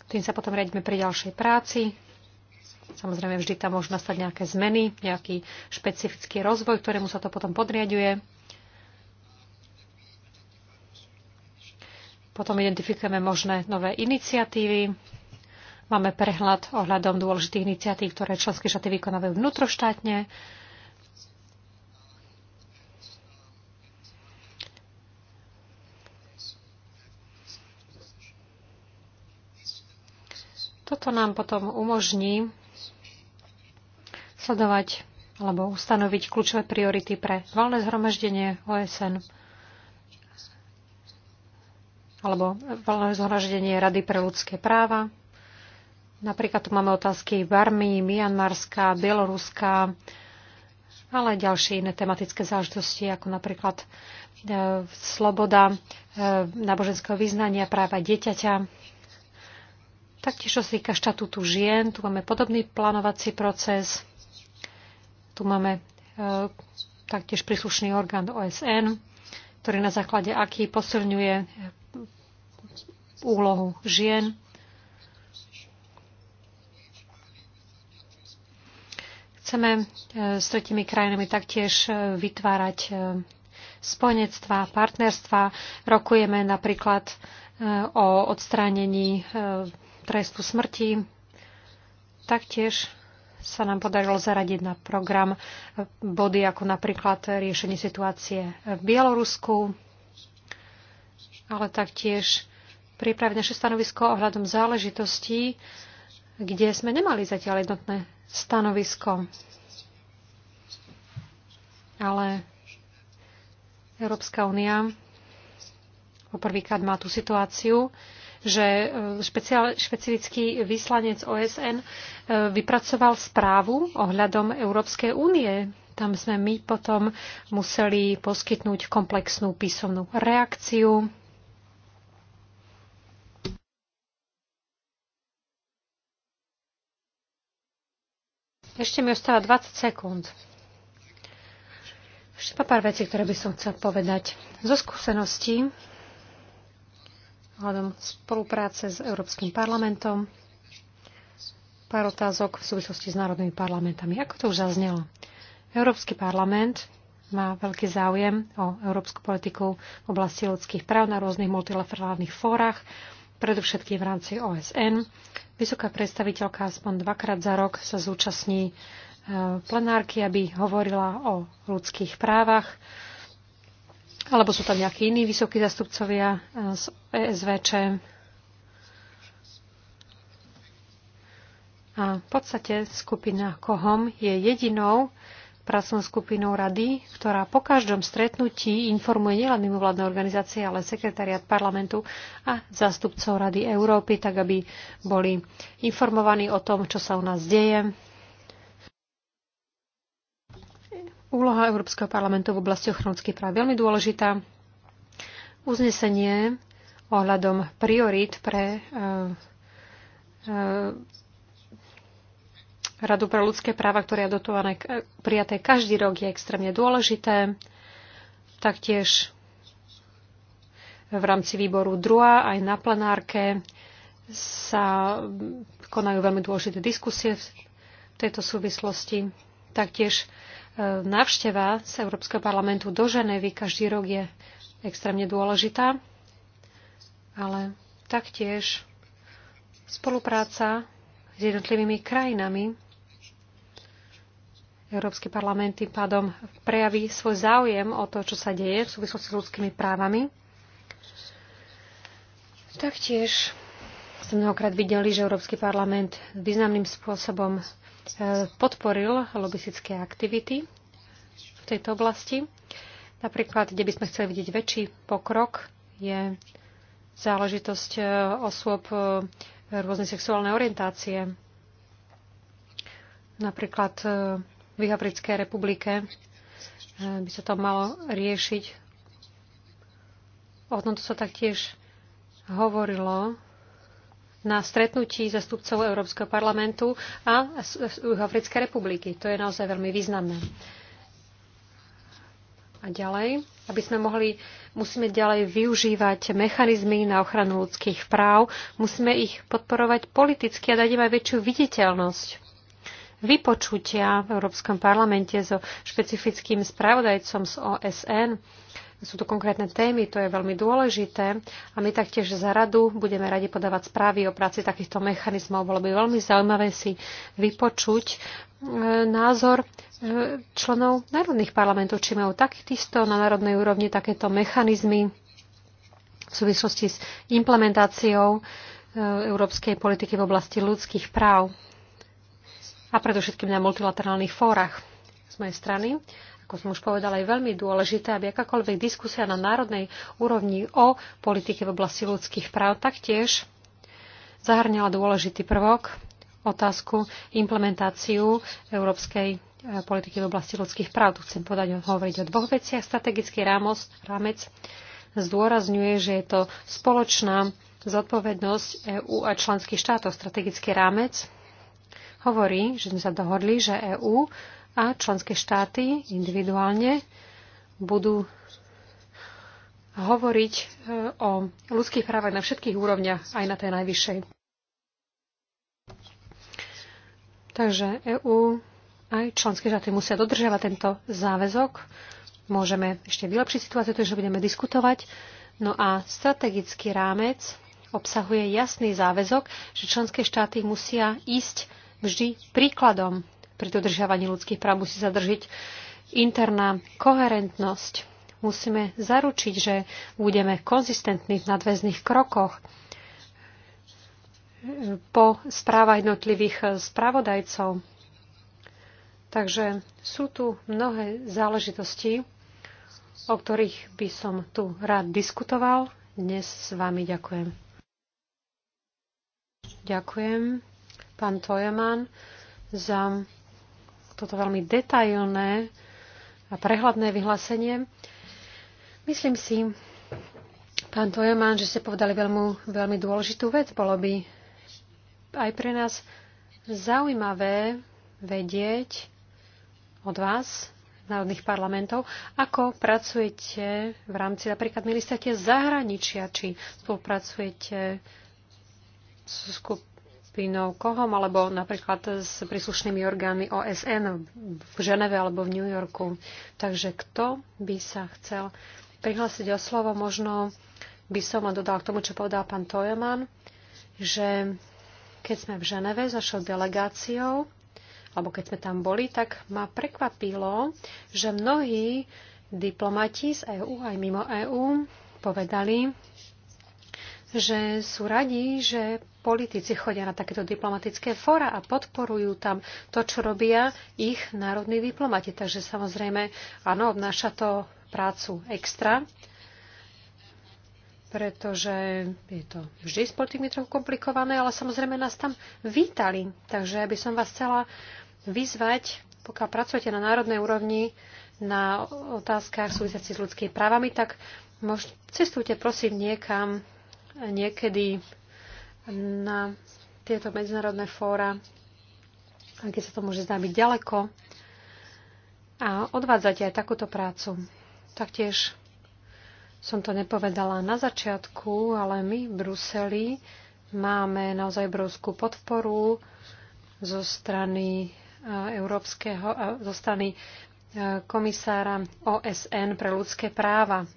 E: Tým sa potom riadíme pri ďalšej práci. Samozrejme, vždy tam môžu nastať nejaké zmeny, nejaký špecifický rozvoj, ktorému sa to potom podriaduje. Potom identifikujeme možné nové iniciatívy. Máme prehľad ohľadom dôležitých iniciatív, ktoré členské štáty vykonávajú vnútroštátne. Toto nám potom umožní sledovať alebo ustanoviť kľúčové priority pre valné zhromaždenie OSN alebo valné zhromaždenie Rady pre ľudské práva. Napríklad tu máme otázky Barmy, Mianmarska, Bieloruska, ale aj ďalšie iné tematické záležitosti, ako napríklad e, sloboda e, náboženského vyznania, práva dieťaťa. Taktiež, čo sa týka štatútu žien, tu máme podobný plánovací proces. Tu máme e, taktiež príslušný orgán OSN, ktorý na základe aký posilňuje e, úlohu žien. Chceme e, s tretimi krajinami taktiež e, vytvárať spojenectvá, partnerstva. Rokujeme napríklad o odstránení trestu smrti. Taktiež sa nám podarilo zaradiť na program body ako napríklad riešenie situácie v Bielorusku, ale taktiež pripraviť naše stanovisko ohľadom záležitostí, kde sme nemali zatiaľ jednotné stanovisko. Ale Európska únia poprvýkrát má tú situáciu, že e, špeciál, špecifický vyslanec OSN e, vypracoval správu ohľadom Európskej únie. Tam sme my potom museli poskytnúť komplexnú písomnú reakciu. Ešte mi ostáva 20 sekúnd. Ešte pár vecí, ktoré by som chcel povedať. Zo skúseností hľadom spolupráce s Európskym parlamentom. Pár otázok v súvislosti s národnými parlamentami. Ako to už zaznelo? Európsky parlament má veľký záujem o európsku politiku v oblasti ľudských práv na rôznych multilaterálnych fórach, predovšetkým v rámci OSN. Vysoká predstaviteľka aspoň dvakrát za rok sa zúčastní e, plenárky, aby hovorila o ľudských právach alebo sú tam nejakí iní vysokí zastupcovia eh, z ESVČ. A v podstate skupina KOHOM je jedinou pracovnou skupinou rady, ktorá po každom stretnutí informuje nielen mimovládne organizácie, ale sekretariat parlamentu a zástupcov Rady Európy, tak aby boli informovaní o tom, čo sa u nás deje, úloha Európskeho parlamentu v oblasti ochranských práv veľmi dôležitá. Uznesenie ohľadom priorit pre uh, uh, Radu pre ľudské práva, ktoré je dotované, e, prijaté každý rok, je extrémne dôležité. Taktiež v rámci výboru druhá aj na plenárke sa konajú veľmi dôležité diskusie v tejto súvislosti. Taktiež návšteva z Európskeho parlamentu do Ženevy každý rok je extrémne dôležitá, ale taktiež spolupráca s jednotlivými krajinami. Európsky parlament tým pádom prejaví svoj záujem o to, čo sa deje v súvislosti s ľudskými právami. Taktiež sme mnohokrát videli, že Európsky parlament významným spôsobom podporil lobistické aktivity v tejto oblasti. Napríklad, kde by sme chceli vidieť väčší pokrok, je záležitosť e, osôb e, rôznej sexuálnej orientácie. Napríklad e, v Africkej republike by sa to malo riešiť. O tomto sa taktiež hovorilo na stretnutí zastupcov Európskeho parlamentu a Juhoafrickej republiky. To je naozaj veľmi významné. A ďalej, aby sme mohli, musíme ďalej využívať mechanizmy na ochranu ľudských práv, musíme ich podporovať politicky a dať im aj väčšiu viditeľnosť. Vypočutia v Európskom parlamente so špecifickým spravodajcom z OSN sú to konkrétne témy, to je veľmi dôležité a my taktiež za radu budeme radi podávať správy o práci takýchto mechanizmov. Bolo by veľmi zaujímavé si vypočuť e, názor e, členov národných parlamentov, či majú takisto na národnej úrovni takéto mechanizmy v súvislosti s implementáciou e, európskej politiky v oblasti ľudských práv a predovšetkým na multilaterálnych fórach z mojej strany ako som už povedala, je veľmi dôležité, aby akákoľvek diskusia na národnej úrovni o politike v oblasti ľudských práv taktiež zahrňala dôležitý prvok, otázku implementáciu európskej e, politiky v oblasti ľudských práv. Tu chcem podať, hovoriť o dvoch veciach. Strategický rámos, rámec zdôrazňuje, že je to spoločná zodpovednosť EÚ a členských štátov. Strategický rámec hovorí, že sme sa dohodli, že EÚ a členské štáty individuálne budú hovoriť e, o ľudských právach na všetkých úrovniach, aj na tej najvyššej. Takže EÚ aj členské štáty musia dodržiavať tento záväzok. Môžeme ešte vylepšiť situáciu, takže budeme diskutovať. No a strategický rámec obsahuje jasný záväzok, že členské štáty musia ísť vždy príkladom pri dodržiavaní ľudských práv musí zadržiť interná koherentnosť. Musíme zaručiť, že budeme konzistentní v nadväzných krokoch po správach jednotlivých spravodajcov. Takže sú tu mnohé záležitosti, o ktorých by som tu rád diskutoval. Dnes s vami ďakujem. Ďakujem, pán Tojeman, za toto veľmi detailné a prehľadné vyhlásenie. Myslím si, pán Tojeman, že ste povedali veľmi, veľmi dôležitú vec. Bolo by aj pre nás zaujímavé vedieť od vás, národných parlamentov, ako pracujete v rámci napríklad ministerstva zahraničia, či spolupracujete so skup- skupinou KOHOM alebo napríklad s príslušnými orgánmi OSN v Ženeve alebo v New Yorku. Takže kto by sa chcel prihlásiť o slovo, možno by som len dodal k tomu, čo povedal pán Tojeman, že keď sme v Ženeve s našou delegáciou, alebo keď sme tam boli, tak ma prekvapilo, že mnohí diplomati z EÚ aj mimo EÚ povedali, že sú radi, že politici chodia na takéto diplomatické fóra a podporujú tam to, čo robia ich národní diplomati. Takže samozrejme, áno, obnáša to prácu extra, pretože je to vždy s politikmi trochu komplikované, ale samozrejme nás tam vítali. Takže by som vás chcela vyzvať, pokiaľ pracujete na národnej úrovni, na otázkach súvisiaci s ľudskými právami, tak mož, cestujte prosím niekam niekedy na tieto medzinárodné fóra, aj keď sa to môže zdá byť ďaleko. A odvádzate aj takúto prácu. Taktiež som to nepovedala na začiatku, ale my v Bruseli máme naozaj obrovskú podporu zo strany eh, európskeho, eh, zo strany eh, komisára OSN pre ľudské práva.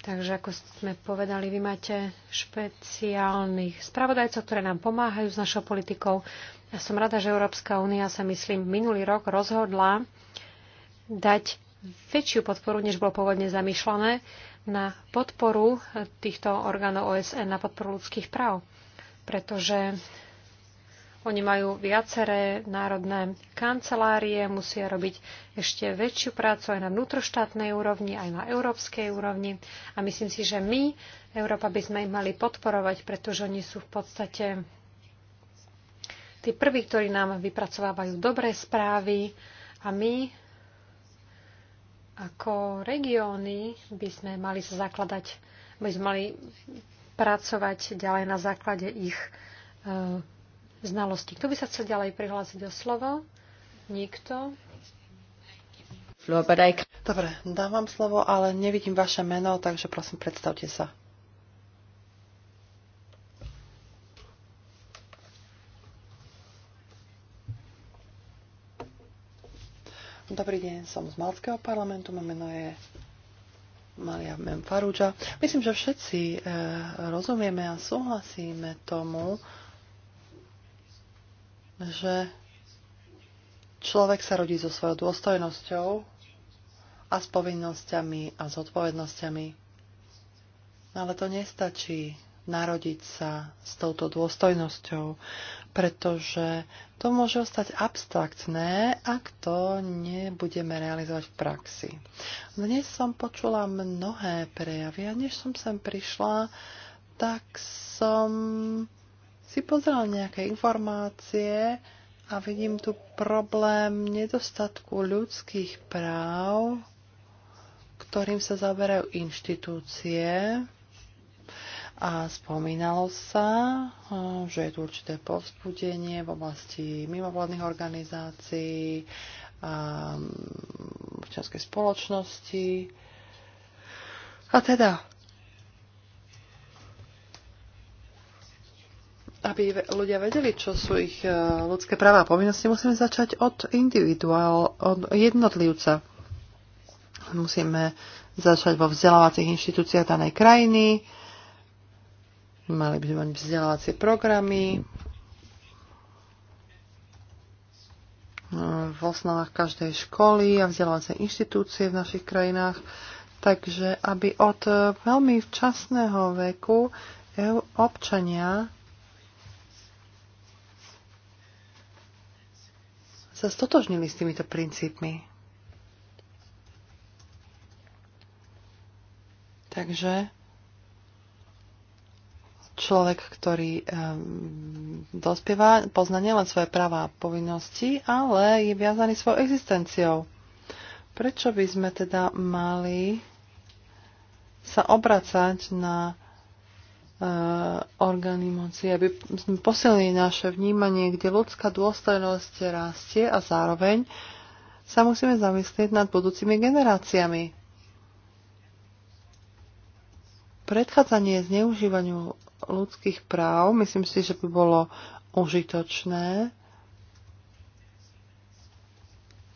E: Takže ako sme povedali, vy máte špeciálnych spravodajcov, ktoré nám pomáhajú s našou politikou. Ja som rada, že Európska únia sa, myslím, minulý rok rozhodla dať väčšiu podporu, než bolo pôvodne zamýšľané, na podporu týchto orgánov OSN, na podporu ľudských práv. Pretože oni majú viaceré národné kancelárie, musia robiť ešte väčšiu prácu aj na vnútroštátnej úrovni, aj na európskej úrovni. A myslím si, že my, Európa, by sme ich mali podporovať, pretože oni sú v podstate tí prví, ktorí nám vypracovávajú dobré správy a my ako regióny by sme mali sa zakladať, by sme mali pracovať ďalej na základe ich e, znalosti. Kto by sa chcel ďalej prihlásiť o slovo? Nikto?
B: Dobre, dávam slovo, ale nevidím vaše meno, takže prosím, predstavte sa. Dobrý deň, som z Malského parlamentu, moje meno je Malia Memfaruja. Myslím, že všetci e, rozumieme a súhlasíme tomu, že človek sa rodí so svojou dôstojnosťou a s povinnosťami a odpovednosťami. No ale to nestačí narodiť sa s touto dôstojnosťou, pretože to môže ostať abstraktné, ak to nebudeme realizovať v praxi. Dnes som počula mnohé prejavy a než som sem prišla, tak som si pozrel nejaké informácie a vidím tu problém nedostatku ľudských práv, ktorým sa zaberajú inštitúcie. A spomínalo sa, že je tu určité povzbudenie v oblasti mimovládnych organizácií, občianskej spoločnosti. A teda aby ľudia vedeli, čo sú ich e, ľudské práva a povinnosti, musíme začať od individuál, od jednotlivca. Musíme začať vo vzdelávacích inštitúciách danej krajiny, mali by sme mať vzdelávacie programy, e, v osnovách každej školy a vzdelávacej inštitúcie v našich krajinách. Takže aby od e, veľmi včasného veku občania sa stotožnili s týmito princípmi. Takže človek, ktorý um, dospieva, pozná nielen svoje práva a povinnosti, ale je viazaný svojou existenciou. Prečo by sme teda mali sa obracať na Eh, orgány moci, aby sme posilnili naše vnímanie, kde ľudská dôstojnosť rastie a zároveň sa musíme zamyslieť nad budúcimi generáciami. Predchádzanie zneužívaniu ľudských práv myslím si, že by bolo užitočné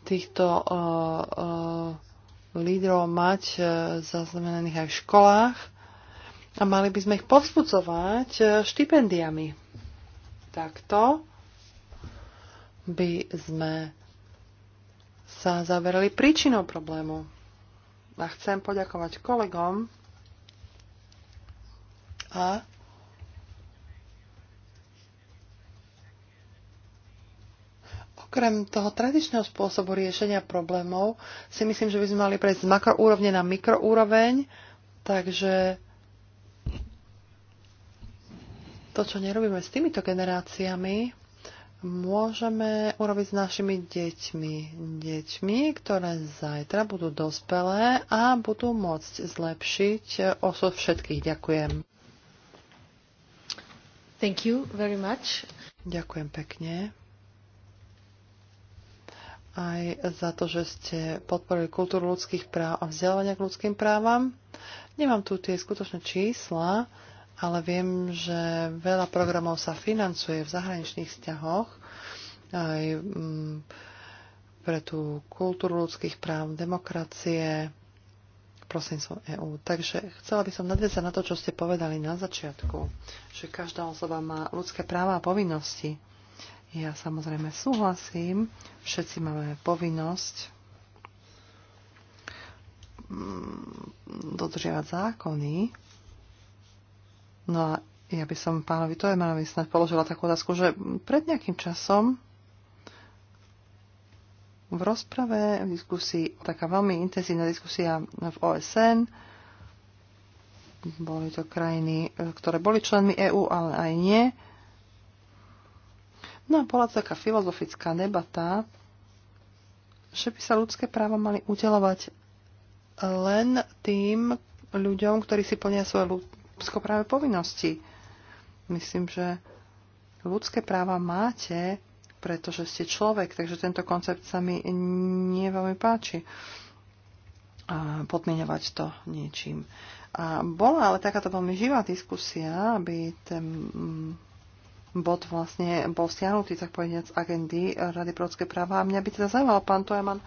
B: týchto uh, uh, lídrov mať uh, zaznamenaných aj v školách a mali by sme ich povzbudzovať e, štipendiami. Takto by sme sa zaverali príčinou problému. A chcem poďakovať kolegom a Okrem toho tradičného spôsobu riešenia problémov si myslím, že by sme mali prejsť z makroúrovne na mikroúroveň, takže to, čo nerobíme s týmito generáciami, môžeme urobiť s našimi deťmi. Deťmi, ktoré zajtra budú dospelé a budú môcť zlepšiť osud všetkých. Ďakujem. Thank you very much. Ďakujem pekne aj za to, že ste podporili kultúru ľudských práv a vzdelávania k ľudským právam. Nemám tu tie skutočné čísla, ale viem, že veľa programov sa financuje v zahraničných vzťahoch aj mm, pre tú kultúru ľudských práv, demokracie, prosím som EÚ. Takže chcela by som nadviezať na to, čo ste povedali na začiatku, že každá osoba má ľudské práva a povinnosti. Ja samozrejme súhlasím, všetci máme povinnosť mm, dodržiavať zákony, No a ja by som pánovi Tojemanovi snad položila takú otázku, že pred nejakým časom v rozprave, v diskusii, taká veľmi intenzívna diskusia v OSN, boli to krajiny, e, ktoré boli členmi EÚ, ale aj nie. No a bola to taká filozofická debata, že by sa ľudské práva mali udelovať len tým ľuďom, ktorí si plnia svoje práve povinnosti. Myslím, že ľudské práva máte, pretože ste človek, takže tento koncept sa mi nie veľmi páči. A podmienovať to niečím. A bola ale takáto veľmi živá diskusia, aby ten mm, bod vlastne bol stiahnutý, tak povediať, z agendy Rady pro ľudské práva. A mňa by teda zaujímalo, pán Tojeman,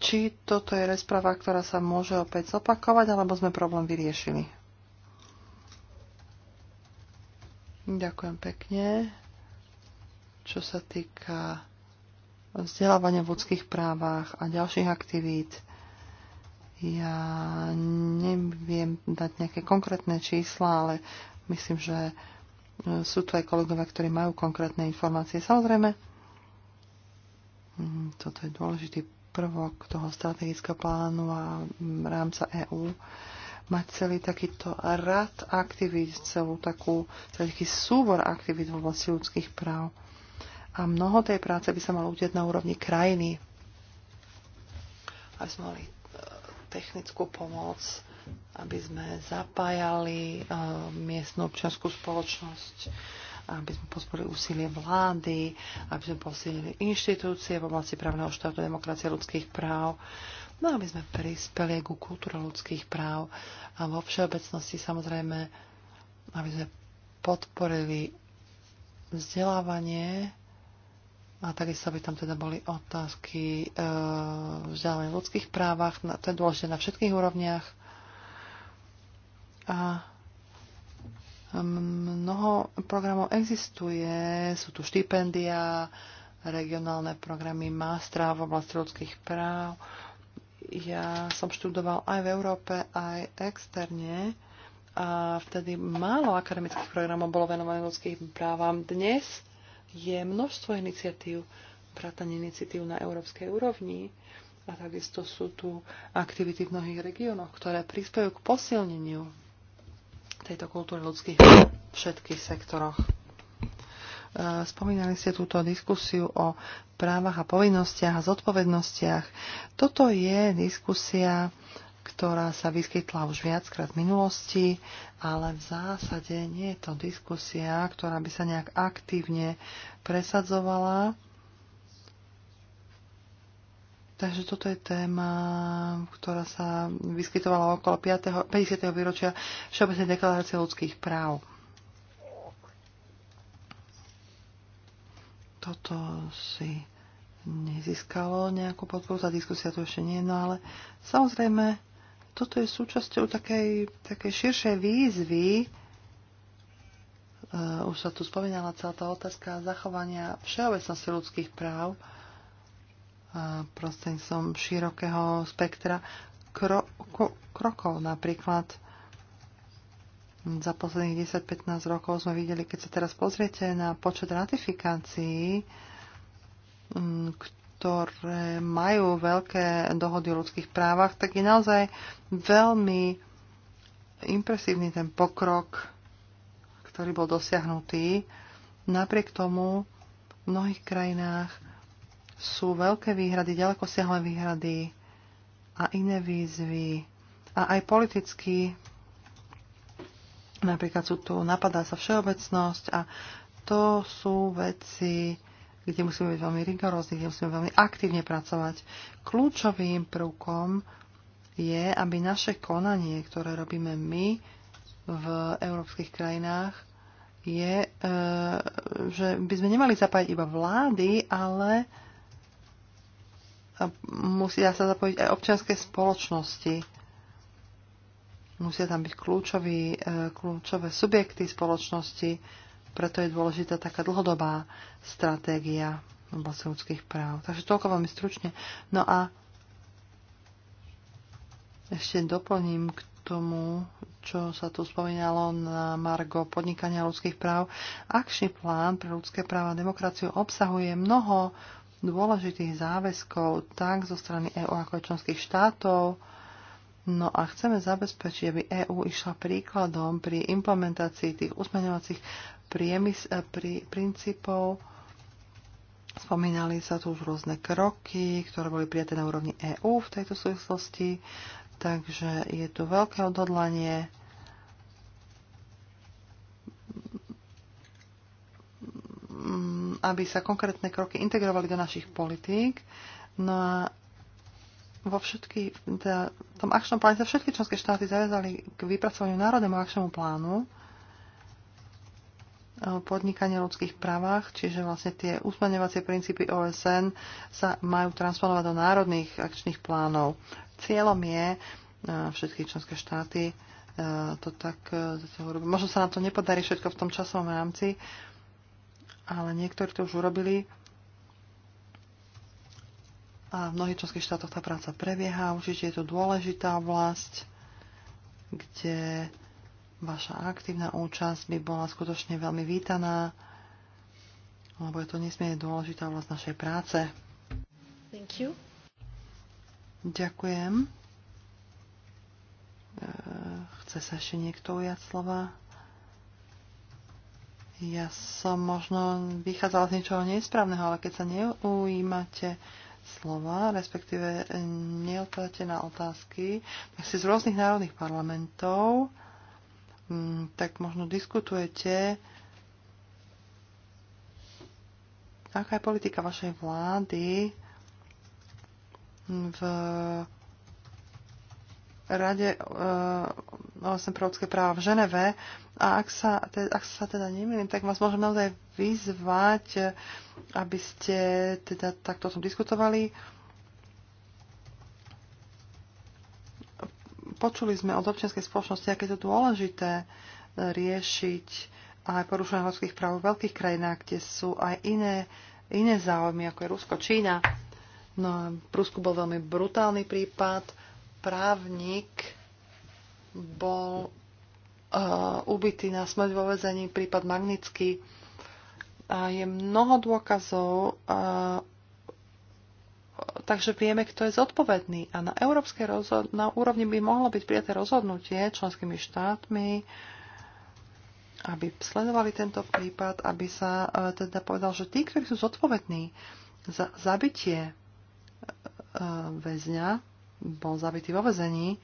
B: či toto je rozpráva, ktorá sa môže opäť zopakovať, alebo sme problém vyriešili. Ďakujem pekne. Čo sa týka vzdelávania v ľudských právach a ďalších aktivít, ja neviem dať nejaké konkrétne čísla, ale myslím, že e, sú tu aj kolegovia, ktorí majú konkrétne informácie. Samozrejme, mm, toto je dôležitý prvok toho strategického plánu a mm, rámca EÚ mať celý takýto rad aktivít, celú takú, celý taký súbor aktivít v oblasti ľudských práv. A mnoho tej práce by sa malo udiať na úrovni krajiny. Aby sme mali e, technickú pomoc, aby sme zapájali uh, miestnu občianskú spoločnosť, aby sme pospolili úsilie vlády, aby sme posilili inštitúcie v oblasti právneho štátu, demokracie ľudských práv. Uh, No aby sme prispeli ku kultúru ľudských práv a vo všeobecnosti samozrejme, aby sme podporili vzdelávanie a takisto by tam teda boli otázky e, eh, vzdelávania v ľudských právach, na, to je dôležité na všetkých úrovniach. A mm, mnoho programov existuje, sú tu štipendia, regionálne programy mástra v oblasti ľudských práv, ja som študoval aj v Európe, aj externe a vtedy málo akademických programov bolo venovaných ľudským právam. Dnes je množstvo iniciatív, vrátanie iniciatív na európskej úrovni a takisto sú tu aktivity v mnohých regiónoch, ktoré prispievajú k posilneniu tejto kultúry ľudských v všetkých sektoroch. Spomínali ste túto diskusiu o právach a povinnostiach a zodpovednostiach. Toto je diskusia, ktorá sa vyskytla už viackrát v minulosti, ale v zásade nie je to diskusia, ktorá by sa nejak aktívne presadzovala. Takže toto je téma, ktorá sa vyskytovala okolo 5. 50. výročia Všeobecnej deklarácie ľudských práv. toto si nezískalo nejakú podporu, tá diskusia to ešte nie, no ale samozrejme toto je súčasťou takej, takej širšej výzvy, uh, už sa tu spomínala celá tá otázka zachovania všeobecnosti ľudských práv uh, prostredníctvom širokého spektra kro, ko, krokov napríklad za posledných 10-15 rokov sme videli, keď sa teraz pozriete na počet ratifikácií, mm, ktoré majú veľké dohody o ľudských právach, tak je naozaj veľmi impresívny ten pokrok, ktorý bol dosiahnutý. Napriek tomu v mnohých krajinách sú veľké výhrady, ďaleko siahle výhrady a iné výzvy. A aj politicky Napríklad sú tu, napadá sa všeobecnosť a to sú veci, kde musíme byť veľmi rigorózni, kde musíme veľmi aktívne pracovať. Kľúčovým prvkom je, aby naše konanie, ktoré robíme my v európskych krajinách, je, e, že by sme nemali zapájať iba vlády, ale musia sa zapojiť aj občianské spoločnosti Musia tam byť kľúčový, e, kľúčové subjekty spoločnosti, preto je dôležitá taká dlhodobá stratégia v oblasti ľudských práv. Takže toľko veľmi stručne. No a ešte doplním k tomu, čo sa tu spomínalo na Margo podnikania ľudských práv. Akčný plán pre ľudské práva a demokraciu obsahuje mnoho dôležitých záväzkov tak zo strany EÚ ako aj členských štátov, No a chceme zabezpečiť, aby EÚ išla príkladom pri implementácii tých usmeňovacích priemys- eh, pri, princípov. Spomínali sa tu už rôzne kroky, ktoré boli prijaté na úrovni EÚ v tejto súvislosti, takže je tu veľké odhodlanie. Mm, aby sa konkrétne kroky integrovali do našich politík. No a vo všetky, teda v tom akčnom pláne sa všetky členské štáty zaviazali k vypracovaniu národnému akčnému plánu e, podnikania ľudských právach, čiže vlastne tie usmerňovacie princípy OSN sa majú transponovať do národných akčných plánov. Cieľom je e, všetky členské štáty e, to tak zatiaľ Možno sa nám to nepodarí všetko v tom časovom rámci, ale niektorí to už urobili a v mnohých členských štátoch tá práca prebieha. Určite je to dôležitá vlast, kde vaša aktívna účasť by bola skutočne veľmi vítaná, lebo je to nesmierne dôležitá vlast našej práce. Thank you. Ďakujem. E, chce sa ešte niekto ujať slova? Ja som možno vychádzala z niečoho nesprávneho, ale keď sa neujímate slova, respektíve neodpovedáte na otázky, tak si z rôznych národných parlamentov, mm, tak možno diskutujete, aká je politika vašej vlády v Rade vlastne e, no, pre ľudské práva v Ženeve a ak sa, te, ak sa teda nemýlim, tak vás môžem naozaj vyzvať, e, aby ste teda takto o tom diskutovali. Počuli sme od občianskej spoločnosti, aké je to dôležité e, riešiť aj porušovanie ľudských práv v veľkých krajinách, kde sú aj iné, iné záujmy, ako je Rusko, Čína. No a v Rusku bol veľmi brutálny prípad právnik bol uh, eh, ubytý na smrť vo vezení, prípad Magnický. A je mnoho dôkazov, uh, takže vieme, kto je zodpovedný. A na európskej rozhod- na úrovni by mohlo byť prijaté rozhodnutie členskými štátmi, aby sledovali tento prípad, aby sa uh, teda povedal, že tí, ktorí sú zodpovední za zabitie uh, väzňa, bol zabitý vo vezení,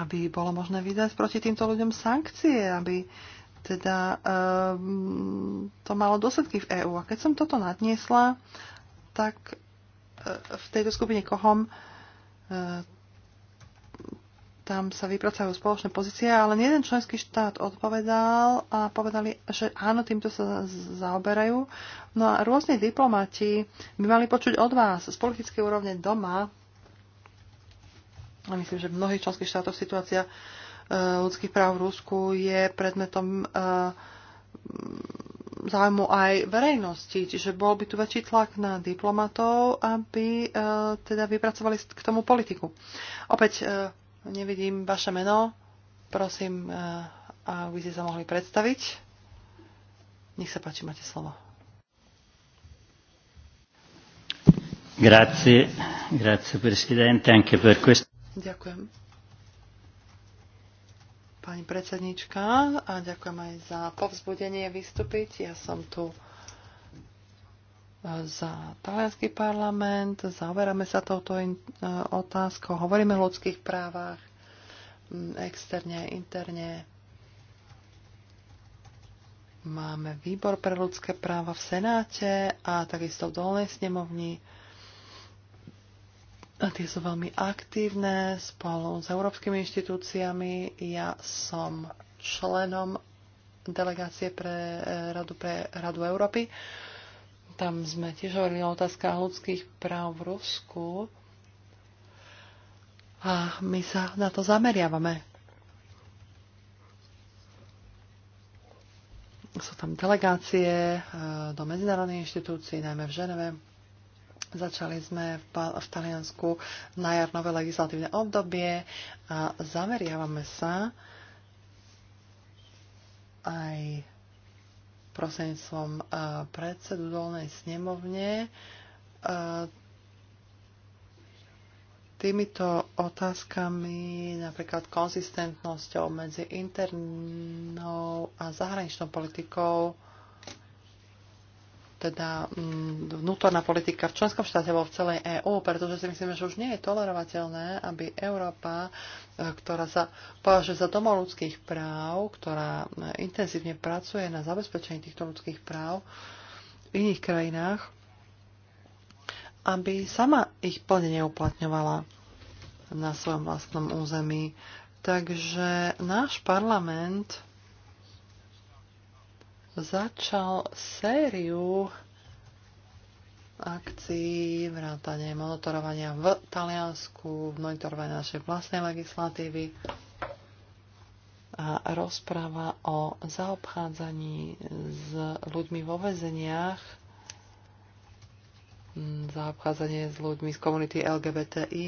B: aby bolo možné vydať proti týmto ľuďom sankcie, aby teda um, to malo dôsledky v EÚ. A keď som toto nadniesla, tak e, v tejto skupine KOHOM e, tam sa vypracajú spoločné pozície, ale jeden členský štát odpovedal a povedali, že áno, týmto sa zaoberajú. No a rôzni diplomati by mali počuť od vás z politickej úrovne doma, a myslím, že v mnohých členských štátoch situácia e, ľudských práv v Rusku je predmetom e, záujmu aj verejnosti, čiže bol by tu väčší tlak na diplomatov, aby e, teda vypracovali k tomu politiku. Opäť Nevidím vaše meno. Prosím, eh, aby ste sa mohli predstaviť. Nech sa páči, máte slovo.
C: Grazie, grazie Presidente, anche per questo.
B: Ďakujem. Pani predsednička, a ďakujem aj za povzbudenie vystúpiť. Ja som tu za talianský parlament, zaoberáme sa touto e, otázkou, hovoríme o ľudských právach externe, interne. Máme výbor pre ľudské práva v Senáte a takisto v dolnej snemovni. A tie sú veľmi aktívne spolu s európskymi inštitúciami. Ja som členom delegácie pre e, Radu, pre Radu Európy. Uh, tam sme tiež hovorili o otázkach ľudských práv v Rusku. A my sa na to zameriavame. Sú tam delegácie e, do medzinárodných inštitúcií, najmä v Ženeve. Začali sme v, v Taliansku na jar nové legislatívne obdobie a zameriavame sa aj prosenstvom e, predsedu dolnej snemovne. E, týmito otázkami, napríklad konzistentnosťou medzi internou a zahraničnou politikou, teda mm, vnútorná politika v členskom štáte alebo v celej EÚ, pretože si myslíme, že už nie je tolerovateľné, aby Európa, e, ktorá sa považuje za domov ľudských práv, ktorá e, intenzívne pracuje na zabezpečení týchto ľudských práv v iných krajinách, aby sama ich plne neuplatňovala na svojom vlastnom území. Takže náš parlament začal sériu akcií, vrátanie monitorovania v Taliansku, monitorovania našej vlastnej legislatívy a rozpráva o zaobchádzaní s ľuďmi vo väzeniach, zaobchádzanie s ľuďmi z komunity LGBTI.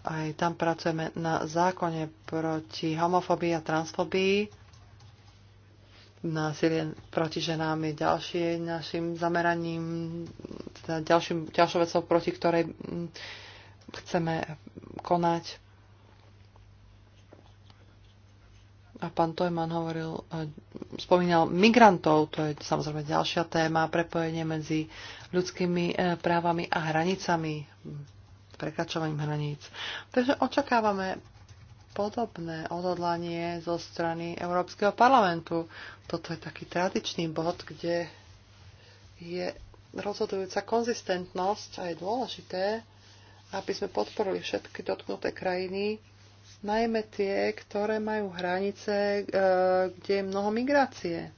B: Aj tam pracujeme na zákone proti homofobii a transfobii násilie proti ženám je ďalšie našim zameraním, teda ďalším, ďalšou vecou, proti ktorej mm, chceme konať. A pán Tojman hovoril, e, spomínal migrantov, to je samozrejme ďalšia téma, prepojenie medzi ľudskými e, právami a hranicami, prekračovaním hraníc. Takže očakávame podobné odhodlanie zo strany Európskeho parlamentu. Toto je taký tradičný bod, kde je rozhodujúca konzistentnosť a je dôležité, aby sme podporili všetky dotknuté krajiny, najmä tie, ktoré majú hranice, e, kde je mnoho migrácie.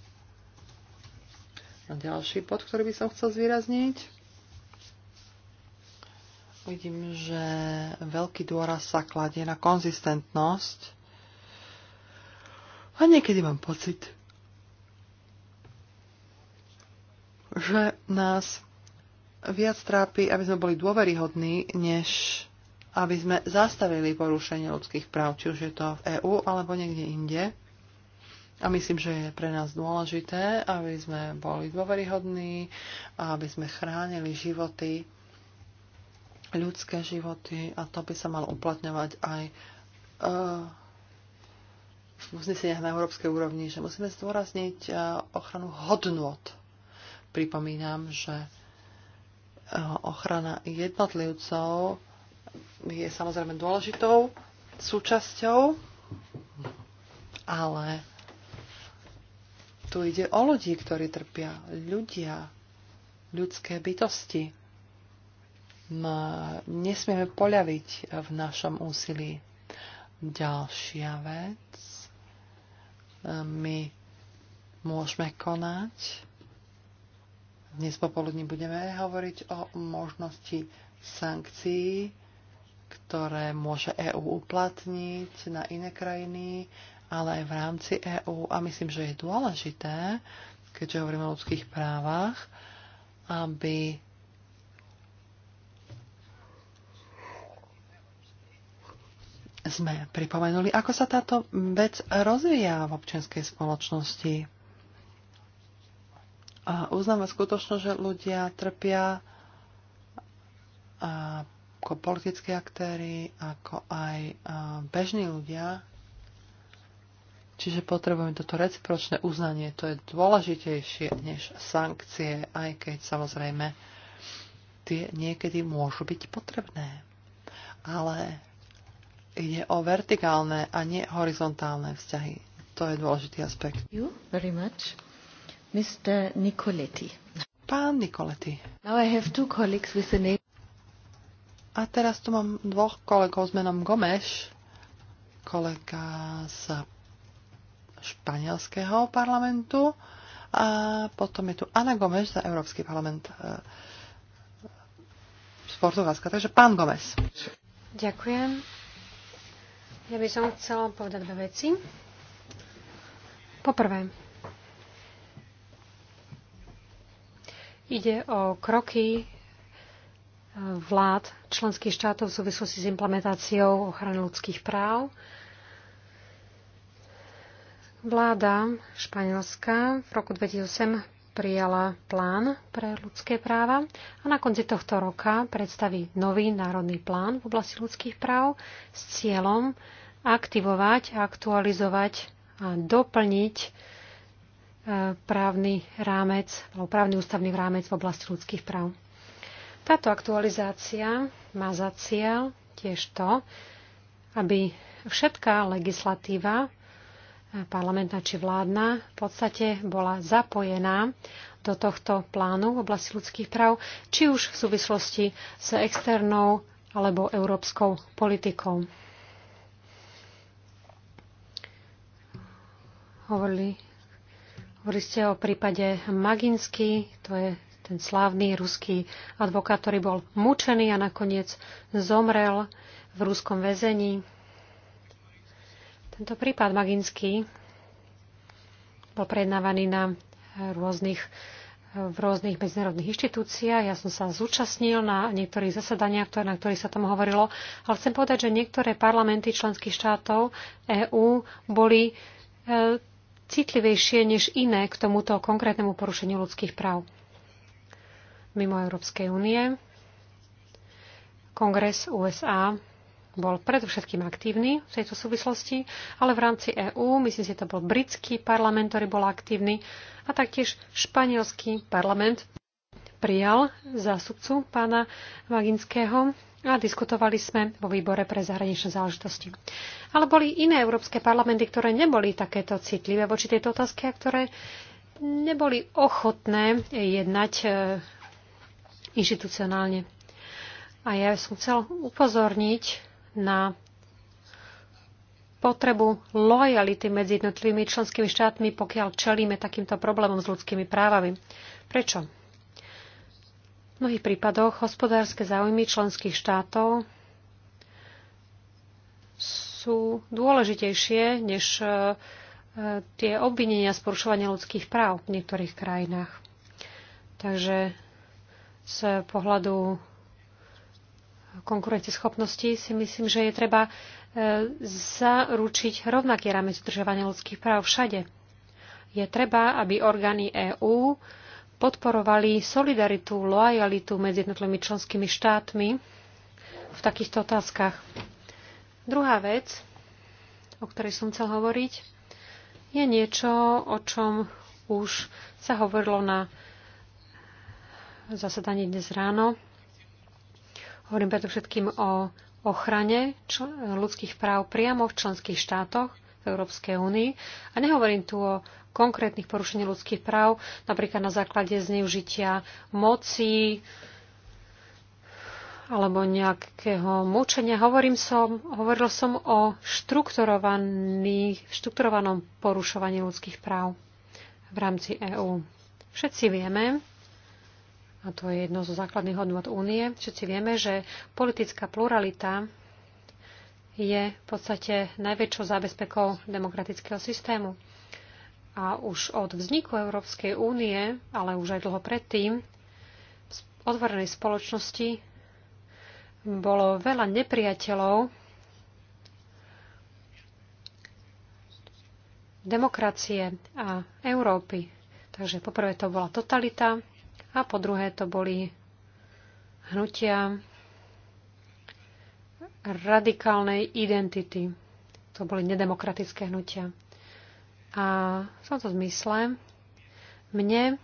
B: A ďalší bod, ktorý by som chcel zvýrazniť, Vidím, že veľký dôraz sa kladie na konzistentnosť. A niekedy mám pocit, že nás viac trápi, aby sme boli dôveryhodní, než aby sme zastavili porušenie ľudských práv, či už je to v EÚ alebo niekde inde. A myslím, že je pre nás dôležité, aby sme boli dôveryhodní a aby sme chránili životy ľudské životy a to by sa malo uplatňovať aj eh, v uzneseniach na európskej úrovni, že musíme zdôrazniť eh, ochranu hodnot. Pripomínam, že eh, ochrana jednotlivcov je samozrejme dôležitou súčasťou, ale tu ide o ľudí, ktorí trpia. Ľudia, ľudské bytosti nesmieme poľaviť v našom úsilí. Ďalšia vec. My môžeme konať. Dnes popoludní budeme hovoriť o možnosti sankcií, ktoré môže EÚ uplatniť na iné krajiny, ale aj v rámci EÚ. A myslím, že je dôležité, keďže hovoríme o ľudských právach, aby sme pripomenuli, ako sa táto vec rozvíja v občianskej spoločnosti. A uznáme skutočnosť, že ľudia trpia ako politickí aktéry, ako aj bežní ľudia. Čiže potrebujeme toto recipročné uznanie. To je dôležitejšie než sankcie, aj keď samozrejme tie niekedy môžu byť potrebné. Ale Ide o vertikálne a nie horizontálne vzťahy. To je dôležitý aspekt. You very much. Mr. Nicoletti. Pán Nicoletti. Now I have two colleagues with the name... A teraz tu mám dvoch kolegov s menom Gomeš, kolega z španielského parlamentu a potom je tu Ana Gomeš za Európsky parlament e, z Portugalska. Takže pán Gomes.
E: Ďakujem. Ja by som chcela povedať dve veci. Poprvé, ide o kroky eh, vlád členských štátov v súvislosti s implementáciou ochrany ľudských práv. Vláda Španielska v roku 2008 prijala plán pre ľudské práva a na konci tohto roka predstaví nový národný plán v oblasti ľudských práv s cieľom aktivovať, aktualizovať a doplniť e, právny rámec, alebo právny ústavný rámec v oblasti ľudských práv. Táto aktualizácia má za cieľ tiež to, aby všetká legislatíva, e, parlamentná či vládna, v podstate bola zapojená do tohto plánu v oblasti ľudských práv, či už v súvislosti s externou alebo európskou politikou. Hovorili, hovorili ste o prípade Maginsky, to je ten slávny ruský advokát, ktorý bol mučený a nakoniec zomrel v ruskom väzení. Tento prípad Maginsky bol prednávaný na rôznych, v rôznych medzinárodných inštitúciách. Ja som sa zúčastnil na niektorých zasadaniach, na ktorých sa tam hovorilo, ale chcem povedať, že niektoré parlamenty členských štátov EÚ boli e, citlivejšie než iné k tomuto konkrétnemu porušeniu ľudských práv mimo Európskej únie. Kongres USA bol predovšetkým aktívny v tejto súvislosti, ale v rámci EÚ, myslím si, to bol britský parlament, ktorý bol aktívny a taktiež španielský parlament prijal zásupcu pána Vaginského a diskutovali sme vo výbore pre zahraničné záležitosti. Ale boli iné európske parlamenty, ktoré neboli takéto citlivé voči tejto otázke a ktoré neboli ochotné jednať e, inštitucionálne. A ja som chcel upozorniť na potrebu lojality medzi jednotlivými členskými štátmi, pokiaľ čelíme takýmto problémom s ľudskými právami. Prečo? mnohých prípadoch hospodárske záujmy členských štátov sú dôležitejšie než e, e, tie obvinenia z porušovania ľudských práv v niektorých krajinách. Takže z pohľadu konkurenceschopnosti si myslím, že je treba e, zaručiť rovnaký rámec udržovania ľudských práv všade. Je treba, aby orgány EÚ podporovali solidaritu, lojalitu medzi jednotlivými členskými štátmi v takýchto otázkach. Druhá vec, o ktorej som chcel hovoriť, je niečo, o čom už sa hovorilo na zasadaní dnes ráno. Hovorím predovšetkým o ochrane ľudských práv priamo v členských štátoch v Európskej únii. A nehovorím tu o konkrétnych porušení ľudských práv, napríklad na základe zneužitia moci alebo nejakého mučenia. Hovorím som, hovoril som o štrukturovanom porušovaní ľudských práv v rámci EÚ. Všetci vieme, a to je jedno zo základných hodnot únie, všetci vieme, že politická pluralita je v podstate najväčšou zábezpekou demokratického systému. A už od vzniku Európskej únie, ale už aj dlho predtým, v otvorenej spoločnosti bolo veľa nepriateľov. demokracie a Európy. Takže poprvé to bola totalita a po druhé to boli hnutia radikálnej identity. To boli nedemokratické hnutia. A v tomto zmysle mne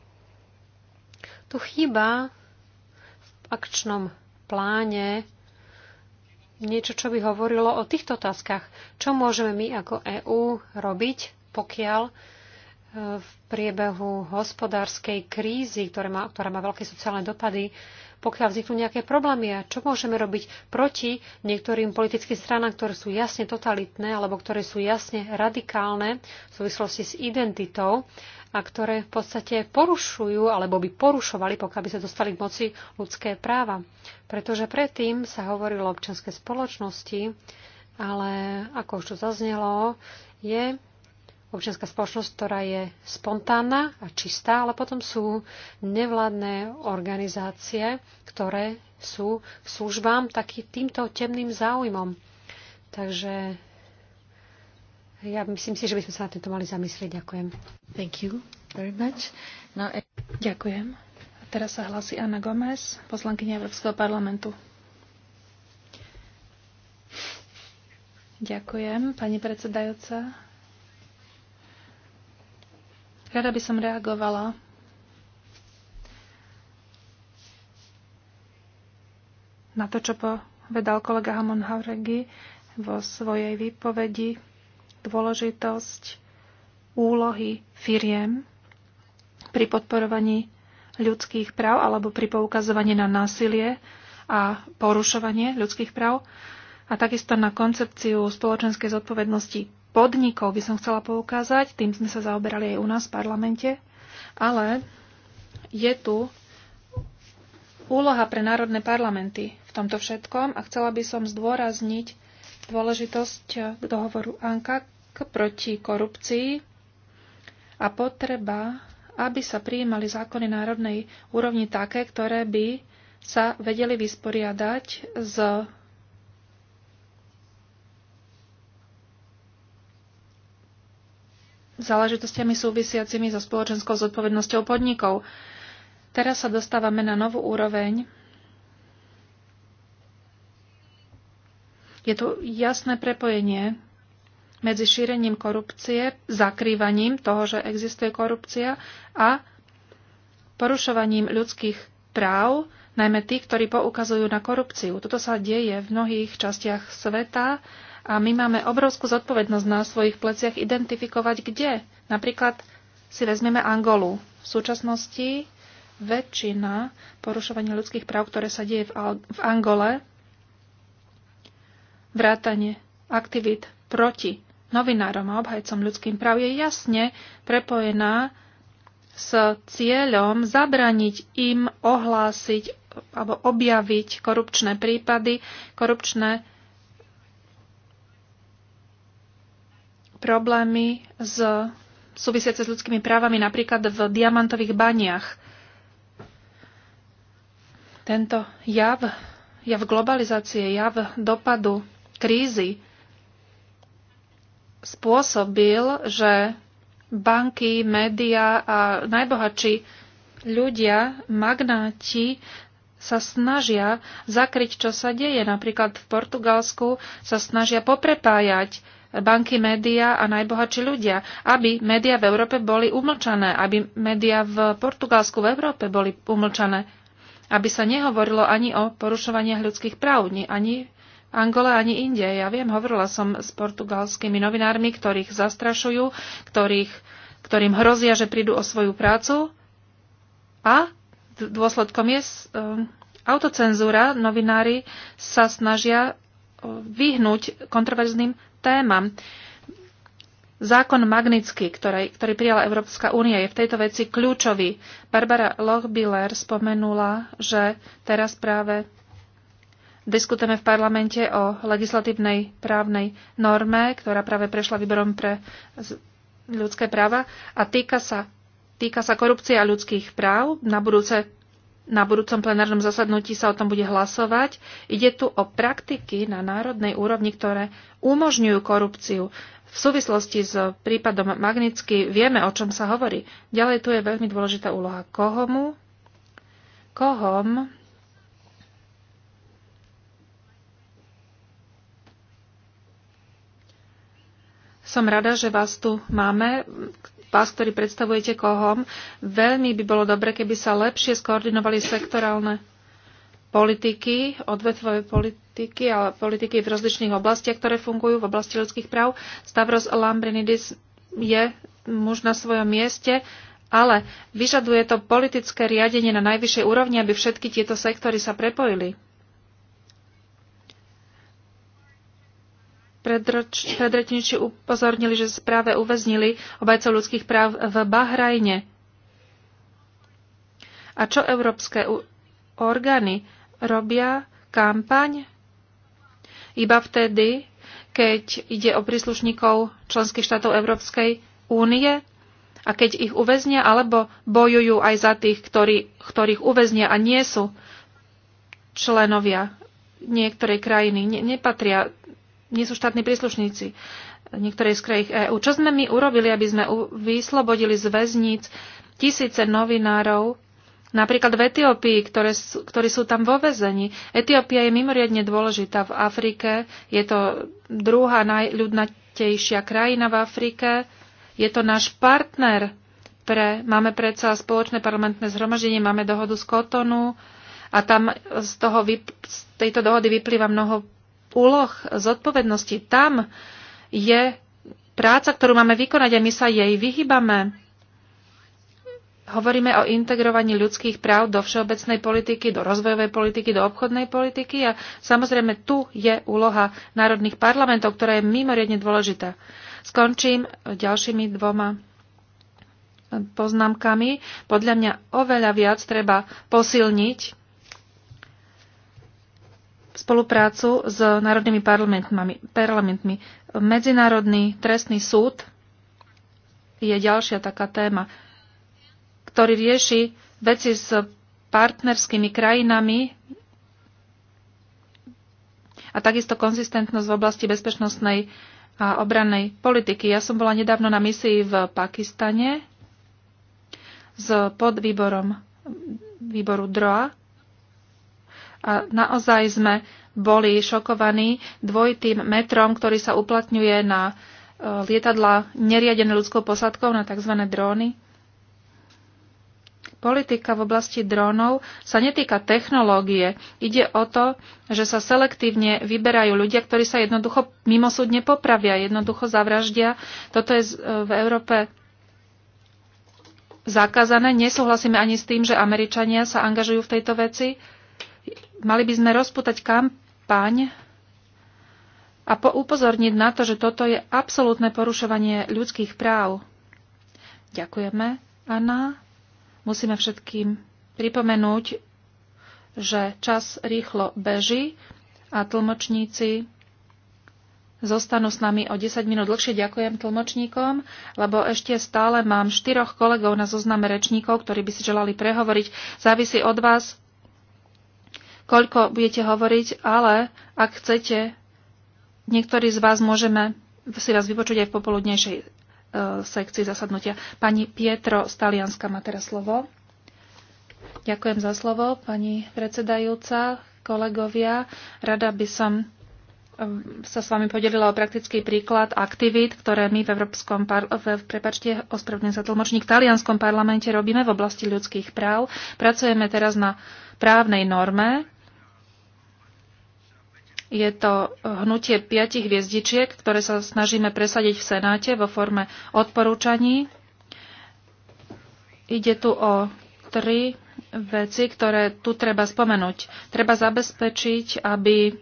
E: tu chýba v akčnom pláne niečo, čo by hovorilo o týchto otázkach. Čo môžeme my ako EÚ robiť, pokiaľ e, v priebehu hospodárskej krízy, ktorá má, ktorá má veľké sociálne dopady, pokiaľ vzniknú nejaké problémy a čo môžeme robiť proti niektorým politickým stranám, ktoré sú jasne totalitné alebo ktoré sú jasne radikálne v súvislosti s identitou a ktoré v podstate porušujú alebo by porušovali, pokiaľ by sa dostali k moci ľudské práva. Pretože predtým sa hovorilo o občanskej spoločnosti, ale ako už to zaznelo, je občianská spoločnosť, ktorá je spontánna a čistá, ale potom sú nevládne organizácie, ktoré sú k službám takým týmto temným záujmom. Takže ja myslím si, že by sme sa na tento mali
D: zamyslieť. Ďakujem. Thank you very much. No, e- Ďakujem. A teraz sa hlási Anna Gomez, poslankyňa Európskeho parlamentu. Ďakujem, pani predsedajúca. Rada by som reagovala na to, čo povedal kolega Hamon Havregi vo svojej výpovedi dôležitosť úlohy firiem pri podporovaní ľudských práv alebo pri poukazovaní na násilie a porušovanie ľudských práv a takisto na koncepciu spoločenskej zodpovednosti podnikov by som chcela poukázať, tým sme sa zaoberali aj u nás v parlamente, ale je tu úloha pre národné parlamenty v tomto všetkom a chcela by som zdôrazniť dôležitosť dohovoru ANKA proti korupcii a potreba, aby sa prijímali zákony národnej úrovni také, ktoré by sa vedeli vysporiadať s záležitostiami súvisiacimi so spoločenskou zodpovednosťou podnikov. Teraz sa dostávame na novú úroveň. Je tu jasné prepojenie medzi šírením korupcie, zakrývaním toho, že existuje korupcia a porušovaním ľudských práv, najmä tých, ktorí poukazujú na korupciu. Toto sa deje v mnohých častiach sveta a my máme obrovskú zodpovednosť na svojich pleciach identifikovať kde. Napríklad si vezmeme Angolu. V súčasnosti väčšina porušovania ľudských práv, ktoré sa deje v Angole, vrátanie aktivít proti novinárom a obhajcom ľudským práv je jasne prepojená s cieľom zabraniť im ohlásiť alebo objaviť korupčné prípady, korupčné problémy s, súvisiace s ľudskými právami, napríklad v diamantových baniach. Tento jav, jav globalizácie, jav dopadu krízy spôsobil, že banky, médiá a najbohatší ľudia, magnáti sa snažia zakryť, čo sa deje. Napríklad v Portugalsku sa snažia poprepájať banky, média a najbohatší ľudia, aby média v Európe boli umlčané, aby média v Portugalsku, v Európe boli umlčané, aby sa nehovorilo ani o porušovaniach ľudských práv, ani Angola ani inde. Ja viem, hovorila som s portugalskými novinármi, ktorých zastrašujú, ktorých, ktorým hrozia, že prídu o svoju prácu. A dôsledkom je e, autocenzúra. Novinári sa snažia e, vyhnúť kontroverzným Téma. Zákon Magnitsky, ktorý, ktorý prijala Európska únia, je v tejto veci kľúčový. Barbara Lochbiller spomenula, že teraz práve diskutujeme v parlamente o legislatívnej právnej norme, ktorá práve prešla výborom pre ľudské práva a týka sa, týka sa korupcie a ľudských práv. Na budúce na budúcom plenárnom zasadnutí sa o tom bude hlasovať. Ide tu o praktiky na národnej úrovni, ktoré umožňujú korupciu. V súvislosti s prípadom Magnicky vieme, o čom sa hovorí. Ďalej tu je veľmi dôležitá úloha kohomu. Kohom Som rada, že vás tu máme pás, ktorí predstavujete kohom. Veľmi by bolo dobre, keby sa lepšie skoordinovali sektorálne politiky, odvetvové politiky a politiky v rozličných oblastiach, ktoré fungujú v oblasti ľudských práv. Stavros Lambrinidis je muž na svojom mieste, ale vyžaduje to politické riadenie na najvyššej úrovni, aby všetky tieto sektory sa prepojili. predrečníci upozornili, že práve uväznili obajcov ľudských práv v Bahrajne. A čo európske orgány robia kampaň? Iba vtedy, keď ide o príslušníkov členských štátov Európskej únie a keď ich uväznia, alebo bojujú aj za tých, ktorí, ktorých uväznia a nie sú členovia niektorej krajiny, ne, nepatria nie sú štátni príslušníci niektorej z krajín EÚ. Čo sme my urobili, aby sme vyslobodili z väzníc tisíce novinárov, napríklad v Etiópii, ktoré sú, ktorí sú tam vo väzení. Etiópia je mimoriadne dôležitá v Afrike, je to druhá najľudnatejšia krajina v Afrike, je to náš partner pre, máme predsa spoločné parlamentné zhromaždenie, máme dohodu z Kotonu a tam z, toho, z tejto dohody vyplýva mnoho úloh zodpovednosti. Tam je práca, ktorú máme vykonať a my sa jej vyhybame. Hovoríme o integrovaní ľudských práv do všeobecnej politiky, do rozvojovej politiky, do obchodnej politiky a samozrejme tu je úloha národných parlamentov, ktorá je mimoriadne dôležitá. Skončím ďalšími dvoma poznámkami. Podľa mňa oveľa viac treba posilniť spoluprácu s národnými parlamentmi. parlamentmi. Medzinárodný trestný súd je ďalšia taká téma, ktorý rieši veci s partnerskými krajinami a takisto konzistentnosť v oblasti bezpečnostnej a obrannej politiky. Ja som bola nedávno na misii v Pakistane s podvýborom výboru DROA a naozaj sme boli šokovaní dvojitým metrom, ktorý sa uplatňuje na e, lietadla neriadené ľudskou posadkou, na tzv. dróny. Politika v oblasti drónov sa netýka technológie. Ide o to, že sa selektívne vyberajú ľudia, ktorí sa jednoducho mimosúdne popravia, jednoducho zavraždia. Toto je e, v Európe zakázané. Nesúhlasíme ani s tým, že Američania sa angažujú v tejto veci. Mali by sme rozputať kampaň a upozorniť na to, že toto je absolútne porušovanie ľudských práv. Ďakujeme, Anna. Musíme všetkým pripomenúť, že čas rýchlo beží a tlmočníci zostanú s nami o 10 minút dlhšie. Ďakujem tlmočníkom, lebo ešte stále mám štyroch kolegov na zozname rečníkov, ktorí by si želali prehovoriť. Závisí od vás, koľko budete hovoriť, ale ak chcete, niektorí z vás môžeme si vás vypočuť aj v popoludnejšej e, sekcii zasadnutia. Pani Pietro Stalianska má teraz slovo. Ďakujem za slovo, pani predsedajúca, kolegovia. Rada by som e, sa s vami podelila o praktický príklad aktivít, ktoré my v Európskom prepačte, ospravedlňujem sa tlmočník, v talianskom parlamente robíme v oblasti ľudských práv. Pracujeme teraz na právnej norme, je to hnutie piatich hviezdičiek, ktoré sa snažíme presadiť v Senáte vo forme odporúčaní. Ide tu o tri veci, ktoré tu treba spomenúť. Treba zabezpečiť, aby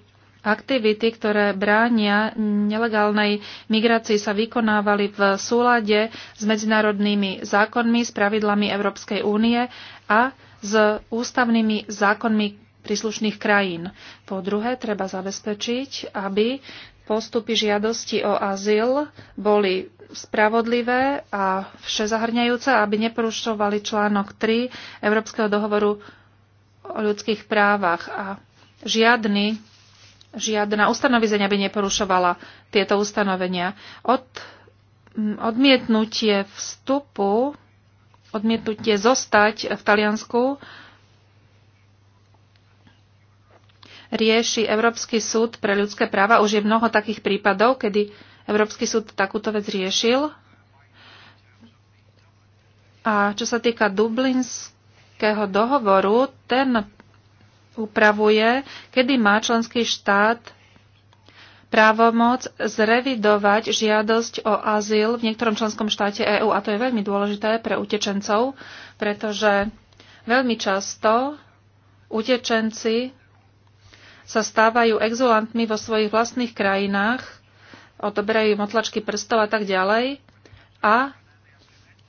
D: aktivity, ktoré bránia nelegálnej migrácii, sa vykonávali v súlade s medzinárodnými zákonmi, s pravidlami Európskej únie a s ústavnými zákonmi príslušných krajín. Po druhé, treba zabezpečiť, aby postupy žiadosti o azyl boli spravodlivé a všezahrňajúce, aby neporušovali článok 3 Európskeho dohovoru o ľudských právach. A žiadny, žiadna ustanovizenia by neporušovala tieto ustanovenia. Od, odmietnutie vstupu, odmietnutie zostať v Taliansku rieši Európsky súd pre ľudské práva. Už je mnoho takých prípadov, kedy Európsky súd takúto vec riešil. A čo sa týka Dublinského dohovoru, ten upravuje, kedy má členský štát právomoc zrevidovať žiadosť o azyl v niektorom členskom štáte EÚ. A to je veľmi dôležité pre utečencov, pretože veľmi často utečenci sa stávajú exulantmi vo svojich vlastných krajinách, odoberajú im otlačky prstov a tak ďalej a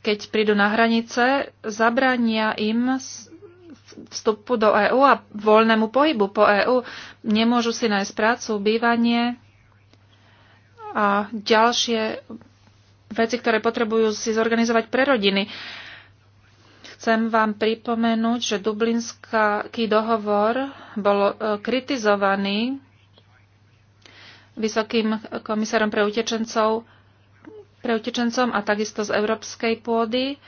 D: keď prídu na hranice, zabrania im vstupu do EÚ a voľnému pohybu po EÚ. Nemôžu si nájsť prácu, bývanie a ďalšie veci, ktoré potrebujú si zorganizovať pre rodiny. Uh, Chcem vám pripomenúť, že Dublinský dohovor bol e, kritizovaný vysokým komisárom pre utečencov, pre utečencom a takisto z európskej pôdy.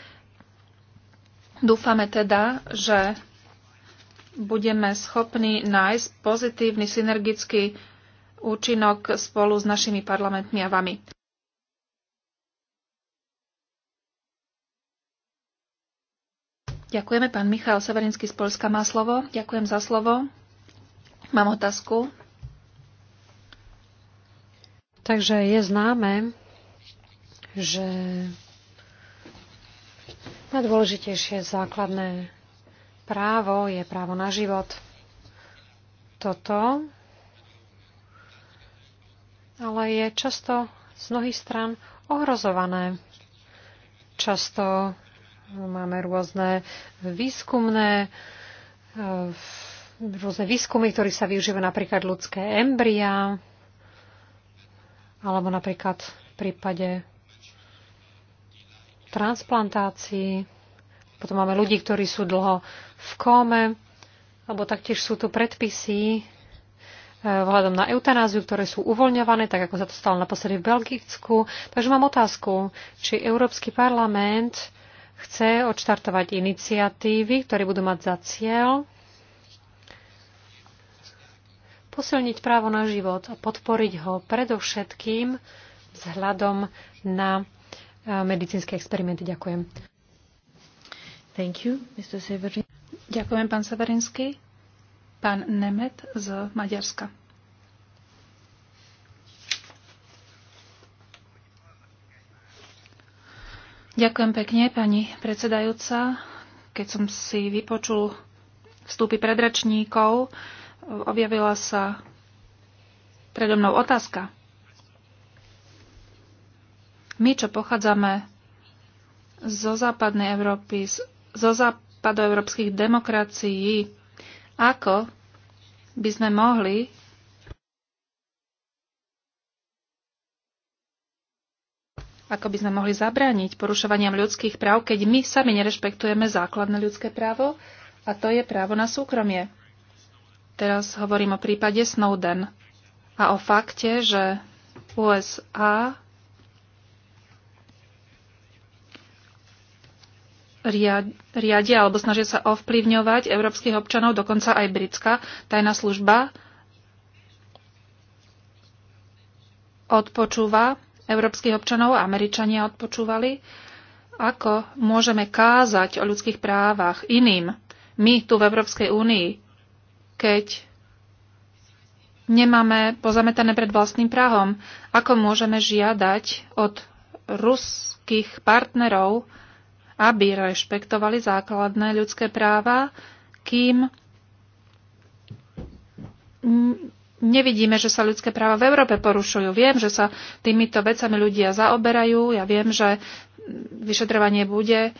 D: Dúfame teda, že budeme schopní nájsť pozitívny synergický účinok spolu s našimi parlamentmi a vami. Ďakujeme. Pán Michal Severinský z Polska má slovo. Ďakujem za slovo. Mám otázku.
E: Takže je známe, že najdôležitejšie základné právo je právo na život. Toto ale je často z mnohých stran ohrozované. Často Máme rôzne výskumné e, rôzne výskumy, ktoré sa využívajú napríklad ľudské embria, alebo napríklad v prípade transplantácií. Potom máme ľudí, ktorí sú dlho v kóme, alebo taktiež sú tu predpisy vzhľadom e, na eutanáziu, ktoré sú uvoľňované, tak ako sa to stalo naposledy v Belgicku. Takže mám otázku, či Európsky parlament chce odštartovať iniciatívy, ktoré budú mať za cieľ posilniť právo na život a podporiť ho predovšetkým vzhľadom na e, medicínske experimenty.
D: Ďakujem. Thank you, Mr. Ďakujem, pán Severinsky. Pán Nemet z Maďarska. Ďakujem pekne, pani predsedajúca. Keď som si vypočul vstupy predračníkov, objavila sa predo mnou otázka. My, čo pochádzame zo západnej Európy, zo západoevropských demokracií, ako by sme mohli ako by sme mohli zabrániť porušovaniam ľudských práv, keď my sami nerešpektujeme základné ľudské právo, a to je právo na súkromie. Teraz hovorím o prípade Snowden a o fakte, že USA riadia alebo snažia sa ovplyvňovať európskych občanov, dokonca aj britská tajná služba odpočúva európskych občanov a Američania odpočúvali, ako môžeme kázať o ľudských právach iným, my tu v Európskej únii, keď nemáme pozametané pred vlastným právom, ako môžeme žiadať od ruských partnerov, aby rešpektovali základné ľudské práva, kým nevidíme, že sa ľudské práva v Európe porušujú. Viem, že sa týmito vecami ľudia zaoberajú, ja viem, že vyšetrovanie bude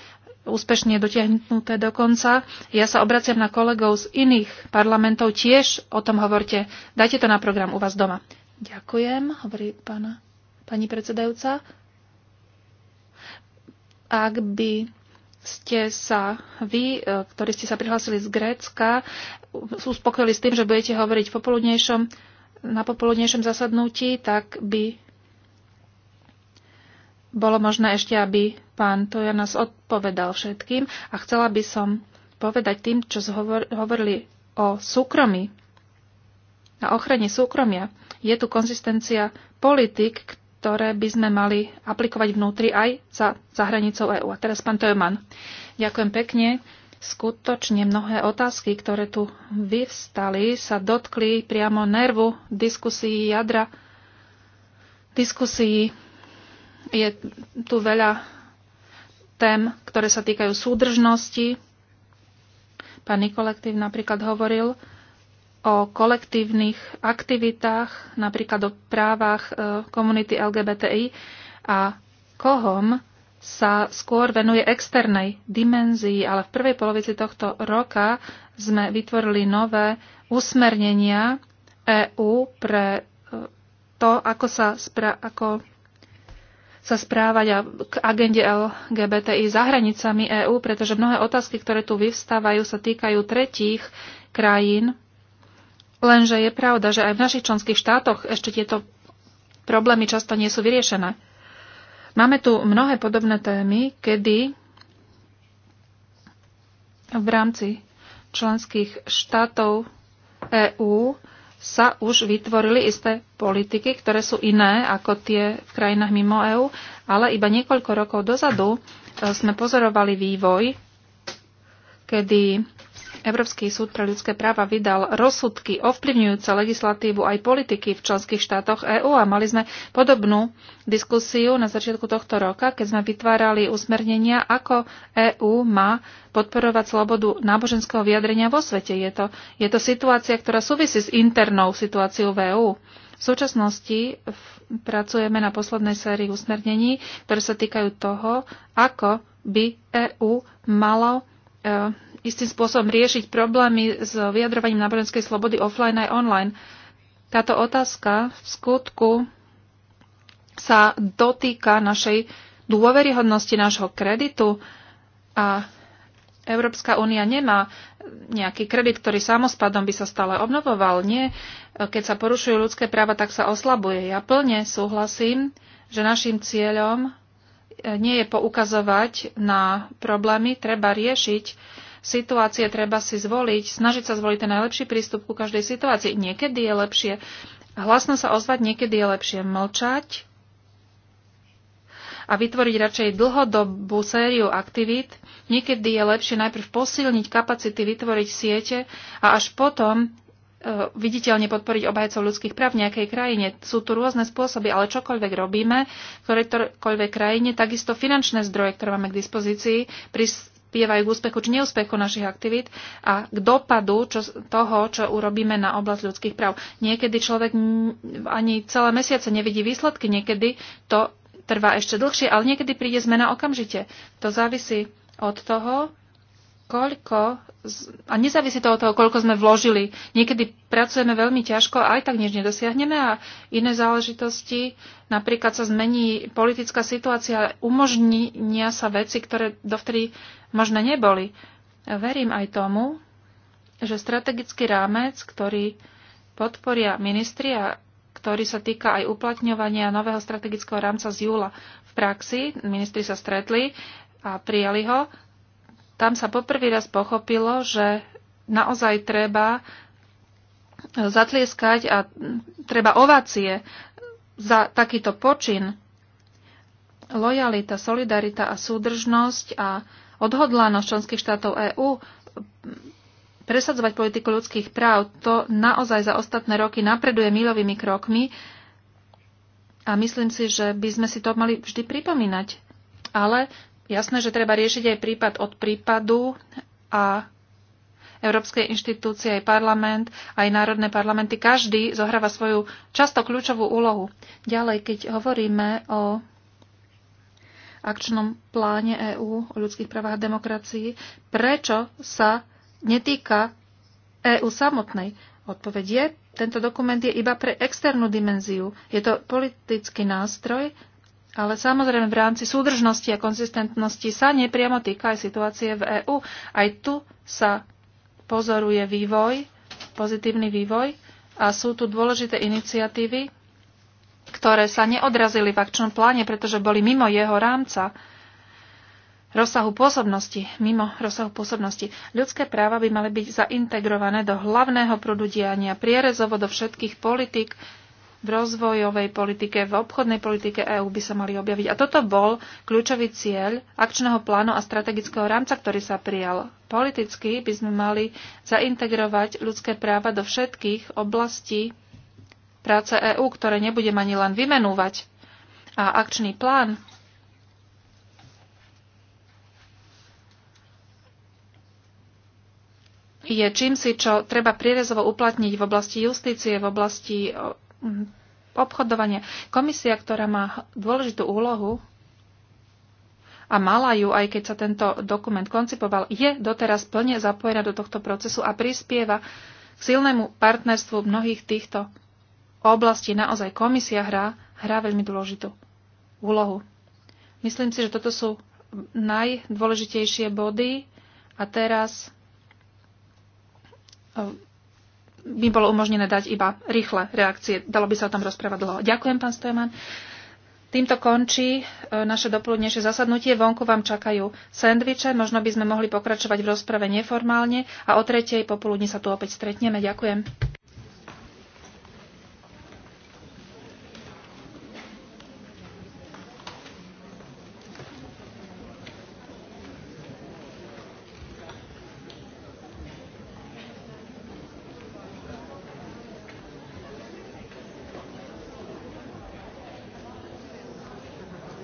D: úspešne dotiahnuté do konca. Ja sa obraciam na kolegov z iných parlamentov, tiež o tom hovorte. Dajte to na program u vás doma. Ďakujem, hovorí pána, pani predsedajúca. Ak by ste sa vy, e, ktorí ste sa prihlásili z Grécka, uspokojili s tým, že budete hovoriť popoludnejšom, na popoludnejšom zasadnutí, tak by bolo možné ešte, aby pán Toja nás odpovedal všetkým. A chcela by som povedať tým, čo hovorili o súkromí a ochrane súkromia. Je tu konzistencia politik, ktoré by sme mali aplikovať vnútri aj za, za hranicou EÚ. A teraz pán Tojman. Ďakujem pekne. Skutočne mnohé otázky, ktoré tu vyvstali, sa dotkli priamo nervu diskusii jadra diskusii. Je tu veľa tém, ktoré sa týkajú súdržnosti. Pán Nikolektív napríklad hovoril, o kolektívnych aktivitách, napríklad o právach e, komunity LGBTI a kohom sa skôr venuje externej dimenzii, ale v prvej polovici tohto roka sme vytvorili nové usmernenia EÚ pre e, to, ako sa, spra- ako sa správať k agende LGBTI za hranicami EÚ, pretože mnohé otázky, ktoré tu vyvstávajú, sa týkajú tretích krajín, Lenže je pravda, že aj v našich členských štátoch ešte tieto problémy často nie sú vyriešené. Máme tu mnohé podobné témy, kedy v rámci členských štátov EÚ sa už vytvorili isté politiky, ktoré sú iné ako tie v krajinách mimo EÚ, ale iba niekoľko rokov dozadu e, sme pozorovali vývoj, kedy Európsky súd pre ľudské práva vydal rozsudky ovplyvňujúce legislatívu aj politiky v členských štátoch EÚ a mali sme podobnú diskusiu na začiatku tohto roka, keď sme vytvárali usmernenia, ako EÚ má podporovať slobodu náboženského vyjadrenia vo svete. Je to, je to situácia, ktorá súvisí s internou situáciou v EÚ. V súčasnosti pracujeme na poslednej sérii usmernení, ktoré sa týkajú toho, ako by EÚ malo eh, istým spôsobom riešiť problémy s vyjadrovaním náboženskej slobody offline aj online. Táto otázka v skutku sa dotýka našej dôveryhodnosti nášho kreditu a Európska únia nemá nejaký kredit, ktorý samospadom by sa stále obnovoval. Nie, keď sa porušujú ľudské práva, tak sa oslabuje. Ja plne súhlasím, že našim cieľom nie je poukazovať na problémy, treba riešiť situácie treba si zvoliť, snažiť sa zvoliť ten najlepší prístup ku každej situácii. Niekedy je lepšie hlasno sa ozvať, niekedy je lepšie mlčať a vytvoriť radšej dlhodobú sériu aktivít. Niekedy je lepšie najprv posilniť kapacity, vytvoriť siete a až potom e, viditeľne podporiť obhajcov ľudských práv v nejakej krajine. Sú tu rôzne spôsoby, ale čokoľvek robíme v ktorejkoľvek krajine, takisto finančné zdroje, ktoré máme k dispozícii, prispievajú k úspechu či neúspechu našich aktivít a k dopadu čo, toho, čo urobíme na oblasť ľudských práv. Niekedy človek ani celé mesiace nevidí výsledky, niekedy to trvá ešte dlhšie, ale niekedy príde zmena okamžite. To závisí od toho, koľko, a nezávisí to od toho, koľko sme vložili. Niekedy pracujeme veľmi ťažko aj tak nič nedosiahneme a iné záležitosti, napríklad sa zmení politická situácia, umožnia sa veci, ktoré dovtedy možno neboli. Verím aj tomu, že strategický rámec, ktorý podporia ministri a ktorý sa týka aj uplatňovania nového strategického rámca z júla v praxi, ministri sa stretli a prijali ho, tam sa poprvý raz pochopilo, že naozaj treba zatlieskať a treba ovácie za takýto počin. Lojalita, solidarita a súdržnosť a odhodlanosť členských štátov EÚ presadzovať politiku ľudských práv, to naozaj za ostatné roky napreduje milovými krokmi a myslím si, že by sme si to mali vždy pripomínať. Ale jasné, že treba riešiť aj prípad od prípadu a Európske inštitúcie, aj parlament, aj národné parlamenty, každý zohráva svoju často kľúčovú úlohu. Ďalej, keď hovoríme o akčnom pláne EÚ o ľudských právach a demokracii, prečo sa netýka EÚ samotnej? Odpoveď je, tento dokument je iba pre externú dimenziu. Je to politický nástroj ale samozrejme v rámci súdržnosti a konzistentnosti sa nepriamo týka aj situácie v EÚ. Aj tu sa pozoruje vývoj, pozitívny vývoj a sú tu dôležité iniciatívy, ktoré sa neodrazili v akčnom pláne, pretože boli mimo jeho rámca rozsahu pôsobnosti, mimo rozsahu pôsobnosti. Ľudské práva by mali byť zaintegrované do hlavného prúdu diania, prierezovo do všetkých politik, v rozvojovej politike, v obchodnej politike EÚ by sa mali objaviť. A toto bol kľúčový cieľ akčného plánu a strategického rámca, ktorý sa prijal. Politicky by sme mali zaintegrovať ľudské práva do všetkých oblastí práce EÚ, ktoré nebudem ani len vymenúvať. A akčný plán je čím si, čo treba prierezovo uplatniť v oblasti justície, v oblasti Mhm. obchodovanie. Komisia, ktorá má dôležitú úlohu a mala ju, aj keď sa tento dokument koncipoval, je doteraz plne zapojená do tohto procesu a prispieva k silnému partnerstvu v mnohých týchto oblastí. Naozaj komisia hrá, hrá veľmi dôležitú úlohu. Myslím si, že toto sú najdôležitejšie body a teraz by bolo umožnené dať iba rýchle reakcie. Dalo by sa o tom rozprávať dlho. Ďakujem, pán Stojan. Týmto končí e, naše dopoludnejšie zasadnutie. Vonku vám čakajú sendviče. Možno by sme mohli pokračovať v rozprave neformálne a o tretej popoludni sa tu opäť stretneme. Ďakujem.